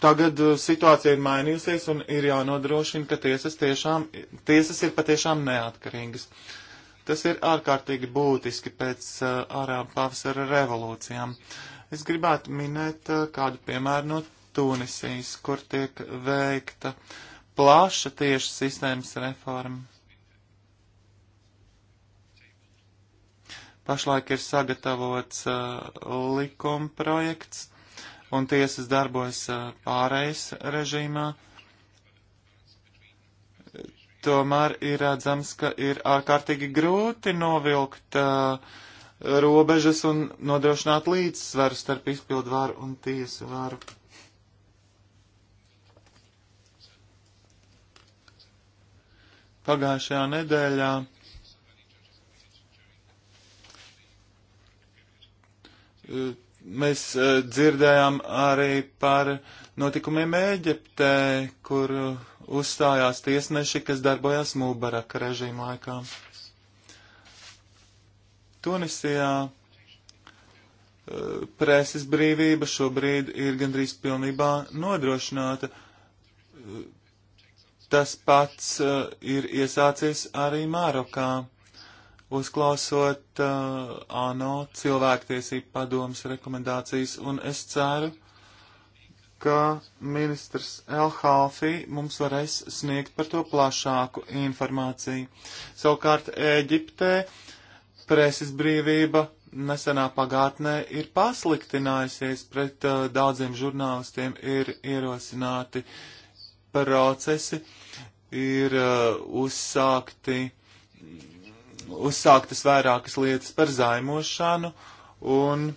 tagad situācija ir mainījusies un ir jānodrošina, ka tiesas, tiešām, tiesas ir patiešām neatkarīgas. Tas ir ārkārtīgi būtiski pēc uh, ārām pavasara revolūcijām. Es gribētu minēt uh, kādu piemēru no Tunisijas, kur tiek veikta plaša tieši sistēmas reforma. Pašlaik ir sagatavots uh, likuma projekts, un tiesas darbojas uh, pārējais režīmā. Tomēr ir redzams, ka ir ārkārtīgi grūti novilkt uh, robežas un nodrošināt līdzsvaru starp izpildu varu un tiesu varu. Pagājušajā nedēļā Mēs e, dzirdējām arī par notikumiem Ēģiptē, kur uzstājās tiesneši, kas darbojās Mūbaraka režīma laikā. Tunisijā e, preses brīvība šobrīd ir gandrīz pilnībā nodrošināta. E, tas pats ir iesācies arī Mārokā uzklausot uh, ANO cilvēktiesību padomas rekomendācijas, un es ceru, ka ministrs Elhāfī mums varēs sniegt par to plašāku informāciju. Savukārt Ēģiptē preses brīvība nesenā pagātnē ir pasliktinājusies, pret uh, daudziem žurnālistiem ir ierosināti procesi, ir uh, uzsākti uzsāktas vairākas lietas par zaimošanu, un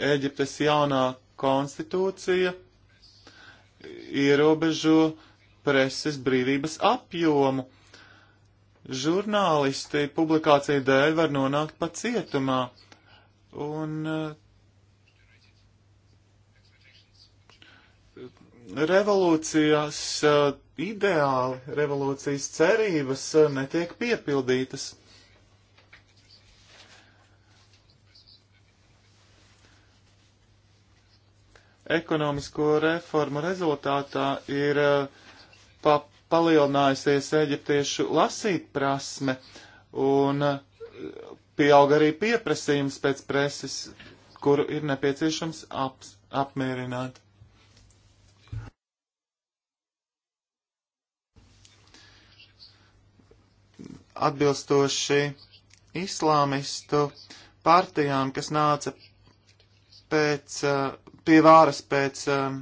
Eģiptes jaunā konstitūcija ierobežo preses brīvības apjomu. Žurnālisti publikāciju dēļ var nonākt pat cietumā, un eh, revolūcijas eh, ideāli, revolūcijas cerības eh, netiek piepildītas. ekonomisko reformu rezultātā ir eh, pa palielinājusies eģiptiešu lasīt prasme un eh, pieauga arī pieprasījums pēc preses, kuru ir nepieciešams ap, apmierināt. Atbilstoši islāmistu partijām, kas nāca pēc uh, pie vāras pēc um,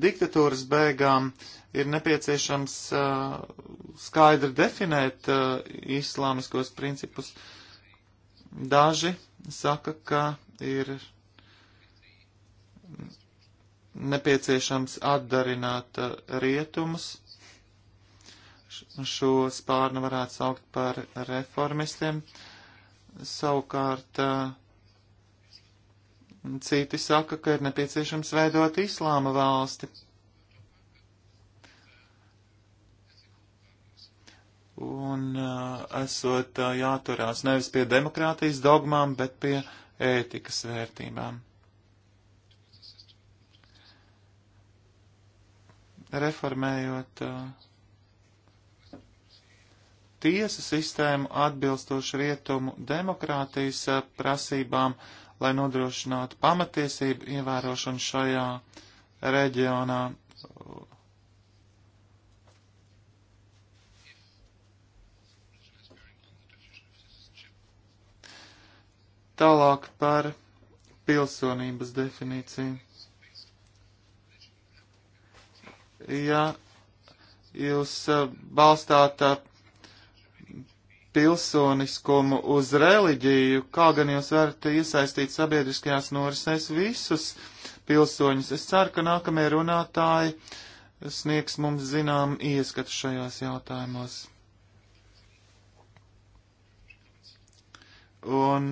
diktatūras beigām, ir nepieciešams uh, skaidri definēt uh, islāmiskos principus. Daži saka, ka ir nepieciešams atdarināt uh, rietumus. Šo spārnu varētu saukt par reformistiem. Savukārt, uh, Citi saka, ka ir nepieciešams veidot islāma valsti. Un uh, esot uh, jāturās nevis pie demokrātijas dogmām, bet pie ētikas vērtībām. Reformējot uh, tiesu sistēmu atbilstoši rietumu demokrātijas uh, prasībām, uh, lai nodrošinātu pamatiesību ievērošanu šajā reģionā. Tālāk par pilsonības definīciju. Ja jūs eh, balstāt pilsoniskumu uz reliģiju, kā gan jūs varat iesaistīt sabiedriskajās norisēs visus pilsoņus. Es ceru, ka nākamie runātāji sniegs mums zinām ieskatu šajās jautājumos. Un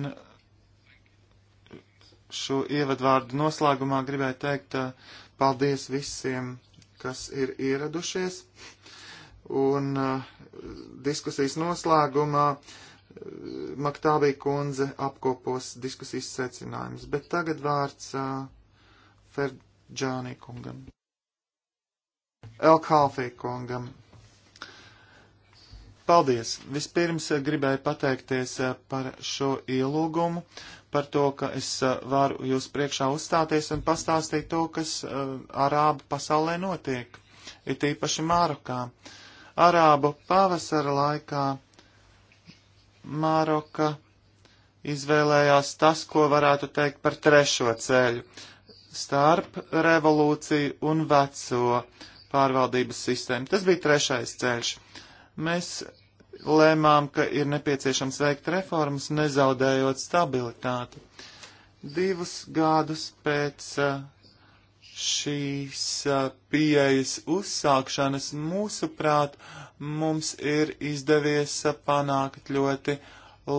šo ievadvārdu noslēgumā gribēju teikt uh, paldies visiem, kas ir ieradušies. Un uh, diskusijas noslēgumā uh, Maktāvī kundze apkopos diskusijas secinājumus. Bet tagad vārds uh, Ferdžānī kungam. Elkhalfī kungam. Paldies! Vispirms gribēju pateikties par šo ielūgumu, par to, ka es varu jūs priekšā uzstāties un pastāstīt to, kas arābu pasaulē notiek, it īpaši Mārokā. Uh, Arābu pavasara laikā Māroka izvēlējās tas, ko varētu teikt par trešo ceļu starp revolūciju un veco pārvaldības sistēmu. Tas bija trešais ceļš. Mēs lēmām, ka ir nepieciešams veikt reformas, nezaudējot stabilitāti. Divus gadus pēc uh, šīs pieejas uzsākšanas, mūsuprāt, mums ir izdevies panākt ļoti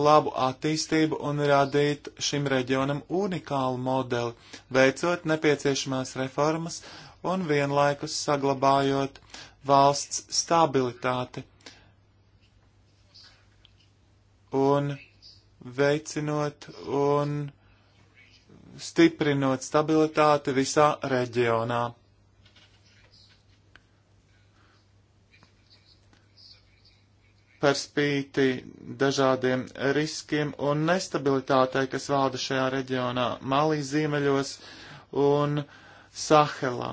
labu attīstību un radīt šim reģionam unikālu modeli, veicot nepieciešamās reformas un vienlaikus saglabājot valsts stabilitāti un veicinot un stiprinot stabilitāti visā reģionā. Par spīti dažādiem riskiem un nestabilitātei, kas valda šajā reģionā, Malī ziemeļos un Sahelā.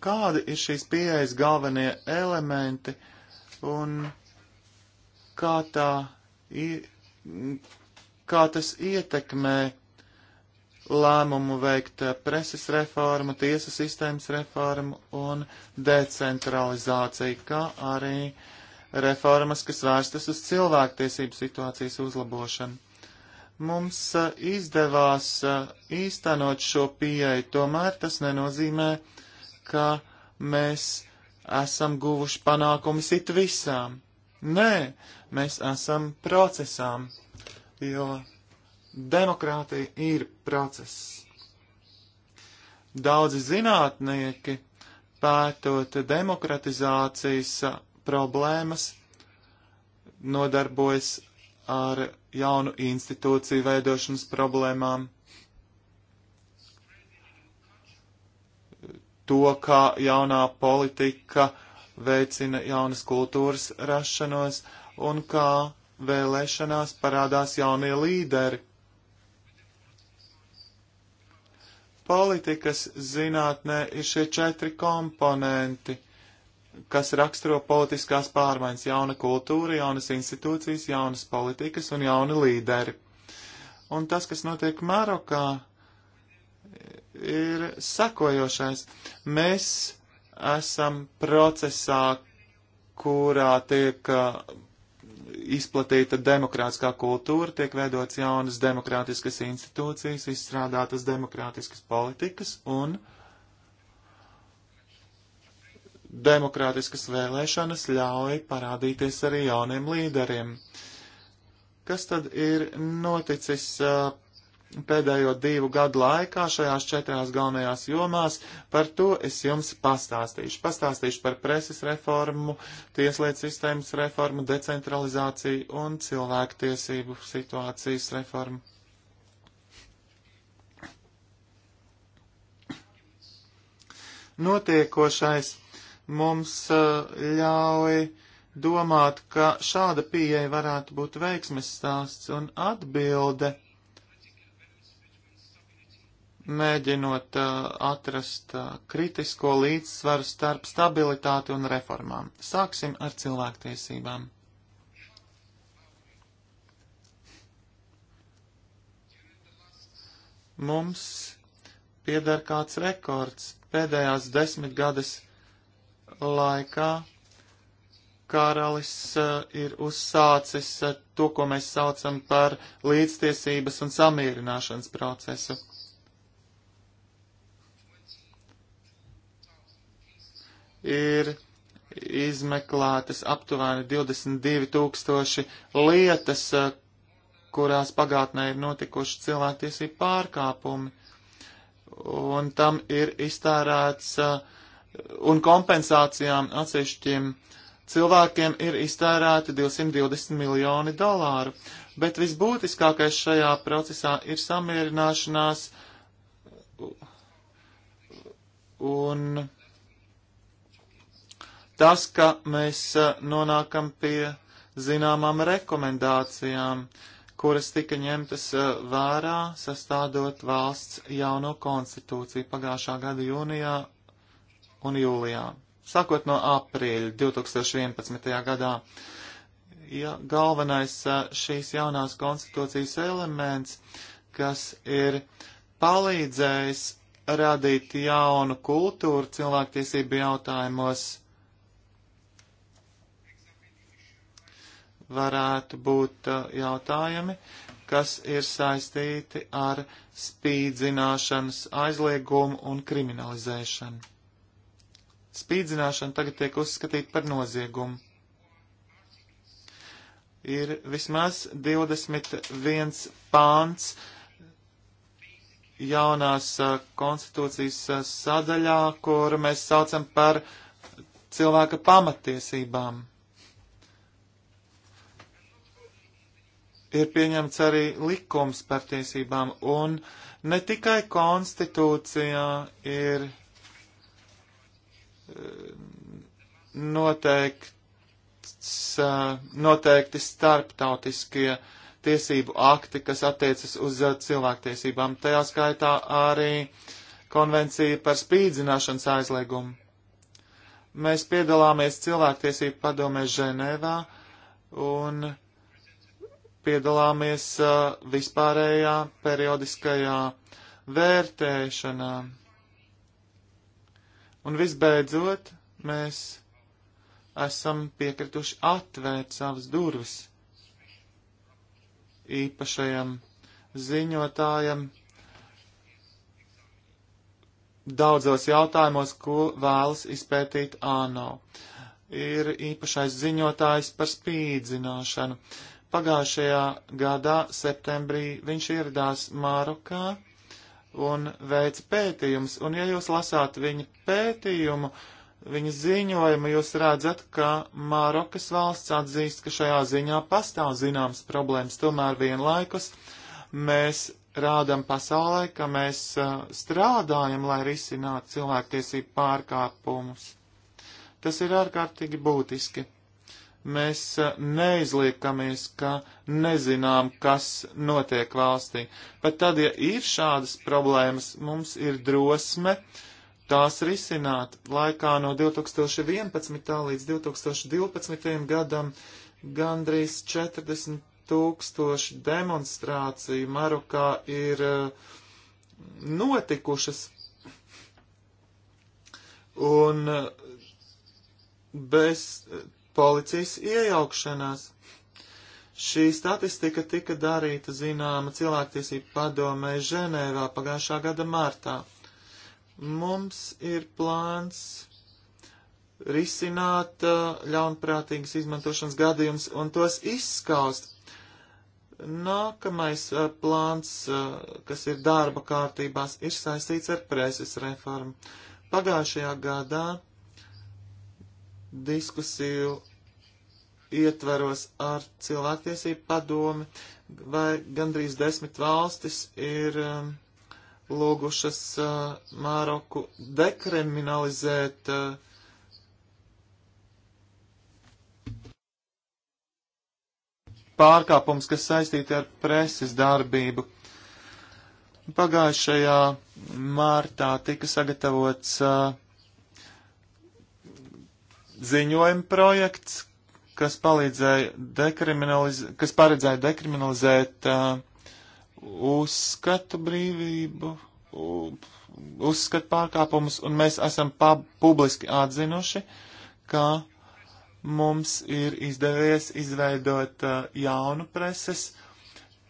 Kādi ir šīs pieejas galvenie elementi un kā tā Mm, kā tas ietekmē lēmumu veikt eh, preses reformu, tiesu sistēmas reformu un decentralizāciju, kā arī reformas, kas vērstas uz cilvēktiesību situācijas uzlabošanu. Mums a, eh, izdevās a, eh, īstenot šo pieeju, tomēr tas nenozīmē, ka mēs esam guvuši panākumus it visām. Nē, Mēs esam procesām, jo demokrātija ir process. Daudzi zinātnieki pētot demokratizācijas problēmas nodarbojas ar jaunu institūciju veidošanas problēmām. To, kā jaunā politika veicina jaunas kultūras rašanos, uh, un kā vēlēšanās parādās jaunie līderi. Politikas zinātnē ir šie četri komponenti, kas raksturo politiskās pārmaiņas - jauna kultūra, jaunas institūcijas, jaunas politikas un jauni līderi. Un tas, kas notiek Marokā, ir sakojošais. Mēs esam procesā, kurā tiek izplatīta demokrātiskā kultūra, tiek veidots jaunas demokrātiskas institūcijas, izstrādātas demokrātiskas politikas un demokrātiskas vēlēšanas ļauj parādīties arī jauniem līderiem. Kas tad ir noticis uh, pēdējo divu gadu laikā šajās četrās galvenajās jomās. Par to es jums pastāstīšu. Pastāstīšu par preses reformu, tieslietu sistēmas reformu, decentralizāciju un cilvēku tiesību situācijas reformu. Notiekošais mums uh, ļauj domāt, ka šāda pieeja varētu būt veiksmes stāsts un atbilde mēģinot uh, atrast uh, kritisko līdzsvaru starp stabilitāti un reformām. Sāksim ar cilvēktiesībām. Mums pieder kāds rekords pēdējās desmit gadas laikā. Karalis uh, ir uzsācis uh, to, ko mēs saucam par līdztiesības un samierināšanas procesu ir izmeklētas aptuveni 22 tūkstoši lietas, eh, kurās pagātnē ir notikuši cilvēktiesību pārkāpumi. Un tam ir iztērēts eh, un kompensācijām atsevišķiem cilvēkiem ir iztērēti 220 miljoni dolāru. Bet visbūtiskākais šajā procesā ir samierināšanās un tas, ka mēs eh, nonākam pie zināmām rekomendācijām, kuras tika ņemtas eh, vērā sastādot valsts jauno konstitūciju pagājušā gada jūnijā un jūlijā. Sākot no aprīļa 2011. gadā, ja galvenais eh, šīs jaunās konstitūcijas elements, kas ir palīdzējis radīt jaunu kultūru cilvēktiesību jautājumos, varētu būt uh, jautājumi, kas ir saistīti ar spīdzināšanas aizliegumu un kriminalizēšanu. Spīdzināšana tagad tiek uzskatīta par noziegumu. Ir vismaz 21 pāns jaunās a, uh, konstitūcijas a, uh, sadaļā, kur mēs saucam par cilvēka pamatiesībām. ir pieņemts arī likums par tiesībām, un ne tikai konstitūcijā ir eh, noteikts, eh, noteikti starptautiskie tiesību akti, kas attiecas uz eh, cilvēktiesībām, tajā skaitā arī konvencija par spīdzināšanas aizliegumu. Mēs piedalāmies cilvēktiesību padomē Ženēvā, un piedalāmies uh, vispārējā periodiskajā vērtēšanā. Un visbeidzot, mēs esam piekrituši atvērt savas durvis īpašajam ziņotājam daudzos jautājumos, ko vēlas izpētīt ANO. Ir īpašais ziņotājs par spīdzināšanu. Uh, Pagājušajā gadā septembrī viņš ieradās Mārokā un veica pētījumus, un ja jūs lasāt viņa pētījumu, viņa ziņojumu, jūs redzat, ka Mārokas valsts atzīst, ka šajā ziņā pastāv zināms problēmas, tomēr vienlaikus mēs rādam pasaulē, ka mēs uh, strādājam, lai risinātu cilvēktiesību pārkāpumus. Tas ir ārkārtīgi būtiski mēs neizliekamies, ka nezinām, kas notiek valstī. Pat tad, ja ir šādas problēmas, mums ir drosme tās risināt. Laikā no 2011. līdz 2012. gadam gandrīz 40 tūkstoši demonstrāciju Marokā ir notikušas. Un bez policijas iejaukšanās. Šī statistika tika darīta zināma cilvēktiesību padomē Ženēvā pagājušā gada martā. Mums ir plāns risināt uh, ļaunprātīgas izmantošanas gadījumus un tos izskaust. Nākamais uh, plāns, uh, kas ir darba kārtībās, ir saistīts ar preses reformu. Pagājušajā gadā diskusiju ietveros ar cilvēktiesību padomi, vai gandrīz desmit valstis ir um, lūgušas uh, Māroku dekriminalizēt. Uh, pārkāpums, kas saistīti ar preses darbību. Pagājušajā mārtā tika sagatavots uh, ziņojuma projekts, kas, kas paredzēja dekriminalizēt uh, uzskatu brīvību, uzskatu pārkāpumus, un mēs esam publiski atzinuši, ka mums ir izdevies izveidot uh, jaunu preses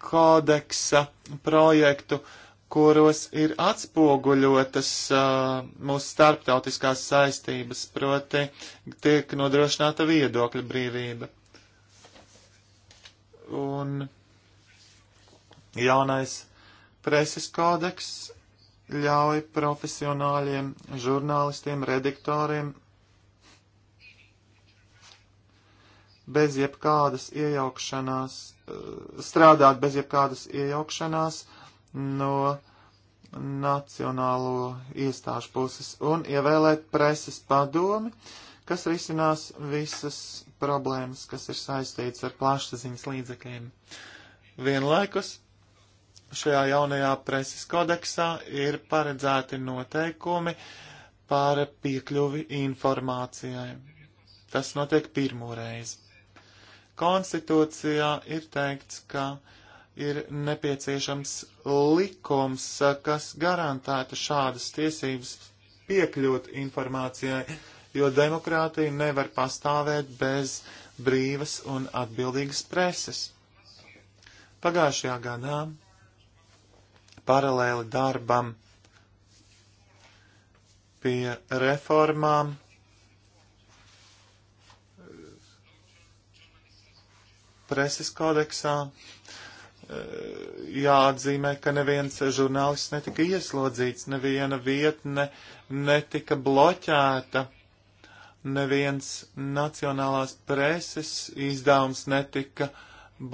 kodeksa projektu, uh, kuros ir atspoguļotas uh, mūsu starptautiskās saistības, proti tiek nodrošināta viedokļa brīvība. Un jaunais preses kodeks ļauj profesionāļiem, žurnālistiem, redaktoriem bez jebkādas iejaukšanās, strādāt bez jebkādas iejaukšanās uh, no nacionālo iestāžu puses un ievēlēt preses padomi, kas risinās visas problēmas, kas ir saistīts ar plašsaziņas līdzekļiem. Vienlaikus šajā jaunajā preses kodeksā ir paredzēti noteikumi par piekļuvi informācijai. Tas notiek pirmoreiz. Konstitūcijā ir teikts, ka uh, ir nepieciešams likums, kas garantētu šādas tiesības piekļūt informācijai, jo demokrātija nevar pastāvēt bez brīvas un atbildīgas preses. Pagājušajā gadā paralēli darbam pie reformām preses kodeksā Eh, jāatzīmē, ka neviens žurnālists netika ieslodzīts, neviena vietne netika bloķēta, neviens nacionālās preses izdevums netika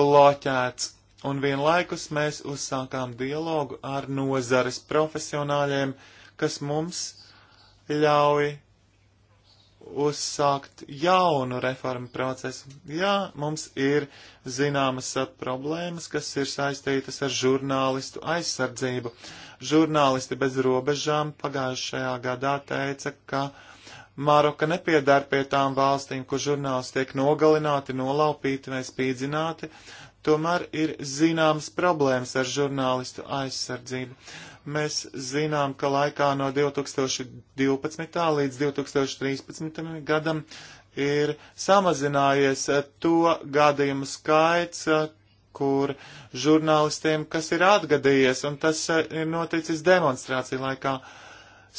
bloķēts. Un vienlaikus mēs uzsākām dialogu ar nozares profesionāļiem, kas mums ļauj uzsākt jaunu reformu procesu. Jā, mums ir zināmas uh, problēmas, kas ir saistītas ar žurnālistu aizsardzību. Žurnālisti bez robežām pagājušajā gadā teica, ka Maroka nepiedar pie tām valstīm, kur žurnālisti tiek nogalināti, nolaupīti vai spīdzināti, tomēr ir zināmas problēmas ar žurnālistu aizsardzību. Mēs zinām, ka laikā no 2012. līdz 2013. gadam ir samazinājies to gadījumu skaits, kur žurnālistiem, kas ir atgadījies, un tas eh, ir noticis demonstrāciju laikā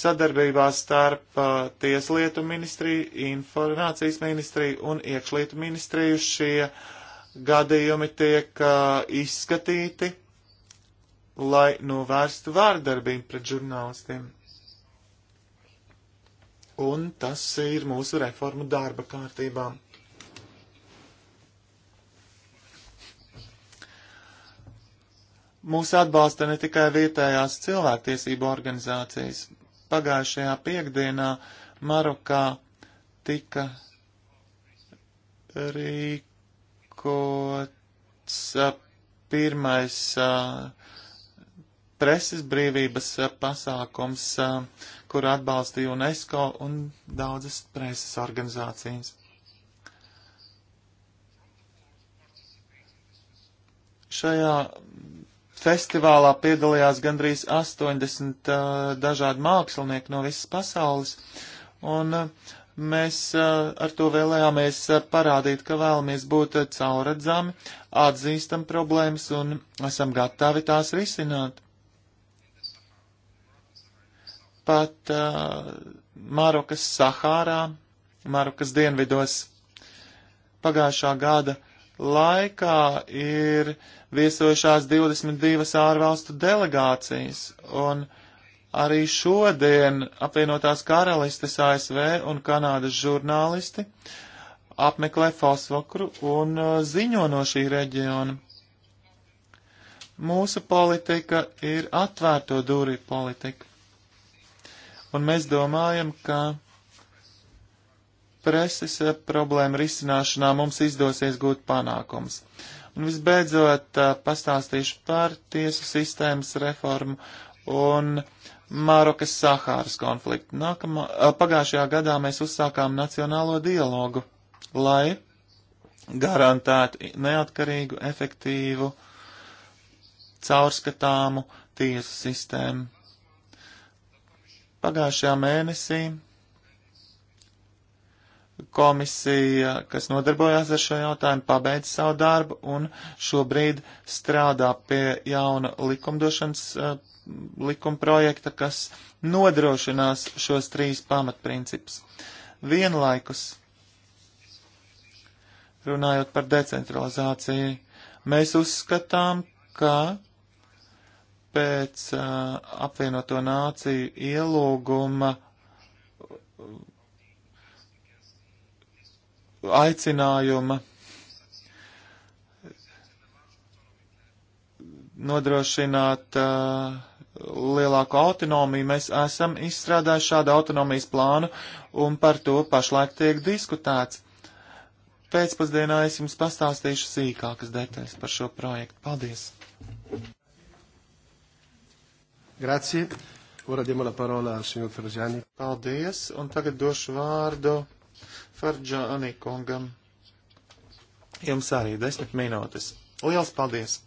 sadarbībā starp uh, Tieslietu ministriju, Informācijas ministriju un Iekšlietu ministriju šie gadījumi tiek uh, izskatīti lai novērstu vārdarbību pret žurnālistiem. Un tas ir mūsu reformu darba kārtībā. Mūs atbalsta ne tikai vietējās cilvēktiesību organizācijas. Pagājušajā piekdienā Marokā tika rīkots pirmais uh, preses brīvības eh, pasākums, eh, kur atbalstīja UNESCO un daudzas preses organizācijas. Šajā festivālā piedalījās gandrīz 80 uh, eh, dažādi mākslinieki no visas pasaules, un uh, mēs uh, ar to vēlējāmies parādīt, ka vēlamies būt cauradzami, atzīstam problēmas un esam gatavi tās risināt pat uh, Marokas Sahārā, Marokas dienvidos. Pagājušā gada laikā ir viesojušās 22 ārvalstu delegācijas, un arī šodien apvienotās karalistes ASV un Kanādas žurnālisti apmeklē fosfokru un uh, ziņo no šī reģiona. Mūsu politika ir atvērto durvju politika un mēs domājam, ka preses eh, problēma risināšanā mums izdosies gūt panākums. Un visbeidzot, eh, pastāstīšu par tiesu sistēmas reformu un Mārokas Sahāras konfliktu. Nākamā, eh, pagājušajā gadā mēs uzsākām nacionālo dialogu, lai garantētu neatkarīgu, efektīvu, caurskatāmu tiesu sistēmu. Pagājušajā mēnesī komisija, kas nodarbojās ar šo jautājumu, pabeidz savu darbu un šobrīd strādā pie jauna likumdošanas uh, likumprojekta, kas nodrošinās šos trīs pamatprincipus. Vienlaikus, runājot par decentralizāciju, mēs uzskatām, ka pēc uh, apvienoto nāciju ielūguma aicinājuma nodrošināt uh, lielāku autonomiju. Mēs esam izstrādājuši šādu autonomijas plānu un par to pašlaik tiek diskutēts. Pēcpusdienā es jums pastāstīšu sīkākas detaļas par šo projektu. Paldies! Grazie. Ora diamo la parola al signor Fargiani. Paldies, un tagad došu vārdu Fargiani kungam. Jums arī desmit minūtes. Liels paldies!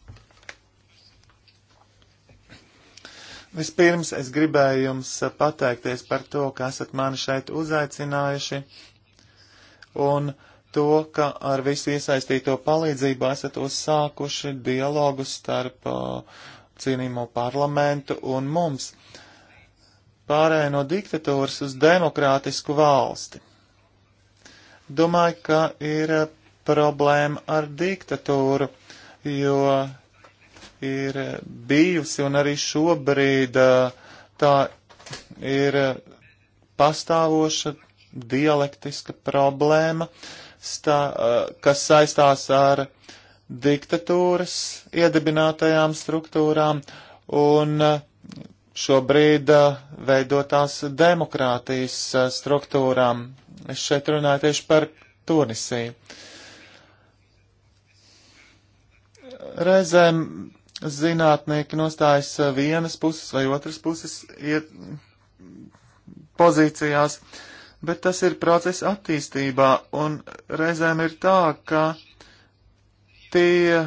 Vispirms es gribēju jums pateikties par to, ka esat mani šeit uzaicinājuši un to, ka ar visu iesaistīto palīdzību esat uzsākuši dialogu starp uh, cienīmo parlamentu un mums pārēja no diktatūras uz demokrātisku valsti. Domāju, ka ir eh, problēma ar diktatūru, jo ir eh, bijusi un arī šobrīd eh, tā ir pastāvoša dialektiska problēma, stā, kas saistās ar uh, diktatūras iedibinātajām struktūrām un šobrīd uh, veidotās demokrātijas uh, struktūrām. Es šeit runāju tieši par Tunisiju. Reizēm zinātnieki nostājas uh, vienas puses vai otras puses iet pozīcijās, bet tas ir process attīstībā, un reizēm ir tā, ka tie,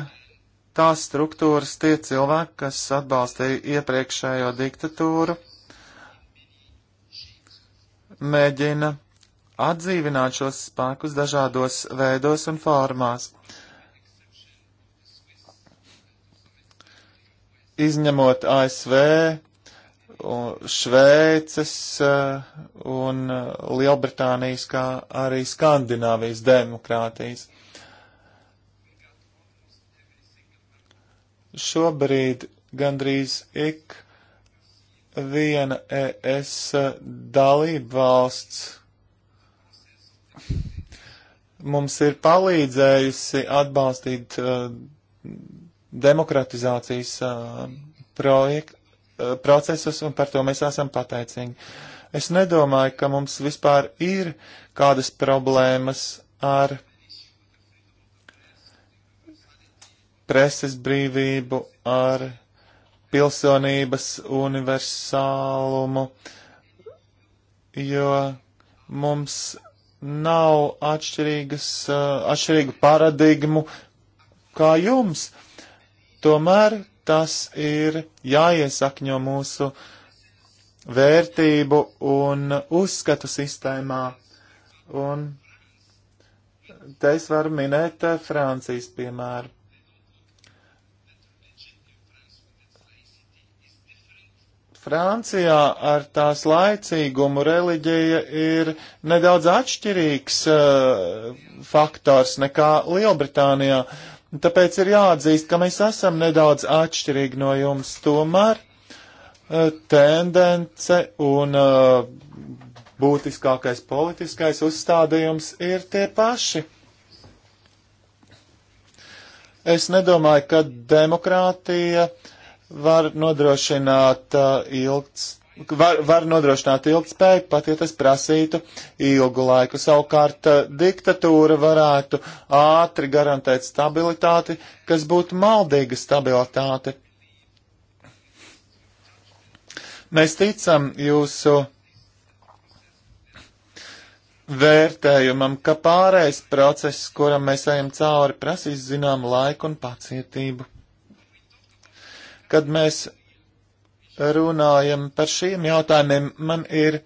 tās struktūras, tie cilvēki, kas atbalstīja iepriekšējo diktatūru, mēģina atdzīvināt šos spēkus dažādos veidos un formās. Izņemot ASV, Šveices e, un Lielbritānijas, kā arī Skandināvijas demokrātijas. Šobrīd gandrīz ik viena ES dalība valsts mums ir palīdzējusi atbalstīt uh, demokratizācijas uh, projekt, uh, procesus, un par to mēs esam pateicīgi. Es nedomāju, ka mums vispār ir kādas problēmas ar preses brīvību, ar pilsonības universālumu, jo mums nav atšķirīgas, eh, atšķirīgu paradigmu kā jums. Tomēr tas ir jāiesakņo mūsu vērtību un uzskatu sistēmā. Un te es varu minēt eh, Francijas piemēru. Francijā ar tās laicīgumu reliģija ir nedaudz atšķirīgs uh, faktors nekā Lielbritānijā. Tāpēc ir jāatzīst, ka mēs esam nedaudz atšķirīgi no jums. Tomēr uh, tendence un uh, būtiskākais politiskais uzstādījums ir tie paši. Es nedomāju, ka demokrātija uh, var nodrošināt uh, ilgts. Var, var nodrošināt ilgspēju, pat ja tas prasītu ilgu laiku. Savukārt uh, diktatūra varētu ātri garantēt stabilitāti, kas būtu maldīga stabilitāte. Mēs ticam jūsu vērtējumam, ka pārējais process, kuram mēs ejam cauri, prasīs zināmu laiku un pacietību. Kad mēs runājam par šiem jautājumiem, man ir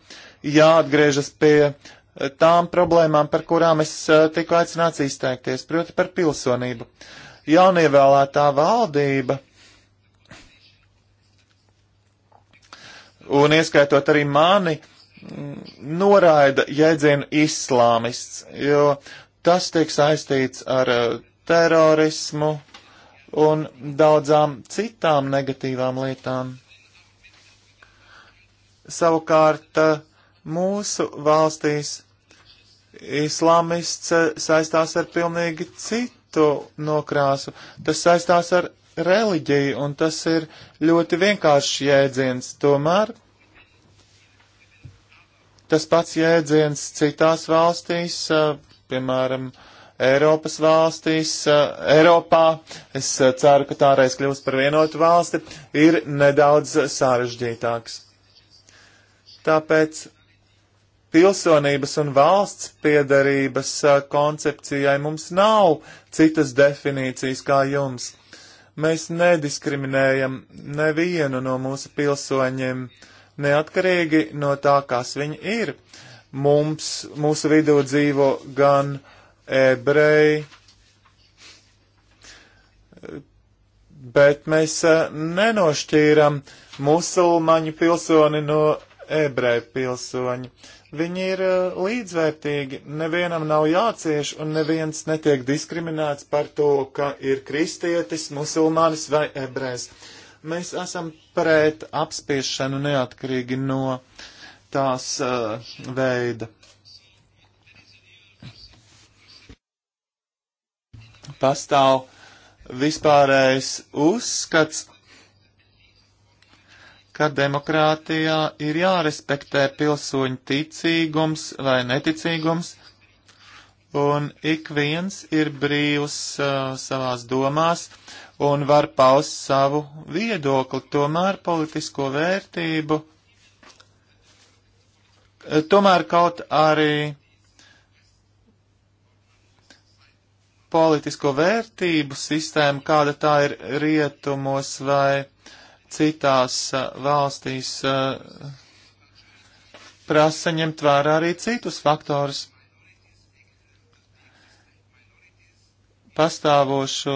jāatgriežas pie eh, tām problēmām, par kurām es eh, tiku aicināts izteikties, proti par pilsonību. Jaunievēlētā valdība un ieskaitot arī mani, mm, noraida jēdzienu islāmists, jo tas tiek saistīts ar eh, terorismu, un daudzām citām negatīvām lietām. Savukārt eh, mūsu valstīs islamists eh, saistās ar pilnīgi citu nokrāsu. Tas saistās ar reliģiju, un tas ir ļoti vienkāršs jēdziens. Tomēr tas pats jēdziens citās valstīs, eh, piemēram, uh, Eiropas valstīs, Eiropā, es ceru, ka tā reiz kļūs par vienotu valsti, ir nedaudz sarežģītāks. Tāpēc pilsonības un valsts piedarības koncepcijai mums nav citas definīcijas kā jums. Mēs nediskriminējam nevienu no mūsu pilsoņiem, neatkarīgi no tā, kas viņi ir. Mums, mūsu vidū dzīvo gan uh, ebreji, bet mēs e, nenošķīram musulmaņu pilsoni no ebreju pilsoņu. Viņi ir e, līdzvērtīgi, nevienam nav jācieš un neviens netiek diskriminēts par to, ka ir kristietis, musulmanis vai ebrejs. Mēs esam pret apspiešanu neatkarīgi no tās uh, veida. pastāv vispārējais uzskats, ka demokrātijā ir jārespektē pilsoņu ticīgums vai neticīgums, un ik viens ir brīvs uh, savās domās un var paust savu viedokli, tomēr politisko vērtību, uh, tomēr kaut arī politisko vērtību sistēmu, kāda tā ir rietumos vai citās valstīs, prasa ņemt vērā arī citus faktorus. Pastāvošo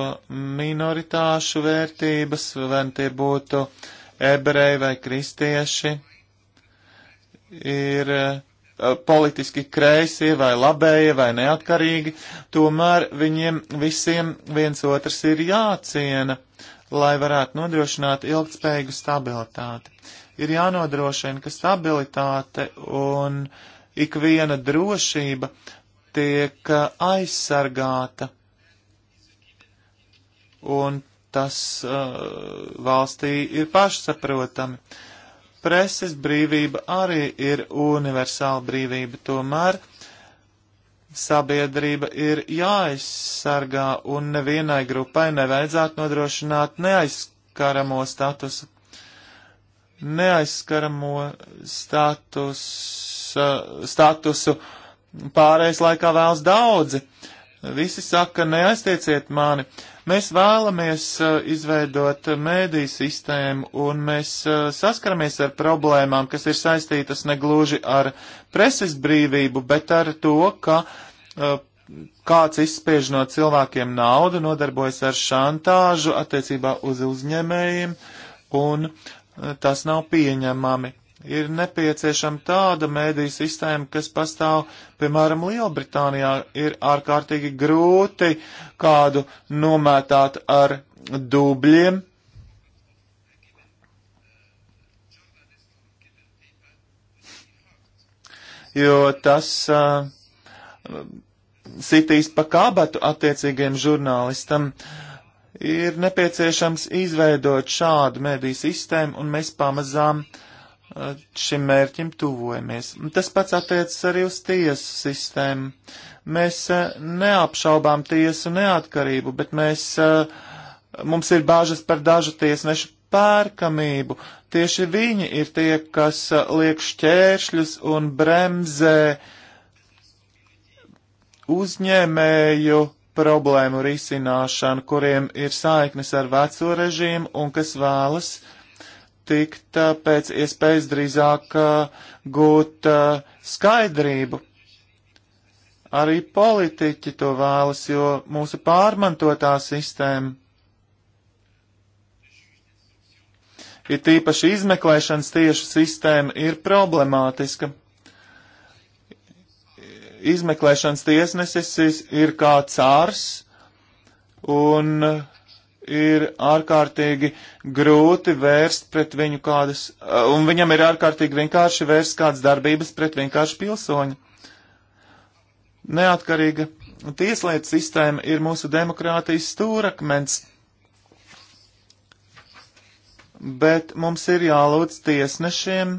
minoritāšu vērtības, vai nu tie būtu ebreji vai kristieši, ir uh, Eh, politiski kreisie vai labējie vai neatkarīgi, tomēr viņiem visiem viens otrs ir jāciena, lai varētu nodrošināt ilgtspējīgu stabilitāti. Ir jānodrošina, ka stabilitāte un ikviena drošība tiek eh, aizsargāta. Un tas uh, valstī ir pašsaprotami. Uh, Preses brīvība arī ir universāla brīvība, tomēr sabiedrība ir jāaizsargā un nevienai grupai nevajadzētu nodrošināt neaizskaramo statusu. Neaizskaramo status, eh, statusu pārējais laikā vēlas daudzi. Uh, Visi saka, neaiztieciet mani. Mēs vēlamies uh, izveidot mēdī sistēmu, un mēs uh, saskaramies ar problēmām, kas ir saistītas negluži ar preses brīvību, bet ar to, ka uh, kāds izspiež no cilvēkiem naudu, nodarbojas ar šantāžu attiecībā uz uzņēmējiem, un tas nav pieņemami ir nepieciešama tāda mēdīja sistēma, kas pastāv, piemēram, Lielbritānijā, ir ārkārtīgi grūti kādu nomētāt ar dubļiem. Jo tas uh, sitīs pa kabatu attiecīgiem žurnālistam. Ir nepieciešams izveidot šādu mediju sistēmu, un mēs pamazām uh, šim mērķim tuvojamies. Tas pats attiecas arī uz tiesu sistēmu. Mēs e, neapšaubām tiesu neatkarību, bet mēs, e, mums ir bāžas par dažu tiesnešu pērkamību. Tieši viņi ir tie, kas e, liek šķēršļus un bremzē uzņēmēju problēmu risināšanu, kuriem ir saiknes ar veco režīmu un kas vēlas uh, tikt pēc iespējas drīzāk gūt skaidrību. Arī politiķi to vēlas, jo mūsu pārmantotā sistēma ir tīpaši izmeklēšanas tiešu sistēma ir problemātiska. Izmeklēšanas tiesnesis ir kā cārs, un ir ārkārtīgi grūti vērst pret viņu kādas, eh, un viņam ir ārkārtīgi vienkārši vērst kādas darbības pret vienkārši pilsoņu. Neatkarīga tieslietu sistēma ir mūsu demokrātijas stūrakmens, bet mums ir jālūdz tiesnešiem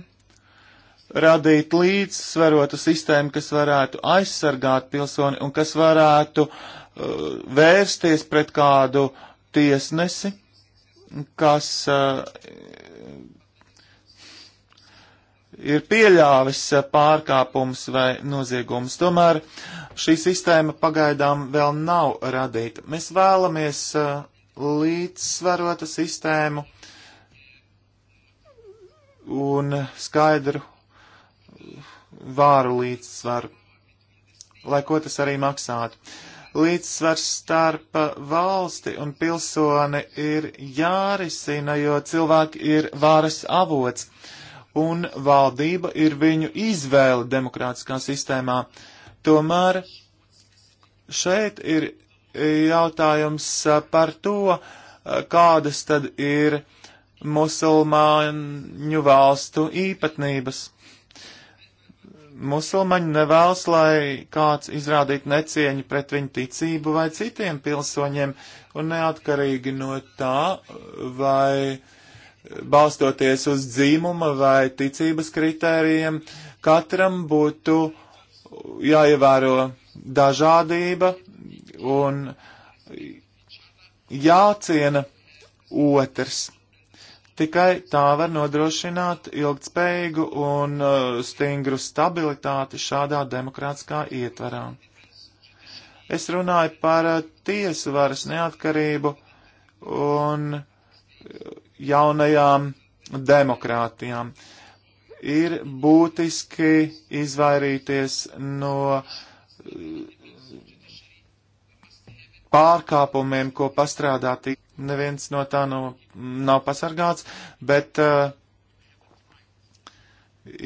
radīt līdzsvarotu sistēmu, kas varētu aizsargāt pilsoni un kas varētu uh, vērsties pret kādu uh, tiesnesi, kas uh, ir pieļāvis eh, pārkāpums vai noziegums. Tomēr šī sistēma pagaidām vēl nav radīta. Mēs vēlamies uh, līdzsvarota sistēmu un skaidru vāru līdzsvaru, lai ko tas arī maksātu. Uh, līdzsvars starp valsti un pilsoni ir jārisina, jo cilvēki ir varas avots, un valdība ir viņu izvēle demokrātiskā sistēmā. Tomēr šeit ir jautājums par to, kādas tad ir musulmāņu valstu īpatnības. Musulmaņi nevēlas, lai kāds izrādītu necieņu pret viņu ticību vai citiem pilsoņiem, un neatkarīgi no tā, vai balstoties uz dzīmuma vai ticības kritērijiem, katram būtu jāievēro dažādība un jāciena otrs. Tikai tā var nodrošināt ilgtspējīgu un uh, stingru stabilitāti šādā demokrātiskā ietvarā. Es runāju par uh, tiesu varas neatkarību un jaunajām demokrātijām. Ir būtiski izvairīties no uh, pārkāpumiem, ko pastrādāti. Neviens no tā no, nu, nav pasargāts, bet uh,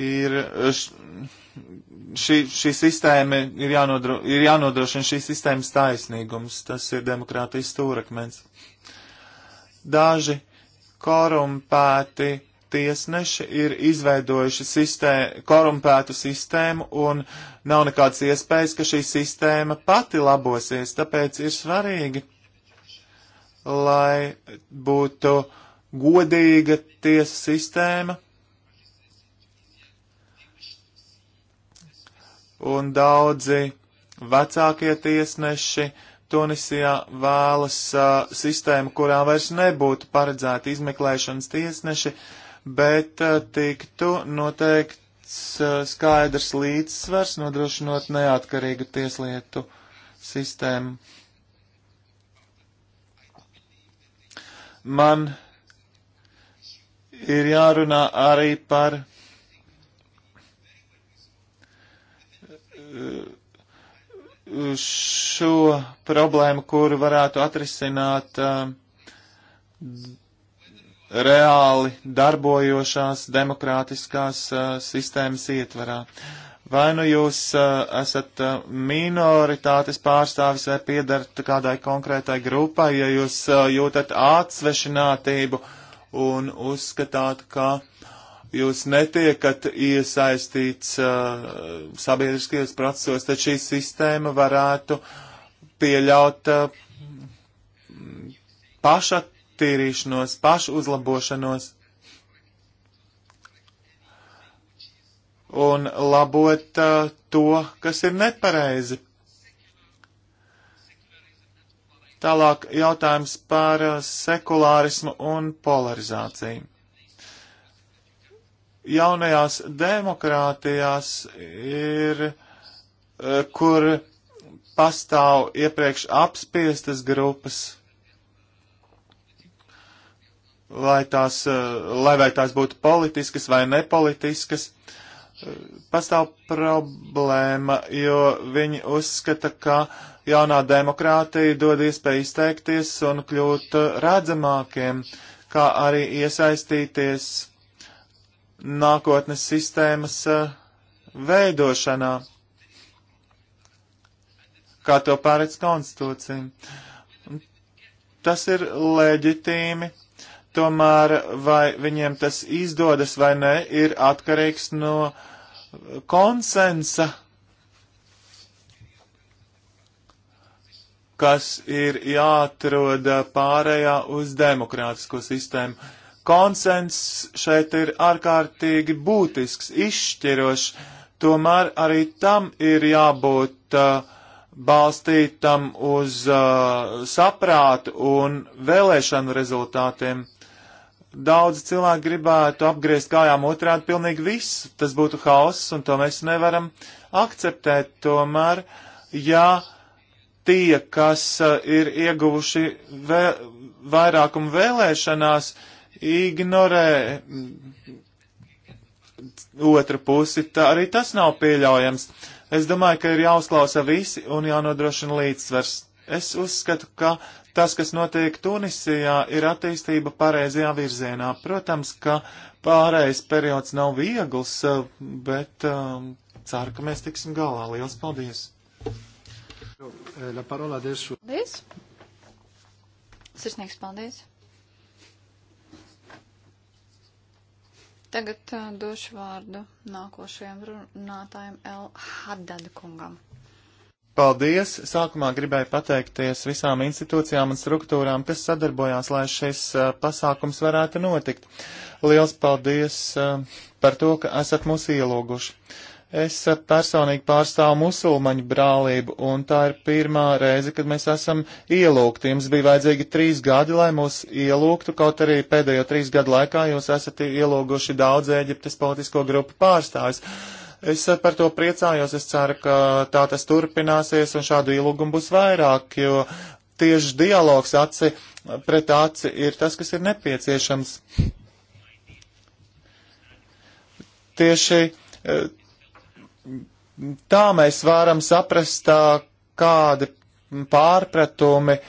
ir šī, šī sistēma, ir, jānodro, ir jānodrošina šīs sistēmas taisnīgums. Tas ir demokrātijas stūrakmens. Daži korumpēti tiesneši ir izveidojuši sistē, korumpētu sistēmu un nav nekādas iespējas, ka šī sistēma pati labosies. Tāpēc ir svarīgi, lai būtu godīga tiesa sistēma un daudzi vecākie tiesneši Tunisijā vēlas uh, sistēmu, kurā vairs nebūtu paredzēti izmeklēšanas tiesneši, bet eh, tiktu noteikts eh, skaidrs līdzsvars, nodrošinot neatkarīgu tieslietu sistēmu. Man ir jārunā arī par eh, šo problēmu, kuru varētu atrisināt uh, reāli darbojošās demokrātiskās uh, sistēmas ietvarā. Vai nu jūs uh, esat uh, minoritātes pārstāvis vai piedarat kādai konkrētai grupai, ja jūs uh, jūtat atsvešinātību un uzskatāt, ka jūs netiekat iesaistīts uh, sabiedriskajos procesos, tad šī sistēma varētu pieļaut uh, paša tīrīšanos, pašu uzlabošanos un labot uh, to, kas ir nepareizi. Tālāk jautājums par uh, sekulārismu un polarizāciju. Jaunajās demokrātijās ir, uh, kur pastāv iepriekš apspiestas grupas, lai tās, eh, lai vai tās būtu politiskas vai nepolitiskas, eh, pastāv problēma, jo viņi uzskata, ka jaunā demokrātija dod iespēju izteikties un kļūt eh, redzamākiem, kā arī iesaistīties nākotnes sistēmas veidošanā, kā to pārēc konstitūcija. Tas ir leģitīmi Tomēr vai viņiem tas izdodas vai nē, ir atkarīgs no konsensa, kas ir jāatrod pārējā uz demokrātisko sistēmu. Konsens šeit ir ārkārtīgi būtisks, izšķirošs, tomēr arī tam ir jābūt uh, balstītam uz uh, saprātu un vēlēšanu rezultātiem daudz cilvēku gribētu apgriezt kājām otrādi pilnīgi viss. Tas būtu hauss, un to mēs nevaram akceptēt. Tomēr, ja tie, kas uh, ir ieguvuši vē, vairākumu vēlēšanās, ignorē mm, otru pusi, tā arī tas nav pieļaujams. Es domāju, ka ir jāuzklausa visi un jānodrošina līdzsvers. Es uzskatu, ka Tas, kas notiek Tunisijā, ir attīstība pareizajā virzienā. Protams, ka pārējais periods nav viegls, bet um, ceru, ka mēs tiksim galā. Lielas paldies! Paldies! Sirsnīgs paldies! Tagad uh, došu vārdu nākošajam runātājam El Haddad kungam. Paldies! Sākumā gribēju pateikties visām institūcijām un struktūrām, kas sadarbojās, lai šis uh, pasākums varētu notikt. Liels paldies uh, par to, ka esat mūs ielūguši. Es uh, personīgi pārstāvu musulmaņu brālību, un tā ir pirmā reize, kad mēs esam ielūgti. Jums bija vajadzīgi trīs gadi, lai mūs ielūgtu, kaut arī pēdējo trīs gadu laikā jūs esat ielūguši daudz Eģiptes politisko grupu pārstāvis. Uh, Es par to priecājos, es ceru, ka tā tas turpināsies un šādu ielūgumu būs vairāk, jo tieši dialogs aci pret aci ir tas, kas ir nepieciešams. Tieši eh, tā mēs varam saprast, tā, kādi pārpratumi eh,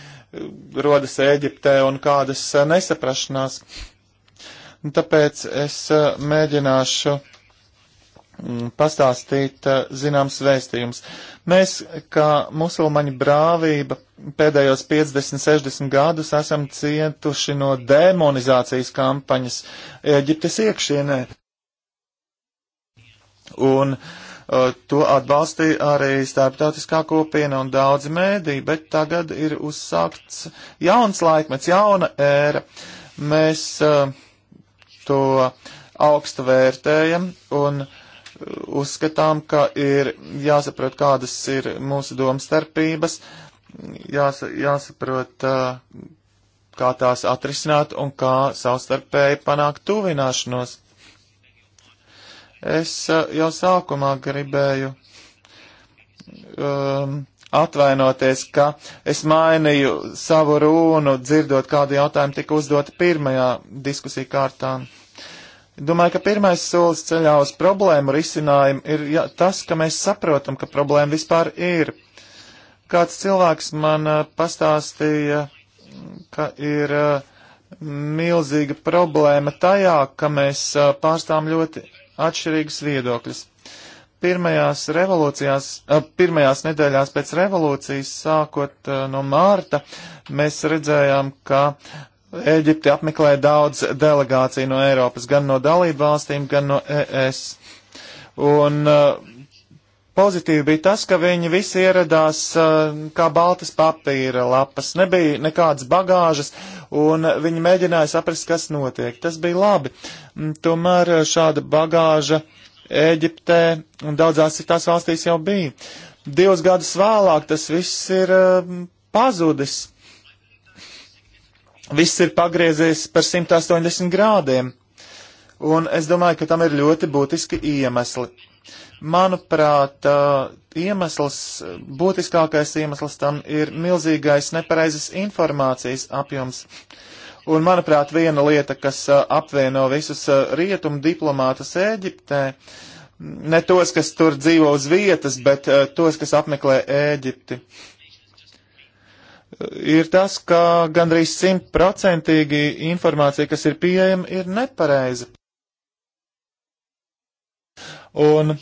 rodas Ēģiptē un kādas eh, nesaprašanās. Tāpēc es mēģināšu Mm, pastāstīt eh, zināms vēstījums. Mēs, kā musulmaņu brāvība, pēdējos 50-60 gadus esam cietuši no demonizācijas kampaņas Eģiptes iekšienē. Un uh, to atbalstīja arī starptautiskā kopiena un daudzi mēdī, bet tagad ir uzsākts jauns laikmets, jauna ēra. Mēs uh, to augstu vērtējam un uh, uzskatām, ka ir jāsaprot, kādas ir mūsu domstarpības, jāsa, jāsaprot, uh, kā tās atrisināt un kā savstarpēji panākt tuvināšanos. Es uh, jau sākumā gribēju um, atvainoties, ka es mainīju savu runu, dzirdot, kādu jautājumu tika uzdota pirmajā diskusija kārtā. Uh, Domāju, ka pirmais solis ceļā uz problēmu risinājumu ir ja, tas, ka mēs saprotam, ka problēma vispār ir. Kāds cilvēks man uh, pastāstīja, ka ir uh, milzīga problēma tajā, ka mēs uh, pārstāvam ļoti atšķirīgas viedokļas. Pirmajās revolūcijās, pirmajās nedēļās pēc revolūcijas, sākot no mārta, mēs redzējām, ka Eģipti apmeklē daudz delegāciju no Eiropas, gan no dalību valstīm, gan no ES. Un uh, pozitīvi bija tas, ka viņi visi ieradās uh, kā baltas papīra lapas, nebija nekādas bagāžas, un viņi mēģināja saprast, kas notiek. Tas bija labi. Mm, tomēr uh, šāda bagāža Eģiptē un daudzās citās valstīs jau bija. Divus gadus vēlāk tas viss ir pazudis viss ir pagriezies par 180 grādiem. Un es domāju, ka tam ir ļoti būtiski iemesli. Manuprāt, iemesls, būtiskākais iemesls tam ir milzīgais nepareizes informācijas apjoms. Un, manuprāt, viena lieta, kas apvieno visus rietumu diplomātus Ēģiptē, ne tos, kas tur dzīvo uz vietas, bet tos, kas apmeklē Ēģipti. Uh, ir tas, ka gandrīz simtprocentīgi informācija, kas ir pieejama, ir nepareiza. Un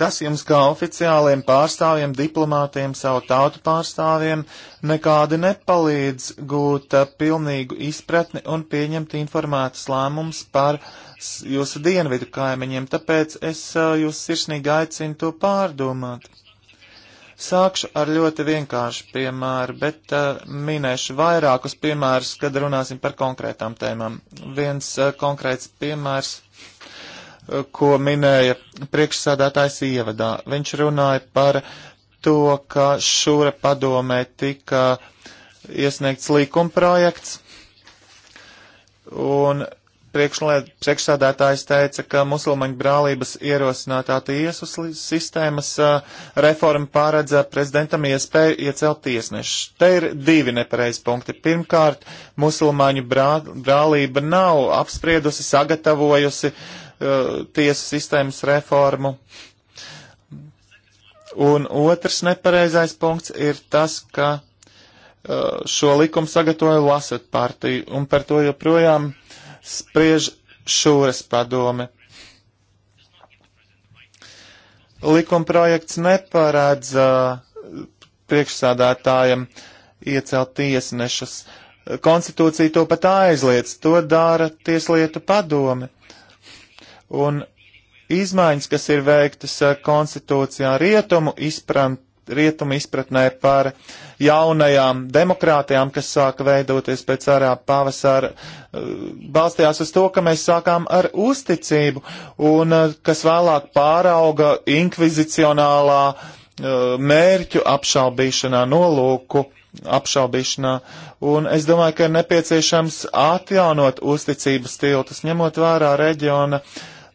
tas jums kā oficiāliem pārstāvjiem, diplomātiem, savu tautu pārstāvjiem nekādi nepalīdz gūt uh, pilnīgu izpratni un pieņemt informētas lēmums par jūsu dienvidu kaimiņiem, tāpēc es uh, jūs sirsnīgi aicinu to pārdomāt. Sākšu ar ļoti vienkāršu piemēru, bet uh, minēšu vairākus piemērus, kad runāsim par konkrētām tēmām. Viens uh, konkrēts piemērs, uh, ko minēja priekšsādātājs ievadā. Viņš runāja par to, ka šura padomē tika iesniegts līkumprojekts, un priekšsādātājs teica, ka musulmaņu brālības ierosinātā tiesu sistēmas reforma pārēdza prezidentam iespēju iecelt tiesnešus. Te ir divi nepareizi punkti. Pirmkārt, musulmaņu brā, brālība nav apspriedusi, sagatavojusi uh, tiesu sistēmas reformu. Un otrs nepareizais punkts ir tas, ka uh, šo likumu sagatavoja Lasat partija, un par to joprojām spriež šūras padome. Likumprojekts neparādz priekšsādātājiem iecelt tiesnešus. Konstitūcija to pat aizliedz, to dara tieslietu padome. Un izmaiņas, kas ir veiktas konstitūcijā rietumu izprant, rietumu izpratnē par jaunajām demokrātijām, kas sāka veidoties pēc ārā pavasara, eh, balstījās uz to, ka mēs sākām ar uzticību un eh, kas vēlāk pārauga inkvizicionālā eh, mērķu apšaubīšanā, nolūku apšaubīšanā, un es domāju, ka ir nepieciešams atjaunot uzticības tiltus, ņemot vērā reģiona uh,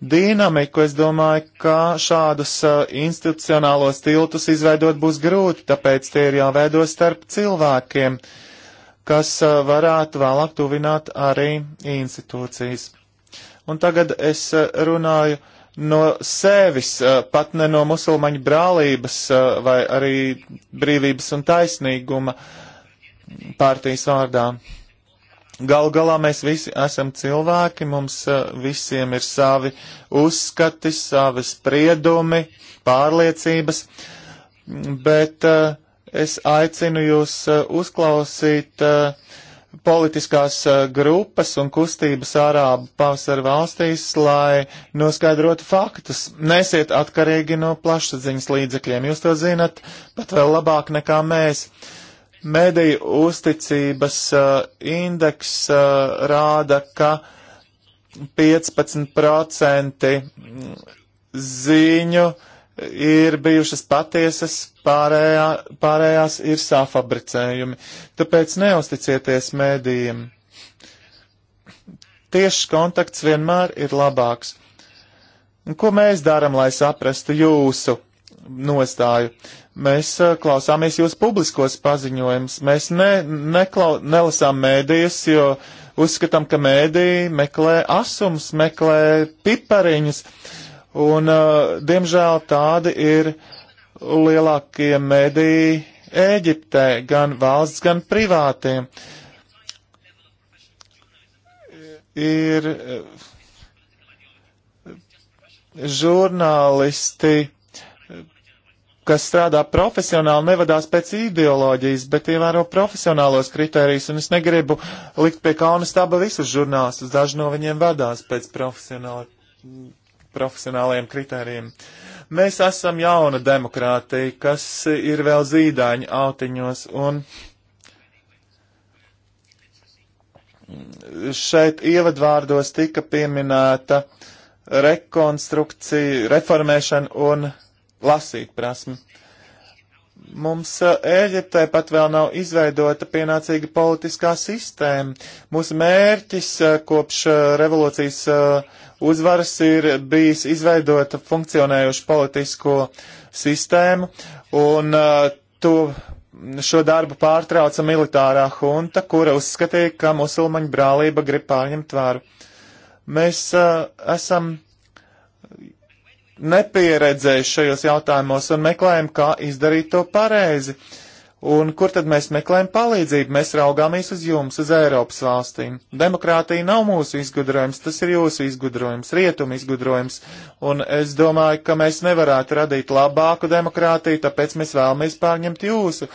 dinamiku, es domāju, ka šādus uh, institucionālos tiltus izveidot būs grūti, tāpēc tie ir jāveido starp cilvēkiem, kas uh, varētu vēlāk tuvināt arī institūcijas. Un tagad es uh, runāju no sevis, pat ne no musulmaņu brālības vai arī brīvības un taisnīguma pārtīs vārdā. Gal galā mēs visi esam cilvēki, mums eh, visiem ir savi uzskati, savi spriedumi, pārliecības, bet eh, es aicinu jūs eh, uzklausīt politiskās grupas un kustības ārābu pavasara valstīs, lai noskaidrotu faktus. Nesiet atkarīgi no plašsaziņas līdzekļiem, jūs to zinat pat vēl labāk nekā mēs. Uh, Mēdīju uzticības uh, indeks uh, rāda, ka 15% ziņu ir bijušas patiesas, pārējā, pārējās ir sāfabricējumi. Tāpēc neusticieties mēdījiem. Tiešs kontakts vienmēr ir labāks. Un ko mēs darām, lai saprastu jūsu nostāju? Mēs eh, klausāmies jūs publiskos paziņojumus. Mēs ne, neklau, nelasām mēdījus, jo uzskatām, ka mēdī meklē asums, meklē pipariņus. Un, uh, diemžēl, tādi ir lielākie mēdī Ēģiptē, gan valsts, gan privātiem. Ir eh, žurnālisti kas strādā profesionāli, nevadās pēc ideoloģijas, bet ievēro profesionālos kritērijus, un es negribu likt pie kauna staba visus žurnālistus. Daži no viņiem vadās pēc profesionāliem kritērijiem. Mēs esam jauna demokrātija, kas ir vēl zīdaiņa autiņos, un šeit ievadvārdos tika pieminēta rekonstrukcija, reformēšana un lasīt prasmi. Mums uh, Ēģiptē pat vēl nav izveidota pienācīga politiskā sistēma. Mūsu mērķis uh, kopš uh, revolūcijas uzvaras ir bijis izveidot funkcionējušu politisko sistēmu, un to, šo darbu pārtrauca militārā hunta, kura uzskatīja, ka musulmaņu brālība grib pārņemt varu. Mēs esam nepieredzējuši šajos jautājumos un meklējam, kā izdarīt to pareizi. Un kur tad mēs meklējam palīdzību? Mēs raugāmies uz jums, uz Eiropas valstīm. Demokrātija nav mūsu izgudrojums, tas ir jūsu izgudrojums, rietumu izgudrojums. Un es domāju, ka mēs nevarētu radīt labāku demokrātiju, tāpēc mēs vēlamies pārņemt jūsu.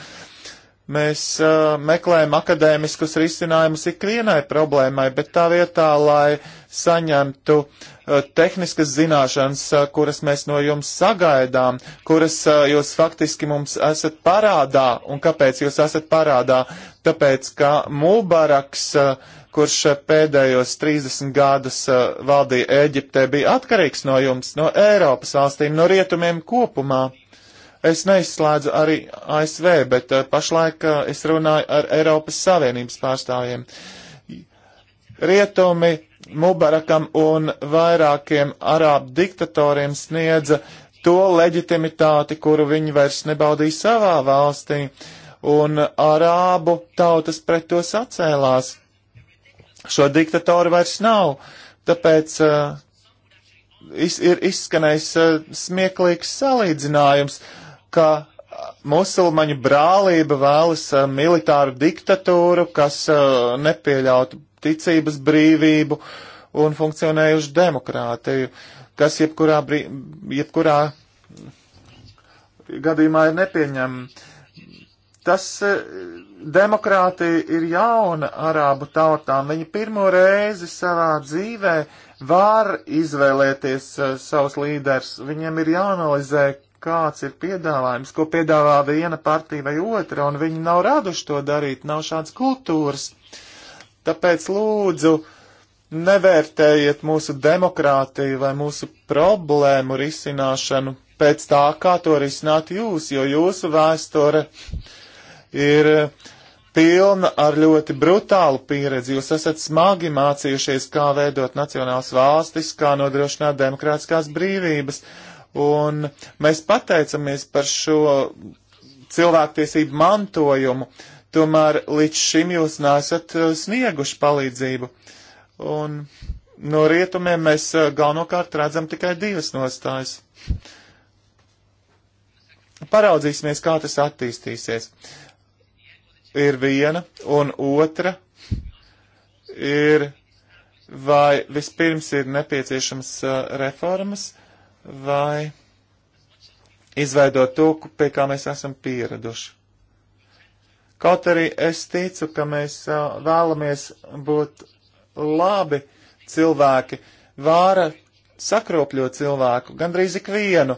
Mēs uh, meklējam akadēmiskus risinājumus ikvienai problēmai, bet tā vietā, lai uh, saņemtu uh, tehniskas zināšanas, uh, kuras mēs no jums sagaidām, kuras uh, jūs faktiski mums esat parādā. Un kāpēc jūs esat parādā? Tāpēc, ka Mubaraks, uh, kurš pēdējos 30 gadus uh, valdīja Eģiptē, bija atkarīgs no jums, no Eiropas valstīm, no rietumiem kopumā. Es neizslēdzu arī ASV, bet uh, pašlaik es runāju ar Eiropas Savienības pārstāvjiem. Rietumi Mubarakam un vairākiem arābu diktatoriem sniedza to leģitimitāti, kuru viņi vairs nebaudīja savā valstī, un arābu tautas pret to sacēlās. Šo diktatoru vairs nav, tāpēc uh, iz, ir izskanējis uh, smieklīgs salīdzinājums, ka musulmaņu brālība vēlas uh, militāru diktatūru, kas uh, nepieļautu ticības brīvību un funkcionējušu demokrātiju, kas jebkurā, brī, jebkurā gadījumā ir nepieņemama. Tas e, demokrātija ir jauna arābu tautām. Viņi pirmo reizi savā dzīvē var izvēlēties e, savus līderus. Viņiem ir jāanalizē, kāds ir piedāvājums, ko piedāvā viena partija vai otra, un viņi nav raduši to darīt, nav šāds kultūras. Tāpēc lūdzu, nevērtējiet mūsu demokrātiju vai mūsu problēmu risināšanu pēc tā, kā to risināt jūs, jo jūsu vēsture ir pilna ar ļoti brutālu pieredzi. Jūs esat smagi mācījušies, kā veidot nacionālas valstis, kā nodrošināt demokrātiskās brīvības. Un mēs pateicamies par šo cilvēktiesību mantojumu. Uh, tomēr līdz šim jūs nesat eh, snieguši palīdzību. Un no rietumiem mēs eh, galvenokārt redzam tikai divas nostājas. Paraudzīsimies, kā tas attīstīsies. Ir viena, un otra ir, vai vispirms ir nepieciešamas eh, reformas, vai izveidot to, pie kā mēs esam pieraduši. Kaut arī es ticu, ka mēs vēlamies būt labi cilvēki. Vāra sakropļo cilvēku, gandrīz ikvienu.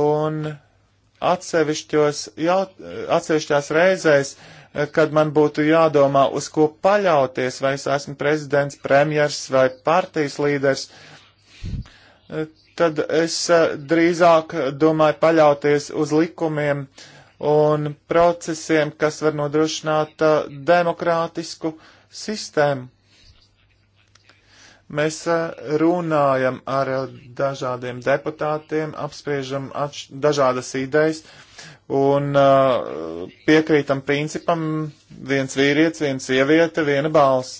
Un atsevišķos, jaut, atsevišķās reizēs, kad man būtu jādomā, uz ko paļauties, vai es esmu prezidents, premjers vai partijas līderis, tad es drīzāk domāju paļauties uz likumiem, uh, un procesiem, kas var nodrošināt uh, demokrātisku sistēmu. Mēs uh, runājam ar uh, dažādiem deputātiem, apspriežam dažādas idejas un uh, piekrītam principam viens vīrietis, viens sieviete, viena balss.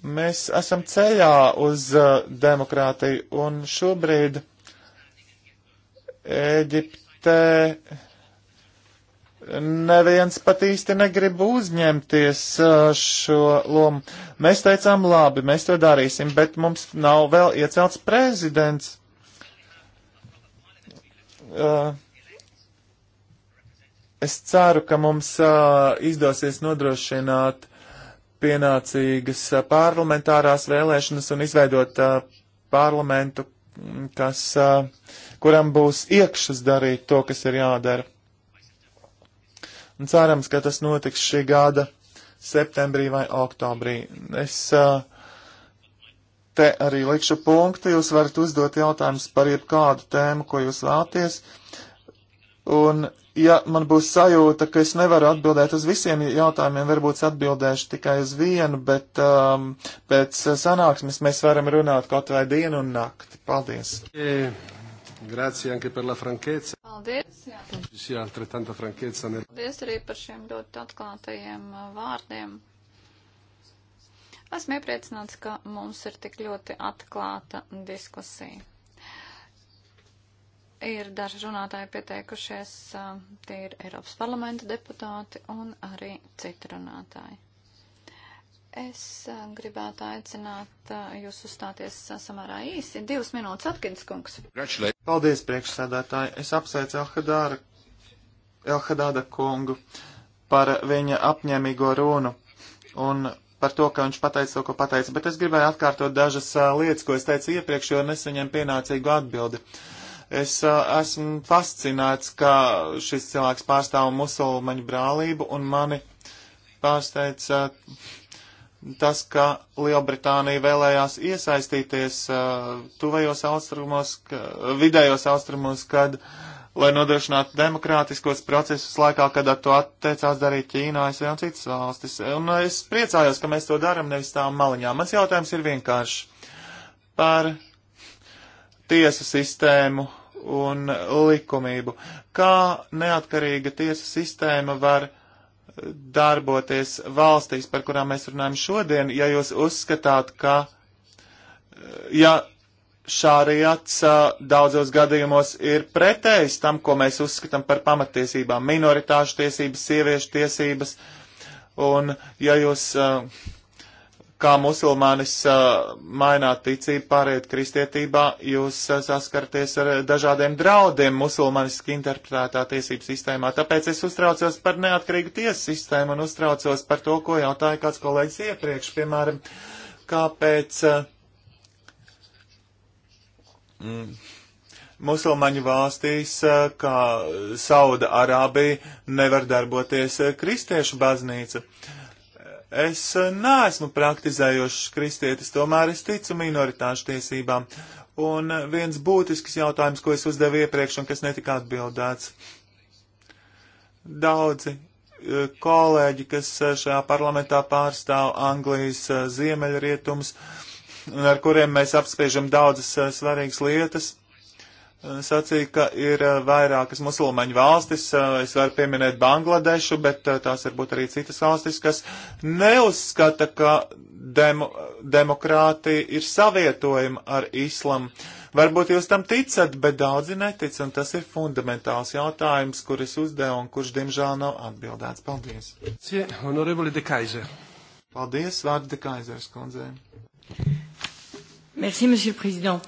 Mēs esam ceļā uz uh, demokrātiju un šobrīd Eģipte neviens pat īsti negrib uzņemties šo lomu. Mēs teicām, labi, mēs to darīsim, bet mums nav vēl iecelts prezidents. Es ceru, ka mums izdosies nodrošināt pienācīgas parlamentārās vēlēšanas un izveidot parlamentu, kas, kuram būs iekšas darīt to, kas ir jādara un cerams, ka tas notiks šī gada septembrī vai oktobrī. Es uh, te arī likšu punktu, jūs varat uzdot jautājumus par jebkādu tēmu, ko jūs vēlaties. Un, ja man būs sajūta, ka es nevaru atbildēt uz visiem jautājumiem, varbūt atbildēšu tikai uz vienu, bet um, pēc sanāksmes mēs varam runāt kaut vai dienu un nakti. Paldies! E Grazie anche per la franchezza. Paldies. Jā. Ci sia altrettanta franchezza nel... Paldies arī par šiem ļoti atklātajiem uh, vārdiem. Esmu iepriecināts, ka mums ir tik ļoti atklāta diskusija. Ir daži runātāji pieteikušies, uh, tie ir Eiropas parlamenta deputāti un arī citi runātāji. Es eh, gribētu aicināt eh, jūs uzstāties eh, samērā īsi. Divas minūtes atkins, kungs. Paldies, priekšsēdētāji. Es apsveicu Elhadāra, Elhadāda kungu par viņa apņēmīgo runu un par to, ka viņš pateica to, ko pateica. Bet es gribēju atkārtot dažas lietas, ko es teicu iepriekš, jo nesaņem pienācīgu atbildi. Es esmu fascinēts, ka šis cilvēks pārstāv musulmaņu brālību un mani pārsteidz tas, ka Lielbritānija vēlējās iesaistīties uh, tuvējos austrumos, ka, vidējos austrumos, kad, lai nodrošinātu demokrātiskos procesus laikā, kad ar to atteicās darīt Ķīnā, ASV un citas valstis. Un uh, es priecājos, ka mēs to daram nevis tām maliņām. Mans jautājums ir vienkārši par tiesu sistēmu un likumību. Kā neatkarīga tiesa sistēma var darboties valstīs, par kurām mēs runājam šodien, ja jūs uzskatāt, ka ja šāriats daudzos gadījumos ir pretējs tam, ko mēs uzskatām par pamatiesībām - minoritāšu tiesības, sieviešu tiesības, un ja jūs uh, kā musulmanis maināt ticību, pāriet kristietībā, jūs saskarties ar dažādiem draudiem musulmaniski interpretētā tiesību sistēmā. Tāpēc es uztraucos par neatkarīgu tiesu sistēmu un uztraucos par to, ko jautāja kāds kolēģis iepriekš, piemēram, kāpēc mm, musulmaņu valstīs, kā Sauda Arābija, nevar darboties kristiešu baznīca. Uh, Es eh, neesmu praktizējošs kristietis, tomēr es ticu minoritāšu tiesībām. Un eh, viens būtisks jautājums, ko es uzdevu iepriekš un kas netika atbildēts. Daudzi eh, kolēģi, kas šajā parlamentā pārstāv Anglijas ziemeļrietums un ar kuriem mēs apspiežam daudzas svarīgas lietas, sacīja, ka ir eh, vairākas musulmaņu valstis, eh, es varu pieminēt Bangladešu, bet eh, tās varbūt arī citas valstis, kas neuzskata, ka demo, demokrātija ir savietojama ar islamu. Varbūt jūs tam ticat, bet daudzi netic, un tas ir fundamentāls jautājums, kur es uzdevu un kurš, diemžēl, nav atbildēts. Paldies! Paldies, vārds de Kaizers kundzei! Merci, monsieur le président.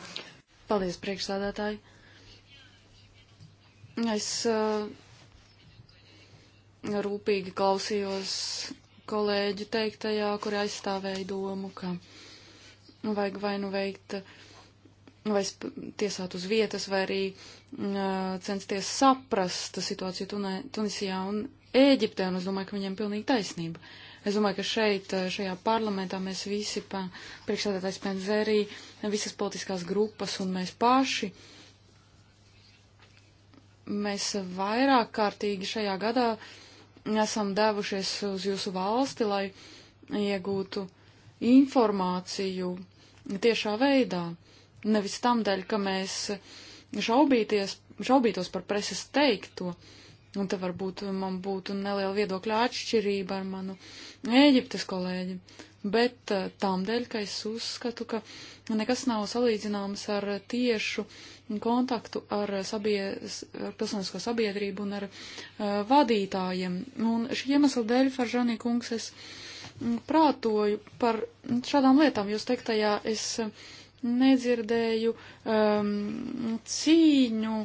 Paldies, priekšsādātāji. Es uh, rūpīgi klausījos kolēģi teiktajā, kur aizstāvēja domu, ka vajag vai nu veikt, vai tiesāt uz vietas, vai arī uh, censties saprast situāciju Tunē, Tunisijā un Ēģiptē, un es domāju, ka viņiem pilnīgi taisnība. Es domāju, ka šeit, uh, šajā parlamentā mēs visi, priekšsēdētājs Penzērī, visas politiskās grupas un mēs paši uh, Mēs vairāk kārtīgi šajā gadā esam devušies uz jūsu valsti, lai iegūtu informāciju tiešā veidā. Nevis tam dēļ, ka mēs šaubīties, šaubītos par preses teikto, un te varbūt man būtu neliela viedokļa atšķirība ar manu Ēģiptes kolēģi. Uh, bet eh, tām dēļ, ka es uzskatu, ka nekas nav salīdzināms ar tiešu kontaktu ar, sabies, ar pilsonisko sabiedrību un ar uh, vadītājiem. Un šī iemesla dēļ, Faržanī kungs, es mm, prātoju par šādām lietām. Jūs teiktajā es nedzirdēju um, cīņu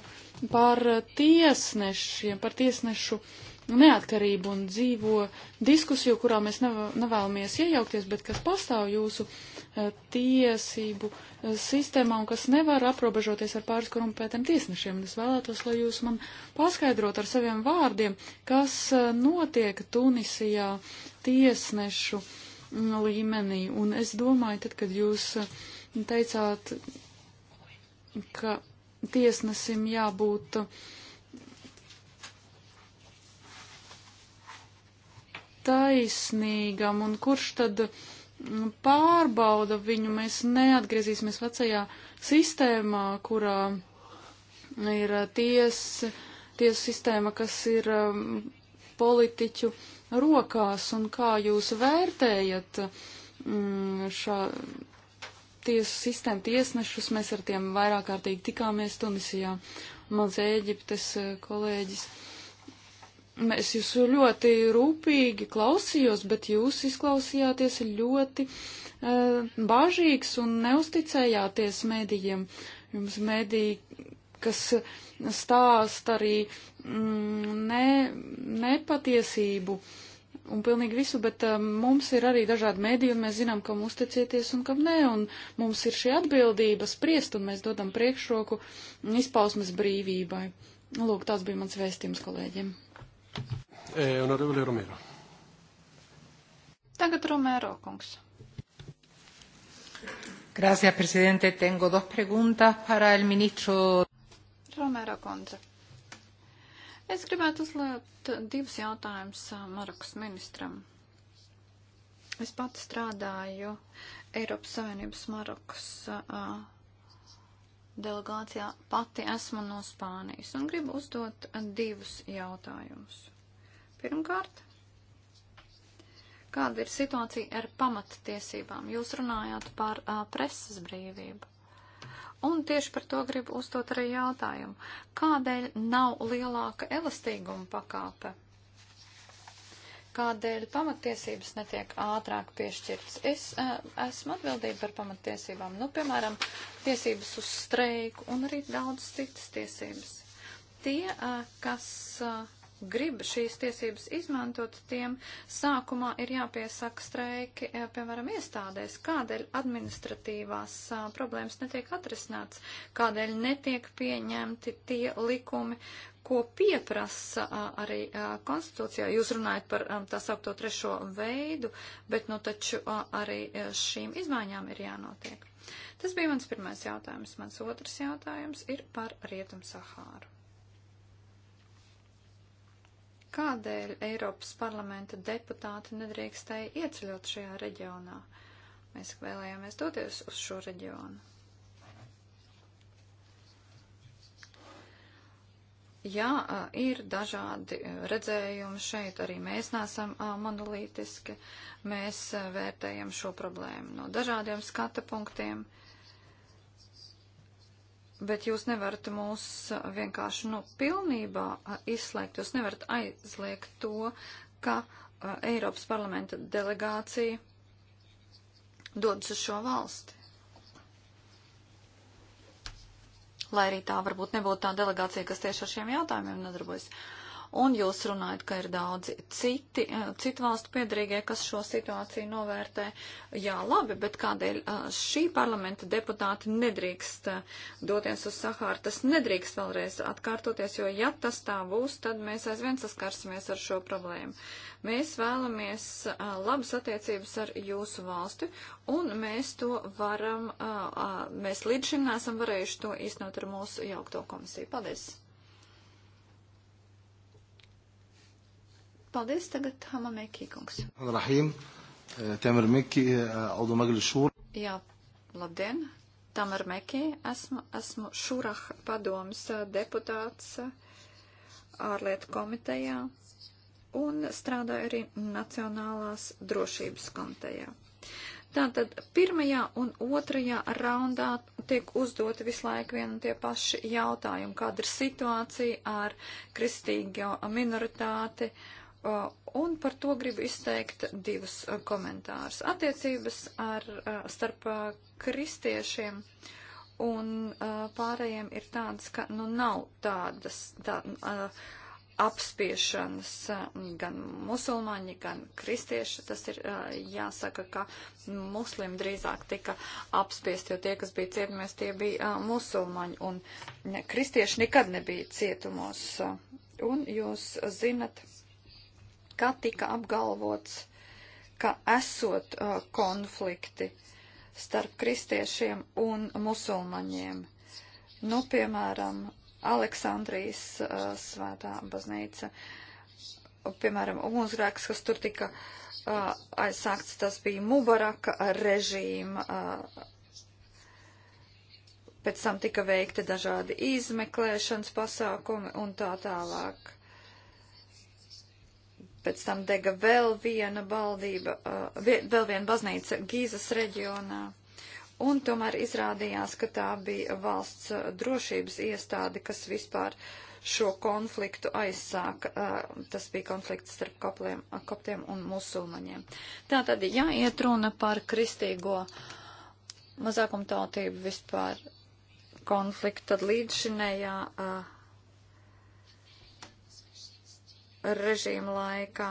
par tiesnešiem, par tiesnešu uh, neatkarību un dzīvo diskusiju, kurā mēs nevēlamies iejaukties, bet kas pastāv jūsu e, tiesību e, sistēmā un kas nevar aprobežoties ar pāris korumpētiem tiesnešiem. Es vēlētos, lai jūs man paskaidrot ar saviem vārdiem, kas e, notiek Tunisijā tiesnešu mm, līmenī. Un es domāju, tad, kad jūs teicāt, ka tiesnesim jābūt uh, taisnīgam un kurš tad mm, pārbauda viņu. Mēs neatgriezīsimies vecajā sistēmā, kurā ir eh, ties, tiesu sistēma, kas ir mm, politiķu rokās un kā jūs vērtējat mm, šā tiesu sistēmu tiesnešus. Mēs ar tiem vairāk kārtīgi tikāmies Tunisijā. Mans Ēģiptes eh, kolēģis Es jūs ļoti rūpīgi klausījos, bet jūs izklausījāties ļoti uh, bažīgs un neusticējāties mēdījiem. Jums mēdī, kas stāsta arī mm, ne, nepatiesību un pilnīgi visu, bet uh, mums ir arī dažādi mēdī, un mēs zinām, kam uzticēties un kam nē, un mums ir šī atbildība spriest, un mēs dodam priekšroku izpausmes brīvībai. Lūk, tāds bija mans vēstījums kolēģiem. E, eh, Honorevole Romero. Tagad Romero kungs. Gracias, presidente. Tengo dos preguntas para el ministro. Romero kundze. Es gribētu uzliet divus jautājumus eh, Marokas ministram. Es pati strādāju Eiropas Savienības Marokas uh, delegācijā pati esmu no Spānijas un gribu uzdot divus jautājumus. Pirmkārt, kāda ir situācija ar pamattiesībām? Jūs runājāt par uh, presas brīvību. Un tieši par to gribu uzdot arī jautājumu. Kādēļ nav lielāka elastīguma pakāpe? kādēļ pamatiesības netiek ātrāk piešķirtas. Es uh, esmu atbildīga par pamatiesībām, nu, piemēram, tiesības uz streiku un arī daudz citas tiesības. Tie, uh, kas uh, grib šīs tiesības izmantot, tiem sākumā ir jāpiesaka streiki, eh, piemēram, iestādēs, kādēļ administratīvās eh, problēmas netiek atrisināts, kādēļ netiek pieņemti tie likumi, ko pieprasa eh, arī konstitūcijā. Jūs runājat par tā saukto trešo veidu, bet nu taču arī šīm izmaiņām ir jānotiek. Tas bija mans pirmais jautājums. Mans otrs jautājums ir par Rietum Sahāru. Kādēļ Eiropas parlamenta deputāti nedrīkstēja ieceļot šajā reģionā? Mēs vēlējāmies doties uz šo reģionu. Jā, ir dažādi redzējumi šeit, arī mēs nesam monolītiski, mēs vērtējam šo problēmu no dažādiem skata punktiem. Uh, bet jūs nevarat mūs vienkārši nu, pilnībā izslēgt. Jūs nevarat aizliegt to, ka uh, Eiropas parlamenta delegācija dodas uz šo valsti. Lai arī tā varbūt nebūtu tā delegācija, kas tieši ar šiem jautājumiem nodarbojas. Uh, un jūs runājat, ka ir daudzi citi, eh, citu valstu piedarīgie, kas šo situāciju novērtē. Jā, labi, bet kādēļ eh, šī parlamenta deputāti nedrīkst eh, doties uz Sahāru? Tas nedrīkst vēlreiz atkārtoties, jo ja tas tā būs, tad mēs aizvien saskarsimies ar šo problēmu. Mēs vēlamies labas attiecības ar jūsu valsti, un mēs to varam, mēs līdz šim nesam varējuši to īstenot ar mūsu jaukto komisiju. Paldies! Paldies tagad Hamamēkī kungs. Rahim, e, Tēmēr Mekī, e, Aldo Magļu Šūra. Jā, labdien. Tamar Mekī, esmu, esmu Šūrah padomas e, deputāts ārlietu komitejā un strādāju arī Nacionālās drošības komitejā. Tātad pirmajā un otrajā raundā tiek uzdoti visu laiku vien un tie paši jautājumi, kāda ir situācija ar kristīgo minoritāti, uh, Uh, un par to gribu izteikt divus uh, komentārus. Attiecības ar, uh, starp kristiešiem un pārējiem ir tādas, ka nu nav tādas tā, apspiešanas gan musulmaņi, gan kristieši. Tas ir jāsaka, ka muslimi drīzāk tika apspiesti, jo tie, kas bija cietumies, tie bija musulmaņi, un kristieši nekad nebija cietumos. Un jūs zinat, ka tika apgalvots, ka esot uh, konflikti starp kristiešiem un musulmaņiem. Nu, piemēram, Aleksandrijas uh, svētā baznīca, piemēram, ugunsgrēks, kas tur tika uh, aizsākts, tas bija Mubaraka režīma. Uh, pēc tam tika veikti dažādi izmeklēšanas pasākumi un tā tālāk pēc tam dega vēl viena baldība, uh, vēl viena baznīca Gīzas reģionā. Un tomēr izrādījās, ka tā bija valsts uh, drošības iestāde, kas vispār šo konfliktu aizsāka. Uh, tas bija konflikts starp kopliem, koptiem un musulmaņiem. Tātad, ja iet runa par kristīgo mazākumtautību vispār konfliktu, tad līdzinējā. Uh, režīma laikā.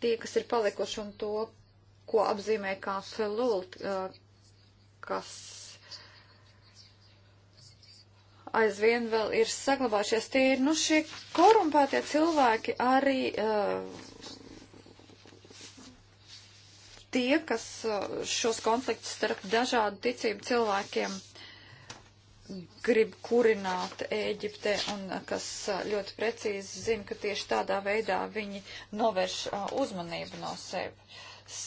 Tie, kas ir palikuši un to, ko apzīmē kā felult, kas aizvien vēl ir saglabājušies, tie ir, nu, šie korumpētie cilvēki arī tie, kas šos konfliktus starp dažādu ticību cilvēkiem grib kurināt Ēģiptē un eh, kas eh, ļoti precīzi zina, ka tieši tādā veidā viņi novērš eh, uzmanību no sevis,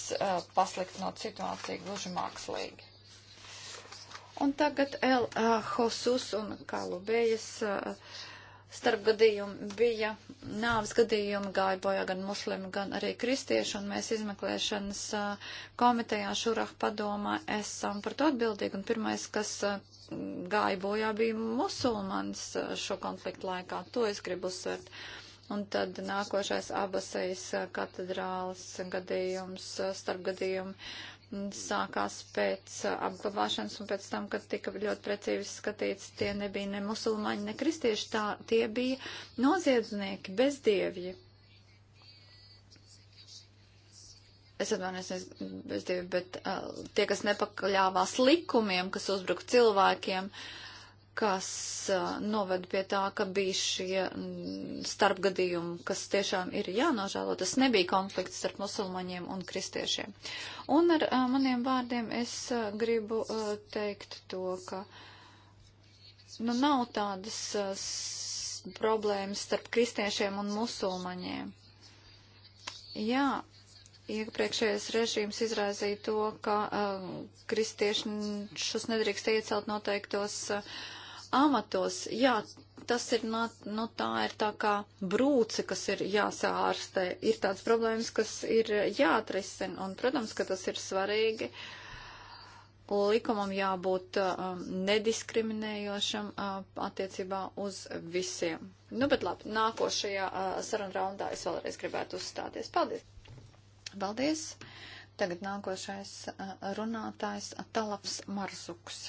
pasliktinot situāciju gluži mākslīgi. Un tagad El Hosus un Kalubējas starpgadījumi bija nāves gadījumi, gāja bojā gan muslimi, gan arī kristieši, un mēs izmeklēšanas komitejā Šurah padomā esam par to atbildīgi, un pirmais, kas gāja bojā, bija musulmanis uh, šo konfliktu laikā. To es gribu uzsvert. Un tad nākošais abasejas uh, katedrāls gadījums, uh, starpgadījumi mm, sākās pēc apglabāšanas un pēc tam, kad tika ļoti precīzi skatīts, tie nebija ne musulmaņi, ne kristieši, tā, tie bija noziedznieki, bezdievji. es atvainojos, bezdieva, bet uh, tie, kas nepakaļāvās likumiem, kas uzbruka cilvēkiem, kas uh, noved pie tā, ka bija šie mm, starpgadījumi, kas tiešām ir jānožēlo, tas nebija konflikts starp musulmaņiem un kristiešiem. Un ar uh, maniem vārdiem es uh, gribu uh, teikt to, ka nu, nav tādas uh, problēmas starp kristiešiem un musulmaņiem. Jā, Iepriekšējais režīms izraisīja to, ka uh, kristiešus nedrīkst iecelt noteiktos uh, amatos. Jā, tas ir, no, nu, tā ir tā kā brūce, kas ir jāsārstē. Ir tāds problēmas, kas ir jāatrisina, un, protams, ka tas ir svarīgi. Likumam jābūt um, uh, nediskriminējošam uh, attiecībā uz visiem. Nu, bet labi, nākošajā uh, sarunraundā es vēlreiz gribētu uzstāties. Paldies! Paldies! Tagad nākošais uh, runātājs Talaps Marzuks.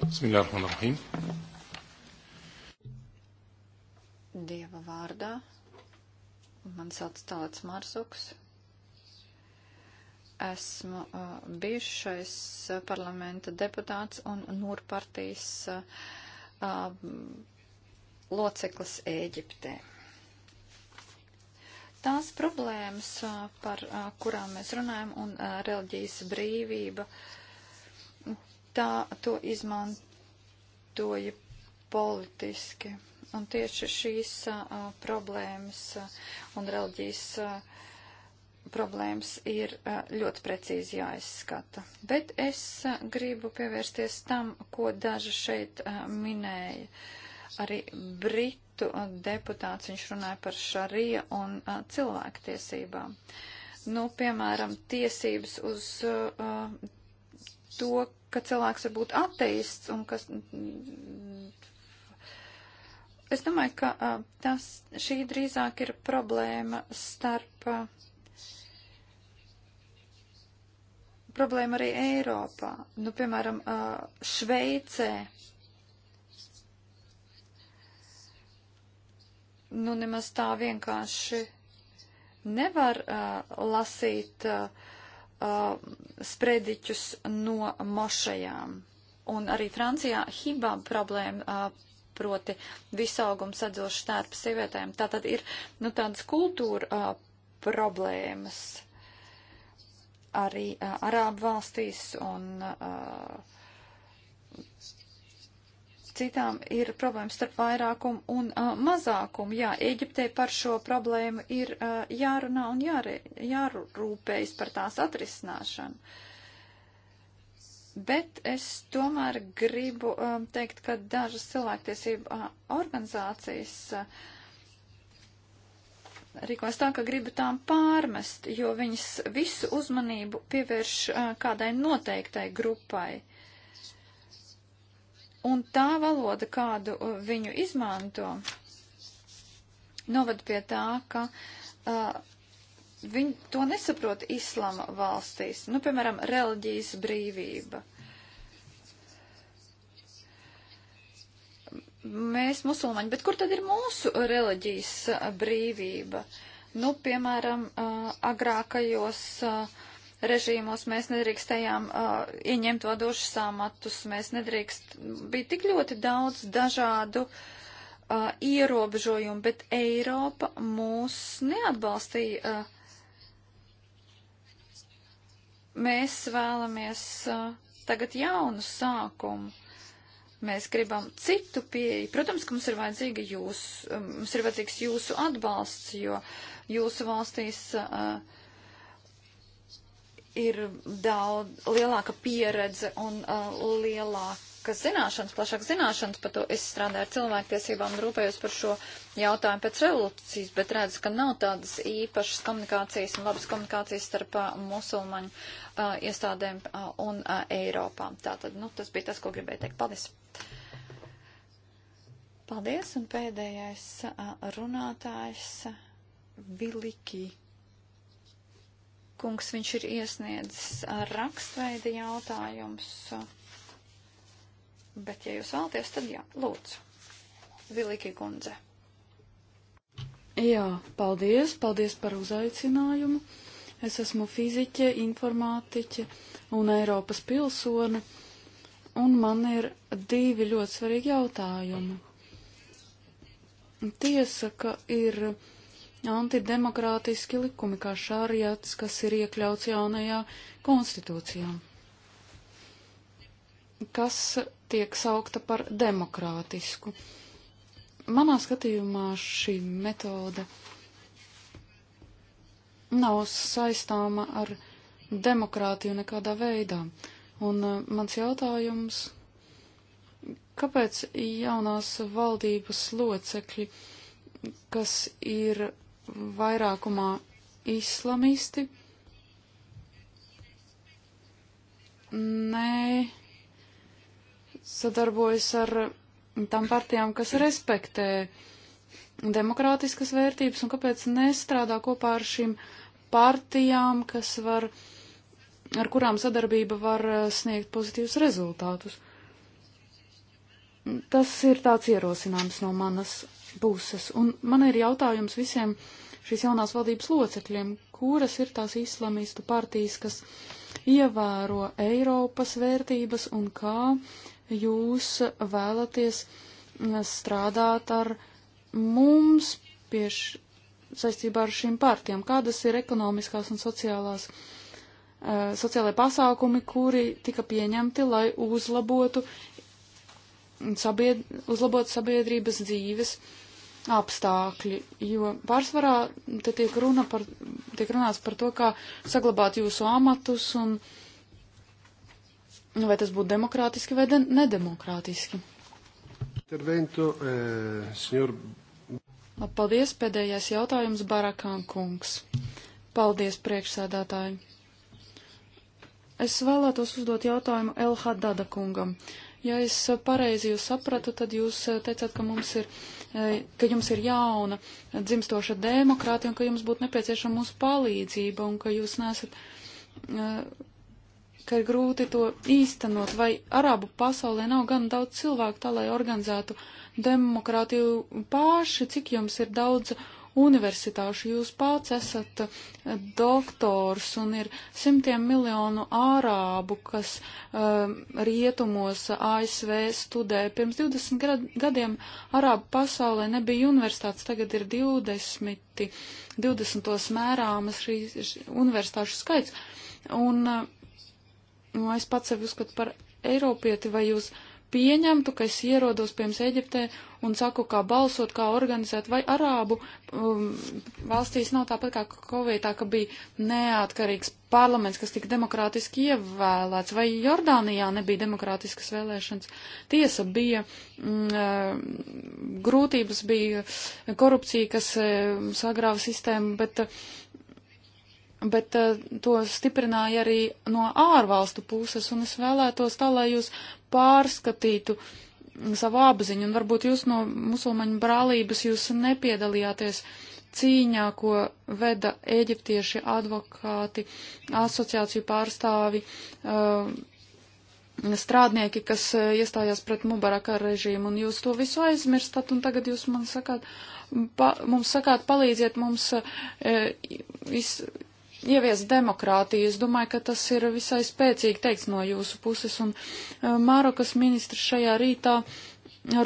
Bismillahirrahmanirrahim. Dieva vārdā. Man sauc Talats Marsuks. Esmu uh, bijušais uh, parlamenta deputāts un NUR partijas uh, uh loceklis Ēģiptē. Tās problēmas, par kurām mēs runājam, un reliģijas brīvība, tā to izmantoja politiski. Un tieši šīs problēmas un reliģijas problēmas ir ļoti precīzi jāizskata. Bet es gribu pievērsties tam, ko daži šeit minēja. Uh, arī britu uh, deputāts, viņš runāja par šarija un uh, cilvēktiesībām. Nu, piemēram, tiesības uz uh, to, ka cilvēks var būt ateists un kas. Mm, es domāju, ka uh, tas, šī drīzāk ir problēma starp. Uh, problēma arī Eiropā. Nu, piemēram, uh, Šveicē nu nemaz tā vienkārši nevar uh, lasīt uh, uh, sprediķus no mošajām. Un arī Francijā hibām problēma, uh, proti visauguma sadzošs tērps sievietēm. Tā tad ir, nu, tādas kultūra uh, problēmas arī uh, Arābu valstīs un uh, citām ir problēmas starp vairākumu un uh, mazākumu. Jā, Eģiptē par šo problēmu ir uh, jārunā un jāre, jārūpējas par tās atrisināšanu. Bet es tomēr gribu um, teikt, ka dažas cilvēktiesība uh, organizācijas uh, rīkojas tā, ka gribu tām pārmest, jo viņas visu uzmanību pievērš uh, kādai noteiktai grupai. Un tā valoda, kādu uh, viņu izmanto, novada pie tā, ka uh, viņi to nesaprot islama valstīs. Nu, piemēram, reliģijas brīvība. Mēs musulmaņi, bet kur tad ir mūsu reliģijas uh, brīvība? Nu, piemēram, uh, agrākajos uh, režīmos mēs nedrīkstējām uh, ieņemt vadošus amatus, mēs nedrīkst, bija tik ļoti daudz dažādu uh, ierobežojumu, bet Eiropa mūs neatbalstīja. Uh, mēs vēlamies uh, tagad jaunu sākumu. Mēs gribam citu pieeju. Protams, ka mums ir, jūs, um, mums ir vajadzīgs jūsu atbalsts, jo jūsu valstīs uh, ir daudz lielāka pieredze un uh, lielāka zināšanas, plašāk zināšanas par to. Es strādāju ar cilvēktiesībām un rūpējos par šo jautājumu pēc revolūcijas, bet redzu, ka nav tādas īpašas komunikācijas un labas komunikācijas starp uh, musulmaņu uh, iestādēm uh, un uh, Eiropā. Tātad, nu, tas bija tas, ko gribēju teikt. Paldies! Paldies, un pēdējais uh, runātājs uh, Viliki kungs, viņš ir iesniedzis uh, rakstveida jautājums, uh, bet ja jūs vēlaties, tad jā, lūdzu. Viliki kundze. Jā, paldies, paldies par uzaicinājumu. Es esmu fiziķe, informātiķe un Eiropas pilsone, un man ir divi ļoti svarīgi jautājumi. Tiesa, ka ir. Mm antidemokrātiski likumi, kā šāriats, kas ir iekļauts jaunajā konstitūcijā, kas tiek saukta par demokrātisku. Manā skatījumā šī metode nav saistāma ar demokrātiju nekādā veidā. Un uh, mans jautājums, kāpēc jaunās valdības locekļi, kas ir vairākumā islamisti. Nē, sadarbojas ar tām partijām, kas respektē demokrātiskas vērtības, un kāpēc nestrādā kopā ar šīm partijām, kas var, ar kurām sadarbība var sniegt pozitīvus rezultātus. Tas ir tāds ierosinājums no manas puses. Un man ir jautājums visiem šīs jaunās valdības locekļiem, kuras ir tās islamistu partijas, kas ievēro Eiropas vērtības un kā jūs vēlaties mm, strādāt ar mums pieši saistībā ar šīm partijām, kādas ir ekonomiskās un sociālās, uh, sociālai pasākumi, kuri tika pieņemti, lai uzlabotu, sabied, uzlabotu sabiedrības dzīves uh, apstākļi, jo pārsvarā te tiek, runa par, tiek runāts par to, kā saglabāt jūsu amatus un vai tas būtu demokrātiski vai de nedemokrātiski. Intervento, eh, signor... Paldies, pēdējais jautājums Barakān kungs. Paldies, priekšsēdētāji. Es vēlētos uzdot jautājumu Elhadada kungam. Uh, Ja es pareizi jūs sapratu, tad jūs eh, teicāt, ka mums ir eh, ka jums ir jauna dzimstoša demokrātija un ka jums būtu nepieciešama mūsu palīdzība un ka jūs nesat, eh, ka ir grūti to īstenot, vai Arabu pasaulē nav gan daudz cilvēku tā, lai organizētu demokrātiju paši, cik jums ir daudz universitāšu. Jūs pats esat eh, doktors un ir simtiem miljonu ārābu, kas um, rietumos ASV studē. Pirms 20 grad, gadiem ārābu pasaulē nebija universitātes, tagad ir 20, 20 mērāmas universitāšu skaits. Un, um, nu, es pats sevi uzskatu par Eiropieti, vai jūs uh, pieņemtu, ka es ierodos pie jums Eģiptē un saku, kā balsot, kā organizēt, vai Arābu um, valstīs nav tāpat kā Kovietā, ka bija neatkarīgs parlaments, kas tika demokrātiski ievēlēts, vai Jordānijā nebija demokrātiskas vēlēšanas. Tiesa bija, mm, eh, grūtības bija, korupcija, kas mm, sagrāva sistēmu, bet eh, bet uh, to stiprināja arī no ārvalstu puses, un es vēlētos tā, lai jūs pārskatītu savu apziņu, un varbūt jūs no musulmaņu brālības jūs nepiedalījāties cīņā, ko veda eģiptieši advokāti, asociāciju pārstāvi, uh, strādnieki, kas uh, iestājās pret Mubaraka režīmu, un jūs to visu aizmirstat, un tagad jūs man sakāt, pa, mums sakāt, palīdziet mums e, uh, iz, ievies demokrātiju. Es domāju, ka tas ir visai spēcīgi teikts no jūsu puses, un eh, Mārokas ministrs šajā rītā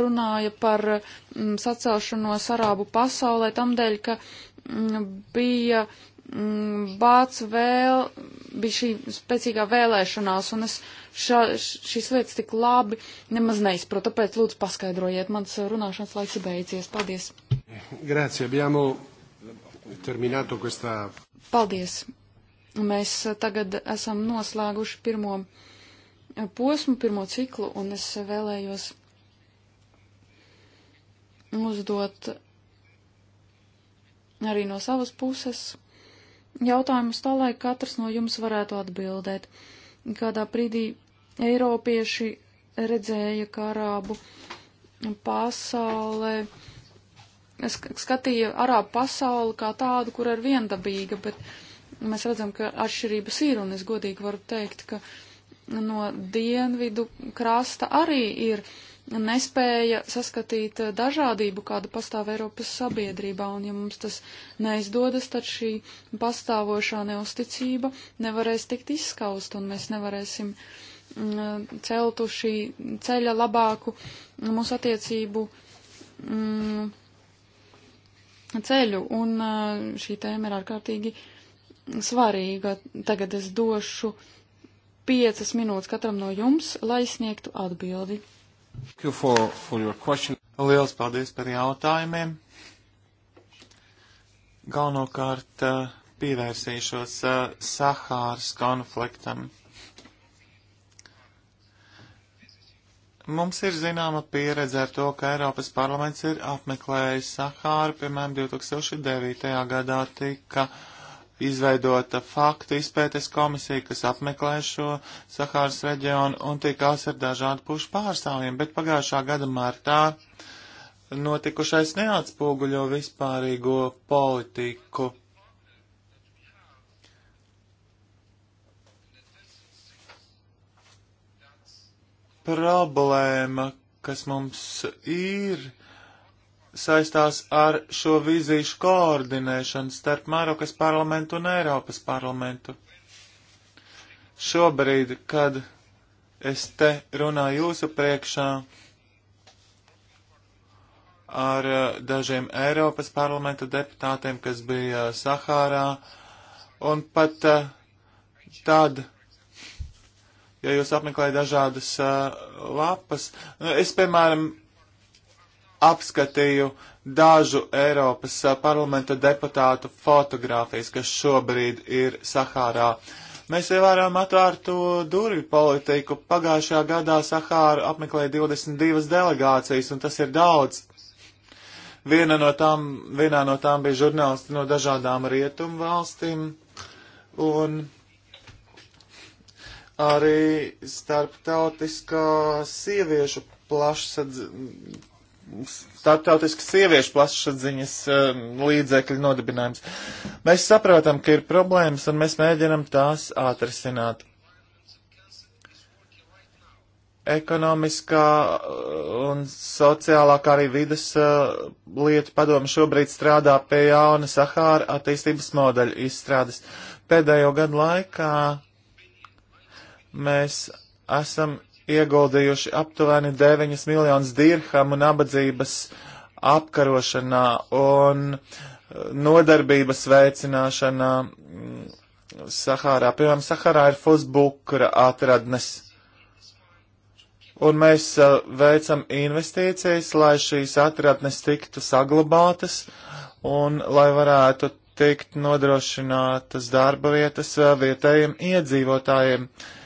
runāja par mm, sacelšanos arābu pasaulē, tamdēļ, ka mm, bija mm, bāts vēl, bija šī spēcīgā vēlēšanās, un es šā, šīs lietas tik labi nemaz neizprotu, tāpēc lūdzu paskaidrojiet, mans runāšanas laiks ir beidzies. Paldies! Grazie, abbiamo terminato questa Paldies! Mēs uh, tagad esam noslēguši pirmo uh, posmu, pirmo ciklu, un es vēlējos uzdot arī no savas puses jautājumus tā, lai katrs no jums varētu atbildēt. Kādā brīdī Eiropieši redzēja karābu pasaulē. Ka es skatīju arābu pasauli kā tādu, kur ir viendabīga, bet mēs redzam, ka atšķirības ir, un es godīgi varu teikt, ka no dienvidu krasta arī ir nespēja saskatīt eh, dažādību, kāda pastāv Eiropas sabiedrībā, un ja mums tas neizdodas, tad šī pastāvošā neusticība nevarēs tikt izskaust, un mēs nevarēsim mm, celt uz šī ceļa labāku mūsu attiecību mm, ceļu, un uh, šī tēma ir ārkārtīgi svarīga. Tagad es došu piecas minūtes katram no jums, lai sniegtu atbildi. For, for Liels paldies par jautājumiem. Galvenokārt uh, pievērsīšos uh, Sahāras konfliktam. Mums ir zināma pieredze ar to, ka Eiropas parlaments ir apmeklējis Sahāru, piemēram, 2009. gadā tika izveidota faktu izpētes komisija, kas apmeklē šo Sahāras reģionu un tikās ar dažādu pušu pārstāvjiem, bet pagājušā gada martā notikušais neatspūguļo vispārīgo politiku problēma, kas mums ir, saistās ar šo vizīšu koordinēšanu starp Marokas parlamentu un Eiropas parlamentu. Šobrīd, kad es te runāju jūsu priekšā ar eh, dažiem Eiropas parlamenta deputātiem, kas bija eh, Sahārā, un pat eh, tad, ja jūs apmeklējat dažādas uh, lapas. Nu, es, piemēram, apskatīju dažu Eiropas uh, parlamenta deputātu fotogrāfijas, kas šobrīd ir Sahārā. Mēs ievērām atvērtu durvju politiku. Pagājušajā gadā Sahāru apmeklēja 22 delegācijas, un tas ir daudz. Viena no tām, vienā no tām bija žurnālisti no dažādām rietumu valstīm, un arī starptautiskā sieviešu plašsadz... starptautiska sieviešu plašsaziņas um, līdzekļu nodibinājums. Mēs saprotam, ka ir problēmas, un mēs mēģinam tās atrisināt. Ekonomiskā uh, un sociālā, kā arī vidas uh, lieta padoma šobrīd strādā pie jauna Sahāra attīstības modeļa izstrādes. Pēdējo gadu laikā mēs esam ieguldījuši aptuveni 9 miljonus dirhamu nabadzības apkarošanā un eh, nodarbības veicināšanā mm, Sahārā. Piemēram, Sahārā ir fosbukra atradnes. Un mēs uh, veicam investīcijas, lai šīs atradnes tiktu saglabātas un lai varētu tikt nodrošinātas darba vietas uh, vietējiem iedzīvotājiem. Uh,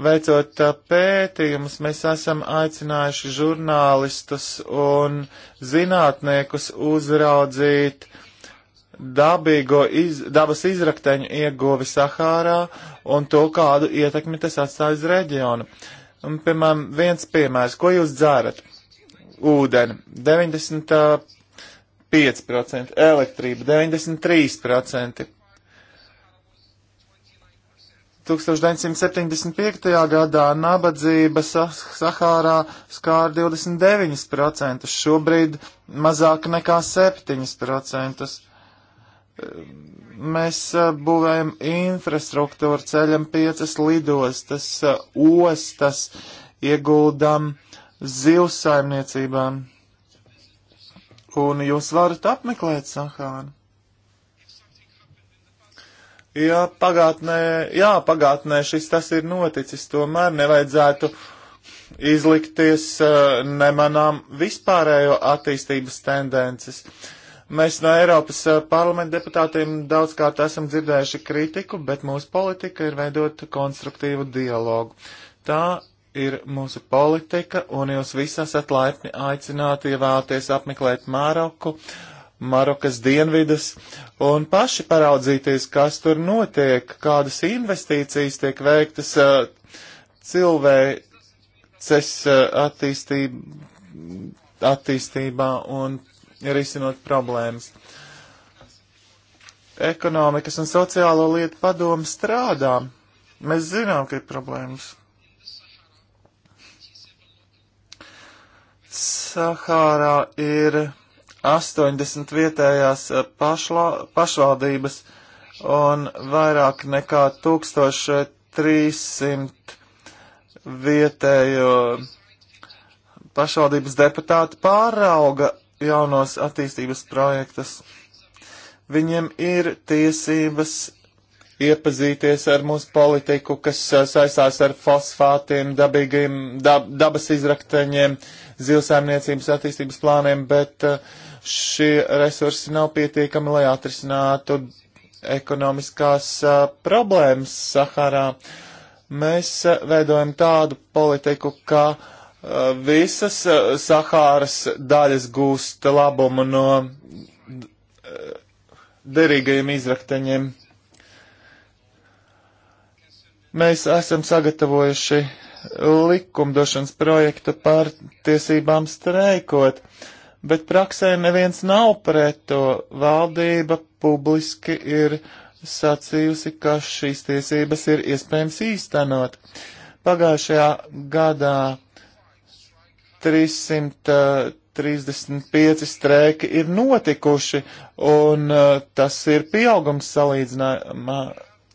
Veicot uh, pētījumus, mēs esam aicinājuši žurnālistus un zinātniekus uzraudzīt dabīgo iz, dabas izrakteņu ieguvi Sahārā un to, kādu ietekmi tas atstāj uz reģionu. Un, piemēram, viens piemērs, ko jūs dzērat? Ūdeni 95%, uh, elektrība 93%. 1975. gadā nabadzība Sahārā skāra 29%, šobrīd mazāk nekā 7%. Mēs eh, būvējam infrastruktūru, ceļam piecas lidostas, eh, ostas, ieguldam zivsaimniecībām. Un jūs varat apmeklēt Sahāru. Jā, pagātnē, jā, pagātnē šis tas ir noticis, tomēr nevajadzētu izlikties uh, nemanām vispārējo attīstības tendences. Mēs no Eiropas uh, parlamenta deputātiem daudzkārt esam dzirdējuši kritiku, bet mūsu politika ir veidot konstruktīvu dialogu. Tā ir mūsu politika, un jūs visi esat laipni aicināti, ja vēlaties apmeklēt Māroku. Uh, Marokas dienvidus un paši paraudzīties, kas tur notiek, kādas investīcijas tiek veiktas uh, cilvēces uh, attīstība, attīstībā un risinot problēmas. Ekonomikas un sociālo lietu padomu strādā. Mēs zinām, ka ir problēmas. Sahārā ir 80 vietējās eh, pašla, pašvaldības un vairāk nekā 1300 vietējo pašvaldības deputāti pārauga jaunos attīstības projektus. Viņiem ir tiesības iepazīties ar mūsu politiku, kas eh, saistās ar fosfātiem, dabīgiem, dab, dabas izrakteņiem, zilsēmniecības attīstības plāniem, bet uh, šie resursi nav pietiekami, lai atrisinātu ekonomiskās a, problēmas Saharā. Mēs a, veidojam tādu politiku, ka a, visas Sahāras daļas gūst labumu no derīgajiem izrakteņiem. Mēs esam sagatavojuši likumdošanas projektu par tiesībām streikot. Uh, bet praksē neviens nav pret to. Valdība publiski ir sacījusi, ka šīs tiesības ir iespējams īstenot. Pagājušajā gadā 335 streiki ir notikuši, un uh, tas ir pieaugums salīdzinājumā.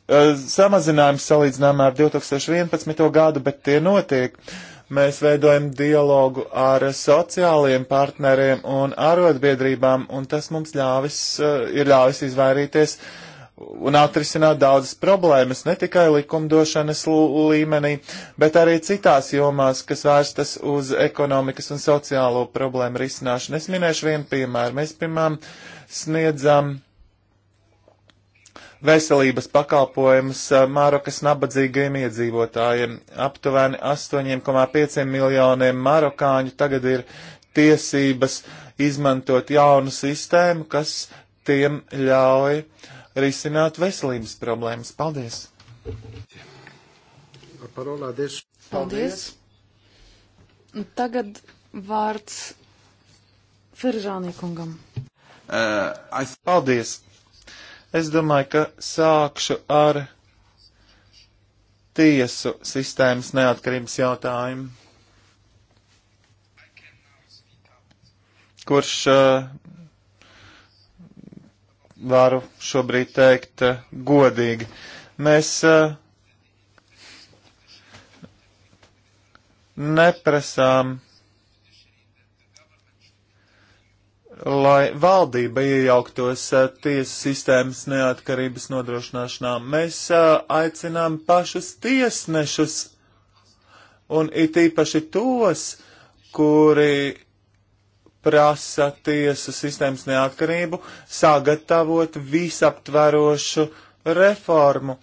Uh, samazinājums salīdzinājumā ar 2011. gadu, bet tie notiek. Uh, Mēs veidojam dialogu ar sociāliem partneriem un arotbiedrībām, un tas mums ļāvis, eh, ir ļāvis izvairīties un atrisināt daudzas problēmas, ne tikai likumdošanas līmenī, bet arī citās jomās, kas vērstas uz ekonomikas un sociālo problēmu risināšanu. Es minēšu vienu piemēru. Mēs, piemēram, sniedzam veselības pakalpojumus eh, Marokas nabadzīgiem iedzīvotājiem. Aptuveni 8,5 miljoniem marokāņu tagad ir tiesības izmantot jaunu sistēmu, kas tiem ļauj risināt veselības problēmas. Paldies! Paldies! Paldies. Tagad vārds Feržānī kungam. Uh, I... Paldies! Es domāju, ka sākšu ar tiesu sistēmas neatkarības jautājumu, kurš uh, varu šobrīd teikt uh, godīgi. Mēs uh, neprasām lai valdība iejauktos eh, tiesu sistēmas neatkarības nodrošināšanā. Mēs eh, aicinām pašus tiesnešus un it īpaši tos, kuri prasa tiesu sistēmas neatkarību, sagatavot visaptverošu reformu.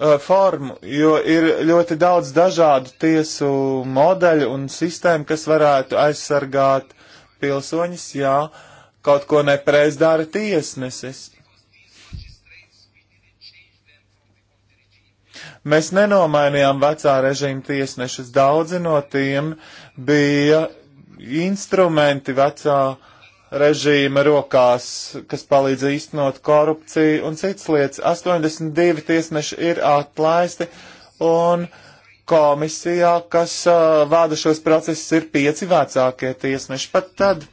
Eh, formu, jo ir ļoti daudz dažādu tiesu modeļu un sistēmu, kas varētu aizsargāt pilsoņus, ja kaut ko nepreiz dara tiesnesis. Mēs nenomainījām vecā režīma tiesnešus. Daudzi no tiem bija instrumenti vecā režīma rokās, kas palīdz īstenot korupciju un citas lietas. 82 tiesneši ir atlaisti un uh, komisijā, kas uh, vada šos procesus, ir pieci vecākie tiesneši. Pat tad,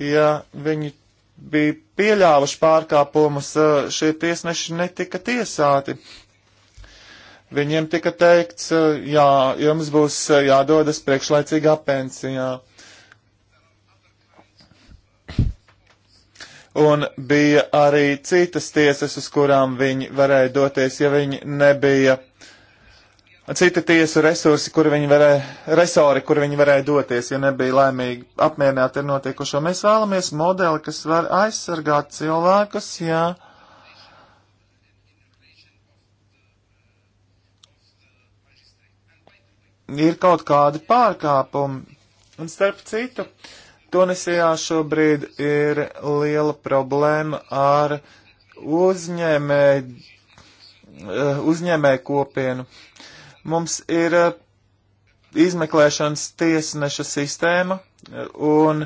ja viņi bija pieļāvuši pārkāpumus, uh, šie tiesneši netika tiesāti. Viņiem tika teikts, uh, jā, jums būs uh, jādodas priekšlaicīgā pensijā. Un bija arī citas tiesas, uz kurām viņi varēja doties, ja viņi nebija citi tiesu resursi, kur viņi varēja, resori, kur viņi varēja doties, ja nebija laimīgi apmierināti ar notiekošo. Mēs vēlamies modeli, kas var aizsargāt cilvēkus, jā. Ir kaut kādi pārkāpumi. Un starp citu, Tunisijā šobrīd ir liela problēma ar uzņēmē, uzņēmē kopienu. Uh, Mums ir eh, izmeklēšanas tiesneša sistēma, eh, un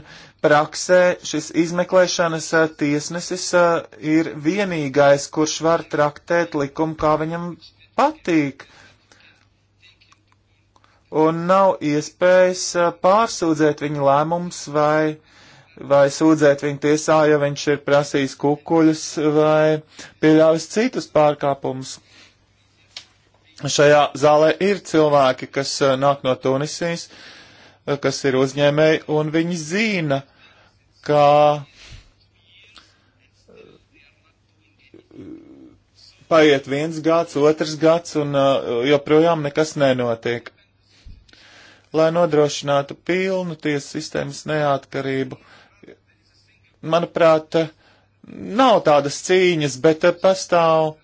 praksē šis izmeklēšanas eh, tiesnesis ir vienīgais, kurš var traktēt likumu, kā viņam patīk. Un nav iespējas pārsūdzēt viņa lēmums vai, vai sūdzēt viņu tiesā, ja viņš ir prasījis kukuļus vai pieļāvis citus pārkāpumus. Šajā zālē ir cilvēki, kas eh, nāk no Tunisijas, eh, kas ir uzņēmēji, un viņi zina, ka eh, paiet viens gads, otrs gads, un joprojām nekas nenotiek. Lai nodrošinātu pilnu tiesu sistēmas neatkarību, manuprāt, nav tādas cīņas, bet pastāv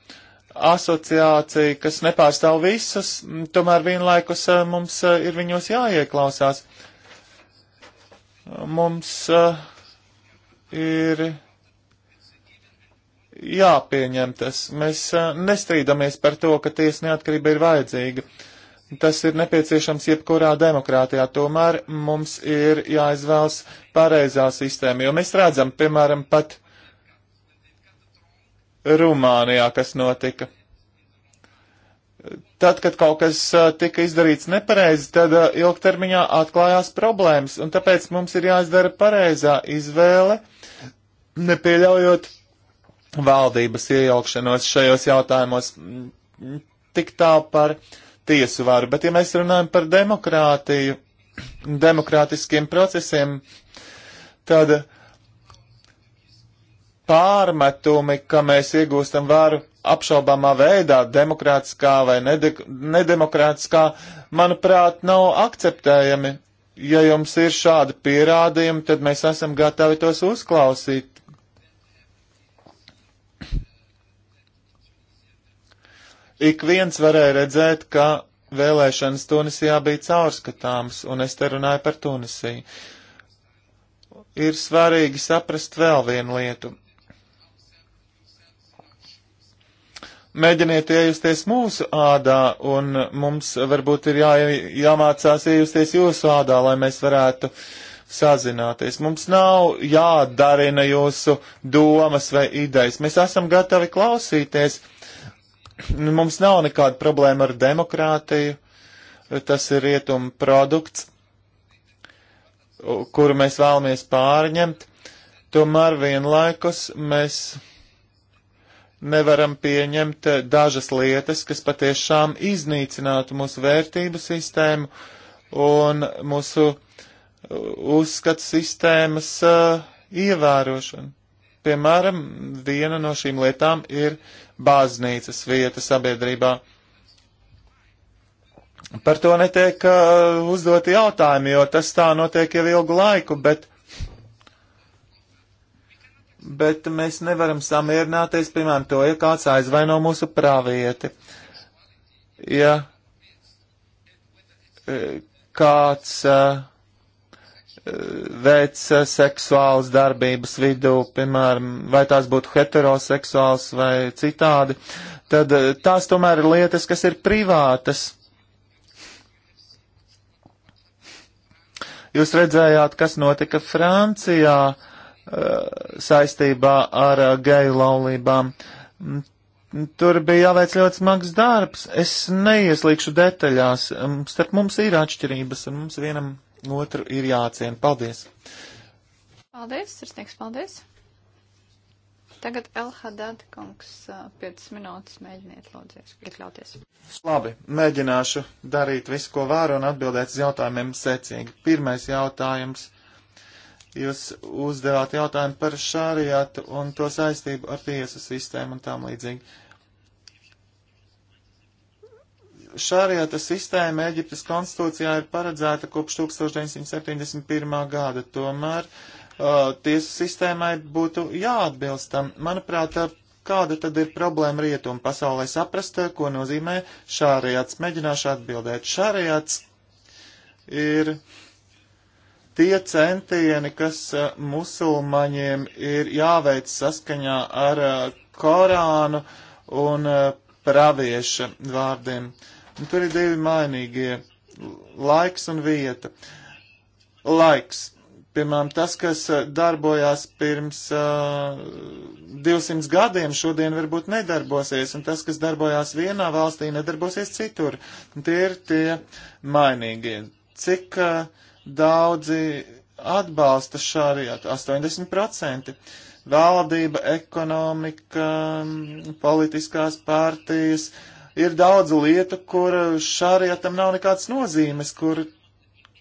asociācija, kas nepārstāv visus, tomēr vienlaikus eh, mums eh, ir viņos jāieklausās. Mums eh, ir jāpieņem tas. Mēs nestrīdamies par to, ka tiesa neatkarība ir vajadzīga. Tas ir nepieciešams jebkurā demokrātijā, tomēr mums ir jāizvēlas pareizā sistēma, jo mēs redzam, piemēram, pat uh, Rumānijā, kas notika. Tad, kad kaut kas tika izdarīts nepareizi, tad ilgtermiņā atklājās problēmas, un tāpēc mums ir jāizdara pareizā izvēle, nepieļaujot valdības iejaukšanos šajos jautājumos tik tā par tiesu varu. Bet, ja mēs runājam par demokrātiju, demokrātiskiem procesiem, tad uh, pārmetumi, ka mēs iegūstam varu apšaubāmā veidā, demokrātiskā vai nede nedemokrātiskā, manuprāt, nav akceptējami. Ja jums ir šādi pierādījumi, tad mēs esam gatavi tos uzklausīt. Ik viens varēja redzēt, ka vēlēšanas Tunisijā bija caurskatāms, un es te runāju par Tunisiju. Ir svarīgi saprast vēl vienu lietu Mēģiniet iejusties mūsu ādā, un mums varbūt ir jā, jāmācās iejusties jūsu ādā, lai mēs varētu sazināties. Mums nav jādarina jūsu domas vai idejas. Mēs esam gatavi klausīties. Mums nav nekāda problēma ar demokrātiju. Tas ir rietuma produkts, kuru mēs vēlamies pārņemt. Tomēr vienlaikus mēs nevaram pieņemt dažas lietas, kas patiešām iznīcinātu mūsu vērtību sistēmu un mūsu uh, uzskatu sistēmas uh, ievērošanu. Piemēram, viena no šīm lietām ir baznīcas vieta sabiedrībā. Par to netiek uh, uzdoti jautājumi, jo tas tā notiek jau ilgu laiku, bet bet mēs nevaram samierināties, piemēram, to, ja kāds aizvaino mūsu pravieti. Ja e, kāds uh, veids seksuālas darbības vidū, piemēram, vai tās būtu heteroseksuāls vai citādi, tad tās tomēr ir lietas, kas ir privātas. Jūs redzējāt, kas notika Francijā. Uh, Uh, saistībā ar uh, geju laulībām. Mm, tur bija jāveic ļoti smags darbs. Es neieslīgšu detaļās. Mm, starp mums ir atšķirības, un mums vienam otru ir jāciena. Paldies! Paldies, sirsnieks, paldies! Tagad Elhadad kungs 5 uh, minūtes mēģiniet lūdzies, iekļauties. Labi, mēģināšu darīt visu, ko varu un atbildēt uz jautājumiem secīgi. Pirmais jautājums Jūs uzdevāt jautājumu par šārijātu un to saistību ar tiesu sistēmu un tam līdzīgi. Šārijāta sistēma Eģiptes konstitūcijā ir paredzēta kopš 1971. gada, tomēr uh, tiesu sistēmai būtu jāatbilstam. Manuprāt, uh, kāda tad ir problēma rietumu pasaulē saprast, uh, ko nozīmē šārijāts. Mēģināšu atbildēt. Šārijāts ir tie centieni, kas eh, musulmaņiem ir jāveic saskaņā ar eh, Korānu un eh, pravieša vārdiem. Un nu, tur ir divi mainīgie - laiks un vieta. Laiks. Piemēram, tas, kas darbojās pirms uh, 200 gadiem, šodien varbūt nedarbosies, un tas, kas darbojās vienā valstī, nedarbosies citur. Un tie ir tie mainīgie. Cik uh, Daudzi atbalsta šāriatu, 80%. Valdība, ekonomika, politiskās pārtījas. Ir daudz lietu, kur šāriatam nav nekāds nozīmes, kur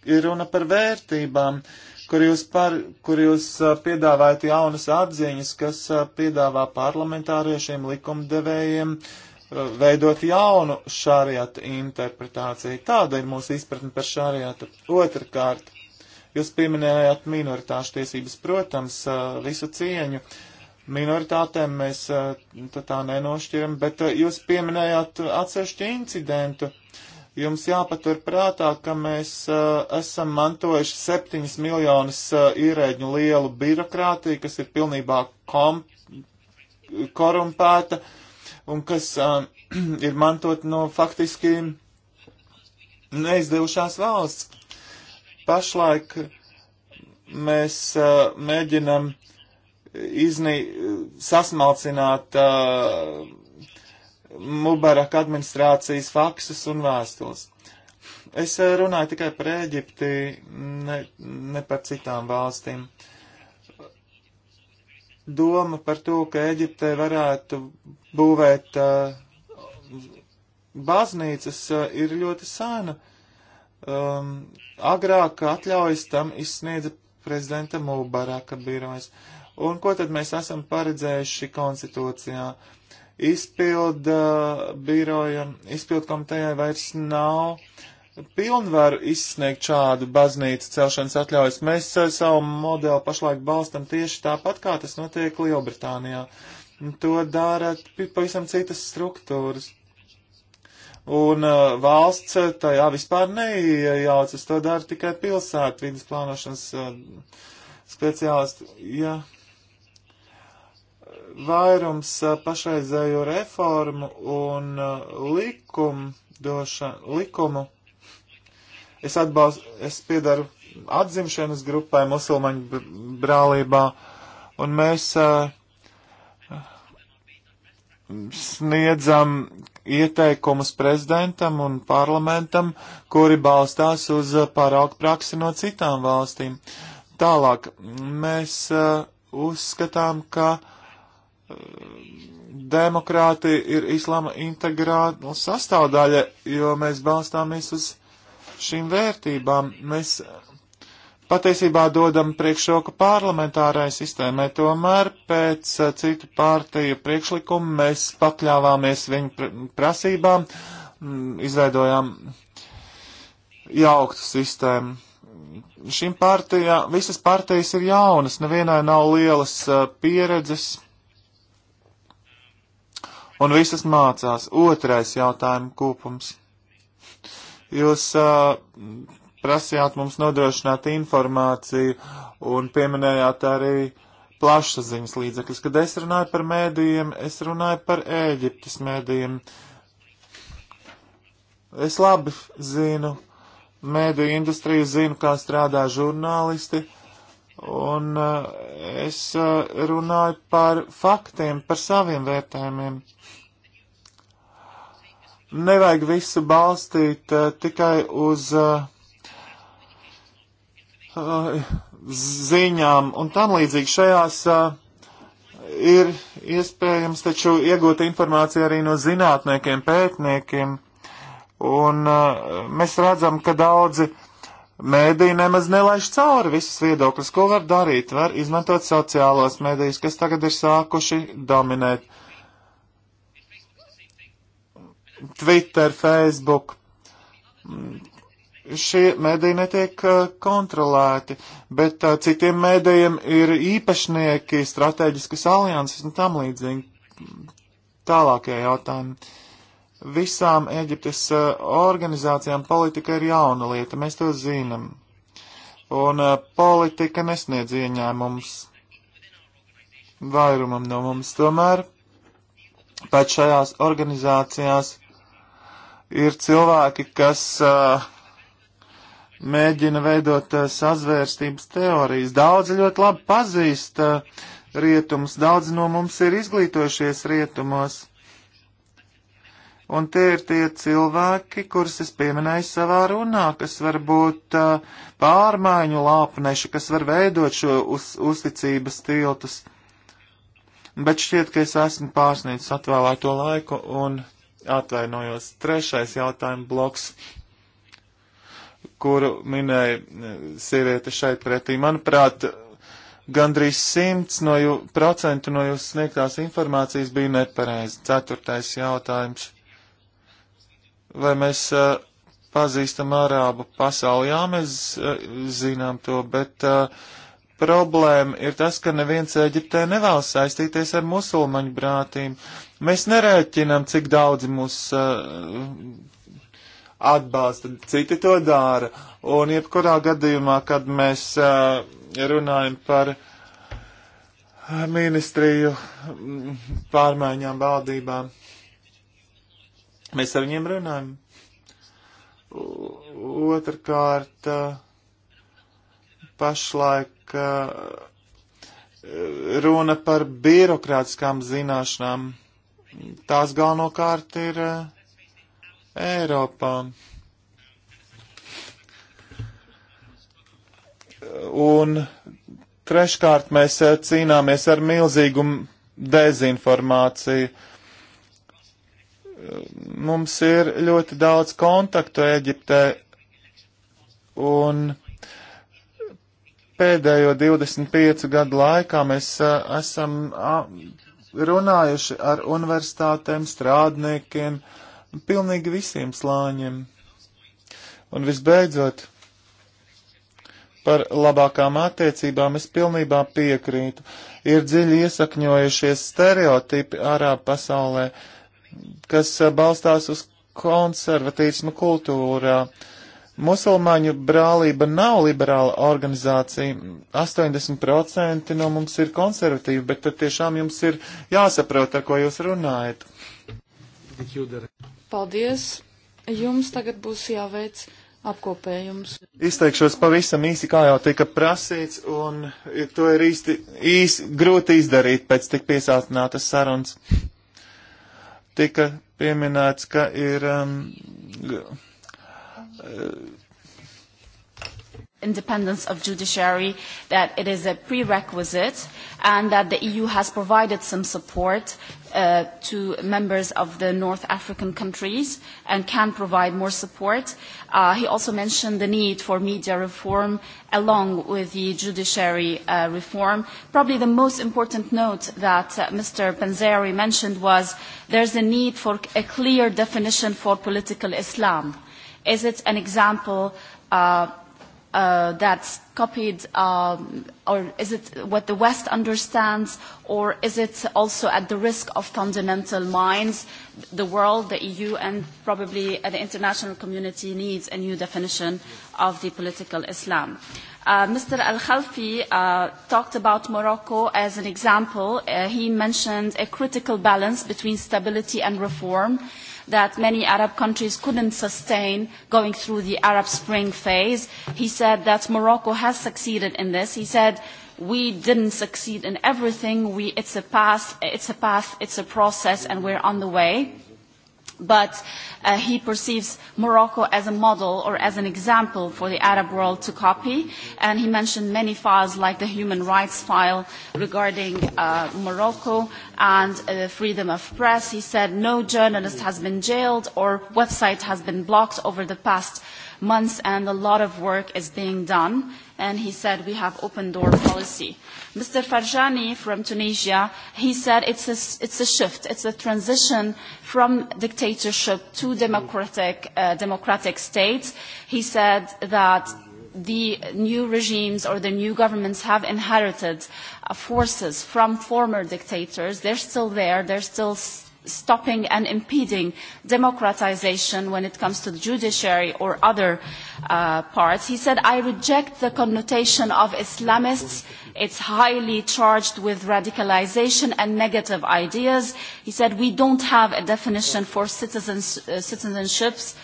ir runa par vērtībām, kur jūs, par, kur jūs piedāvājat jaunas atziņas, kas piedāvā parlamentāriešiem, likumdevējiem, uh, veidot jaunu šāriata interpretāciju. Tāda ir mūsu izpratne par šāriata. Otrakārt, jūs pieminējāt minoritāšu tiesības, protams, visu cieņu. Minoritātēm mēs tā nenošķiram, bet jūs pieminējāt atsevišķu incidentu. Jums jāpatur prātā, ka mēs esam mantojuši 7 miljonus īrēģu lielu birokrātiju, kas ir pilnībā kom korumpēta. Uh, un kas uh, ir mantot no faktiski neizdevušās valsts. Pašlaik mēs uh, mēģinam iznī, sasmalcināt uh, Mubarak administrācijas faksus un vēstules. Es runāju tikai par Ēģipti, ne, ne par citām valstīm. Uh, doma par to, ka Eģiptē varētu būvēt uh, baznīcas, uh, ir ļoti sena. Um, agrāk atļaujas tam izsniedza prezidenta Mubaraka birojas. Un ko tad mēs esam paredzējuši konstitūcijā? Izpilda biroja, izpildu komitejai vairs nav uh, pilnvaru izsniegt šādu baznīcu celšanas atļaujas. Mēs eh, savu modeli pašlaik balstam tieši tāpat, kā tas notiek Lielbritānijā. To dara pavisam citas struktūras. Un uh, valsts eh, tajā vispār neiejaucas, to dara tikai pilsētu vidas plānošanas uh, speciālisti. Ja vairums uh, pašreizējo reformu un uh, likumu došanu, likumu Es atbalstu, es piedaru atzimšanas grupai musulmaņu brālībā, un mēs uh, sniedzam ieteikumus prezidentam un parlamentam, kuri balstās uz paraugu praksi no citām valstīm. Tālāk mēs uh, uzskatām, ka uh, demokrāti ir islāma integrāla sastāvdaļa, jo mēs balstāmies uz šīm vērtībām, mēs patiesībā dodam priekšroku parlamentārai sistēmai, tomēr pēc eh, citu pārtīju priekšlikumu mēs pakļāvāmies viņu prasībām, mm, izveidojām jauktu sistēmu. Šīm partijām, visas partijas ir jaunas, nevienai nav lielas eh, pieredzes, un visas mācās. Otrais jautājuma kopums. Jūs uh, prasījāt mums nodrošināt informāciju un pieminējāt arī plašsaziņas līdzekļus. Kad es runāju par mēdījiem, es runāju par Ēģiptes mēdījiem. Es labi zinu mēdīju industriju, zinu, kā strādā žurnālisti, un uh, es uh, runāju par faktiem, par saviem vērtējumiem nevajag visu balstīt uh, tikai uz uh, uh, ziņām un tam līdzīgi šajās uh, ir iespējams taču iegūt informāciju arī no zinātniekiem, pētniekiem, un uh, mēs redzam, ka daudzi mēdī nemaz nelaiž cauri visas viedokļas, ko var darīt, var izmantot sociālos mēdījus, kas tagad ir sākuši dominēt. Uh, Twitter, Facebook. Šie mediji netiek uh, kontrolēti, bet uh, citiem mēdījiem ir īpašnieki, strateģiskas alianses un tam līdzīgi. Tālākie jautājumi. Visām Eģiptes uh, organizācijām politika ir jauna lieta, mēs to zinām. Un politika nesniedz ieņēmums vairumam no mums. Tomēr pat šajās organizācijās ir cilvēki, kas uh, mēģina veidot uh, sazvērstības teorijas. Daudzi ļoti labi pazīst uh, rietumus, daudzi no mums ir izglītojušies rietumos. Un tie ir tie cilvēki, kurus es pieminēju savā runā, kas var būt uh, pārmaiņu lāpneši, kas var veidot šo uz, uzticības tiltus. Bet šķiet, ka es esmu pārsniedzis atvēlēto laiku un Atvainojos, trešais jautājuma bloks, kuru minēja eh, sieviete šeit pretī. Manuprāt, gandrīz simts no jū, procentu no jūsu sniegtās informācijas bija nepareizi. Ceturtais jautājums. Vai mēs uh, pazīstam ārābu pasauli? Jā, mēs uh, zinām to, bet uh, problēma ir tas, ka neviens Eģiptē nevēlas saistīties ar musulmaņu brātīm. Mēs nerēķinām, cik daudzi mūs uh, atbalsta, citi to dara. Un jebkurā gadījumā, kad mēs uh, runājam par uh, ministriju mm, pārmaiņām valdībām, mēs ar viņiem runājam. Otrakārt. Uh, pašlaik runa par birokrātiskām zināšanām. Tās galvenokārt ir Eiropā. Un treškārt mēs cīnāmies ar milzīgu dezinformāciju. Mums ir ļoti daudz kontaktu Eģiptē, un Pēdējo 25 gadu laikā mēs esam runājuši ar universitātēm, strādniekiem, pilnīgi visiem slāņiem. Un visbeidzot, par labākām attiecībām es pilnībā piekrītu. Ir dziļi iesakņojušies stereotipi ārābu pasaulē, kas balstās uz konservatīvismu kultūrā. Uh, Musulmaņu brālība nav liberāla organizācija. 80% no mums ir konservatīvi, bet tad tiešām jums ir jāsaprot, ar ko jūs runājat. Paldies! Jums tagad būs jāveic apkopējums. Izteikšos pavisam īsi, kā jau tika prasīts, un to ir īsti īs, grūti izdarīt pēc tik piesātinātas sarunas. Tika pieminēts, ka ir. Um, independence of judiciary, that it is a prerequisite, and that the EU has provided some support uh, to members of the North African countries and can provide more support. Uh, he also mentioned the need for media reform along with the judiciary uh, reform. Probably the most important note that uh, Mr. Panzeri mentioned was there's a need for a clear definition for political Islam. Uh, Is it an example uh, uh, that's copied, um, or is it what the West understands, or is it also at the risk of fundamental minds? The world, the EU, and probably the international community needs a new definition of the political Islam. Uh, Mr. Al-Khalfi uh, talked about Morocco as an example. Uh, he mentioned a critical balance between stability and reform that many Arab countries couldn't sustain going through the Arab Spring phase. He said that Morocco has succeeded in this. He said we didn't succeed in everything. We, it's a path, it's a path, it's a process, and we're on the way but uh, he perceives Morocco as a model or as an example for the Arab world to copy. And he mentioned many files like the human rights file regarding uh, Morocco and uh, freedom of press. He said no journalist has been jailed or website has been blocked over the past uh, months, and a lot of work is being done. And he said, we have open door policy. Mr. Farjani from Tunisia, he said it's a, it's a shift, it's a transition from dictatorship to democratic, uh, democratic states. He said that the new regimes or the new governments have inherited uh, forces from former dictators. They're still there. They're still stopping and impeding democratization when it comes to the judiciary or other uh, parts. He said, I reject the connotation of Islamists. It's highly charged with radicalization and negative ideas. He said, we don't have a definition for citizens, uh, citizenships. Uh,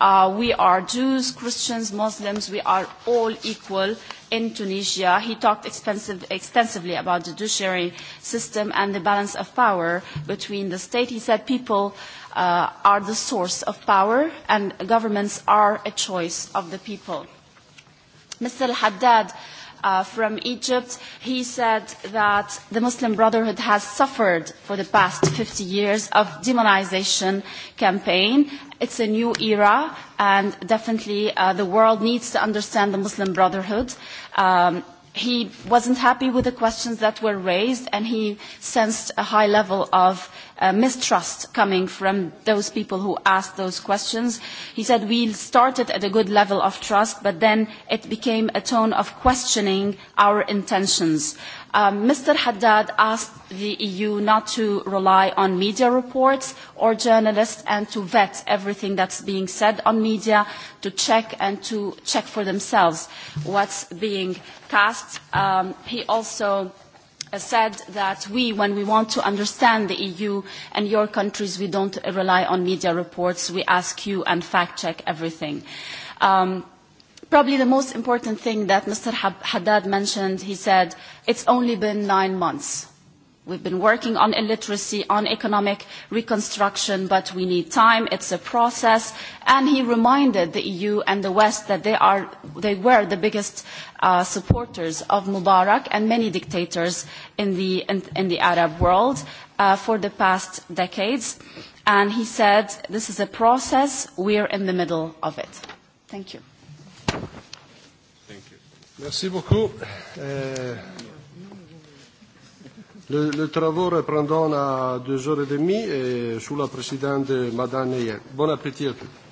Uh, we are Jews, Christians, Muslims, we are all equal in Tunisia. He talked expensive, extensively about the judiciary system and the balance of power between the state. He said people uh, are the source of power and governments are a choice of the people. Mr. Haddad uh, from Egypt. He said that the Muslim Brotherhood has suffered for the past 50 years of demonization campaign. It's a new era, and definitely uh, the world needs to understand the Muslim Brotherhood. Um, he wasn't happy with the questions that were raised and he sensed a high level of uh, mistrust coming from those people who asked those questions. He said we started at a good level of trust but then it became a tone of questioning our intentions. Uh, Um, Mr. Haddad asked the EU not to rely on media reports or journalists and to vet everything that's being said on media, to check and to check for themselves what's being cast. Um, he also uh, said that we, when we want to understand the EU and your countries, we don't rely on media reports. We ask you and fact-check everything. Um, probably the most important thing that Mr. Haddad mentioned, he said, it's only been nine months. We've been working on illiteracy, on economic reconstruction, but we need time. It's a process. And he reminded the EU and the West that they, are, they were the biggest uh, supporters of Mubarak and many dictators in the, in, in the Arab world uh, for the past decades. And he said, this is a process. We're in the middle of it. Thank you. Merci beaucoup. Euh, le, le travail reprendra à deux heures et demie et sous la présidente Madame Neyer. Bon appétit à tous.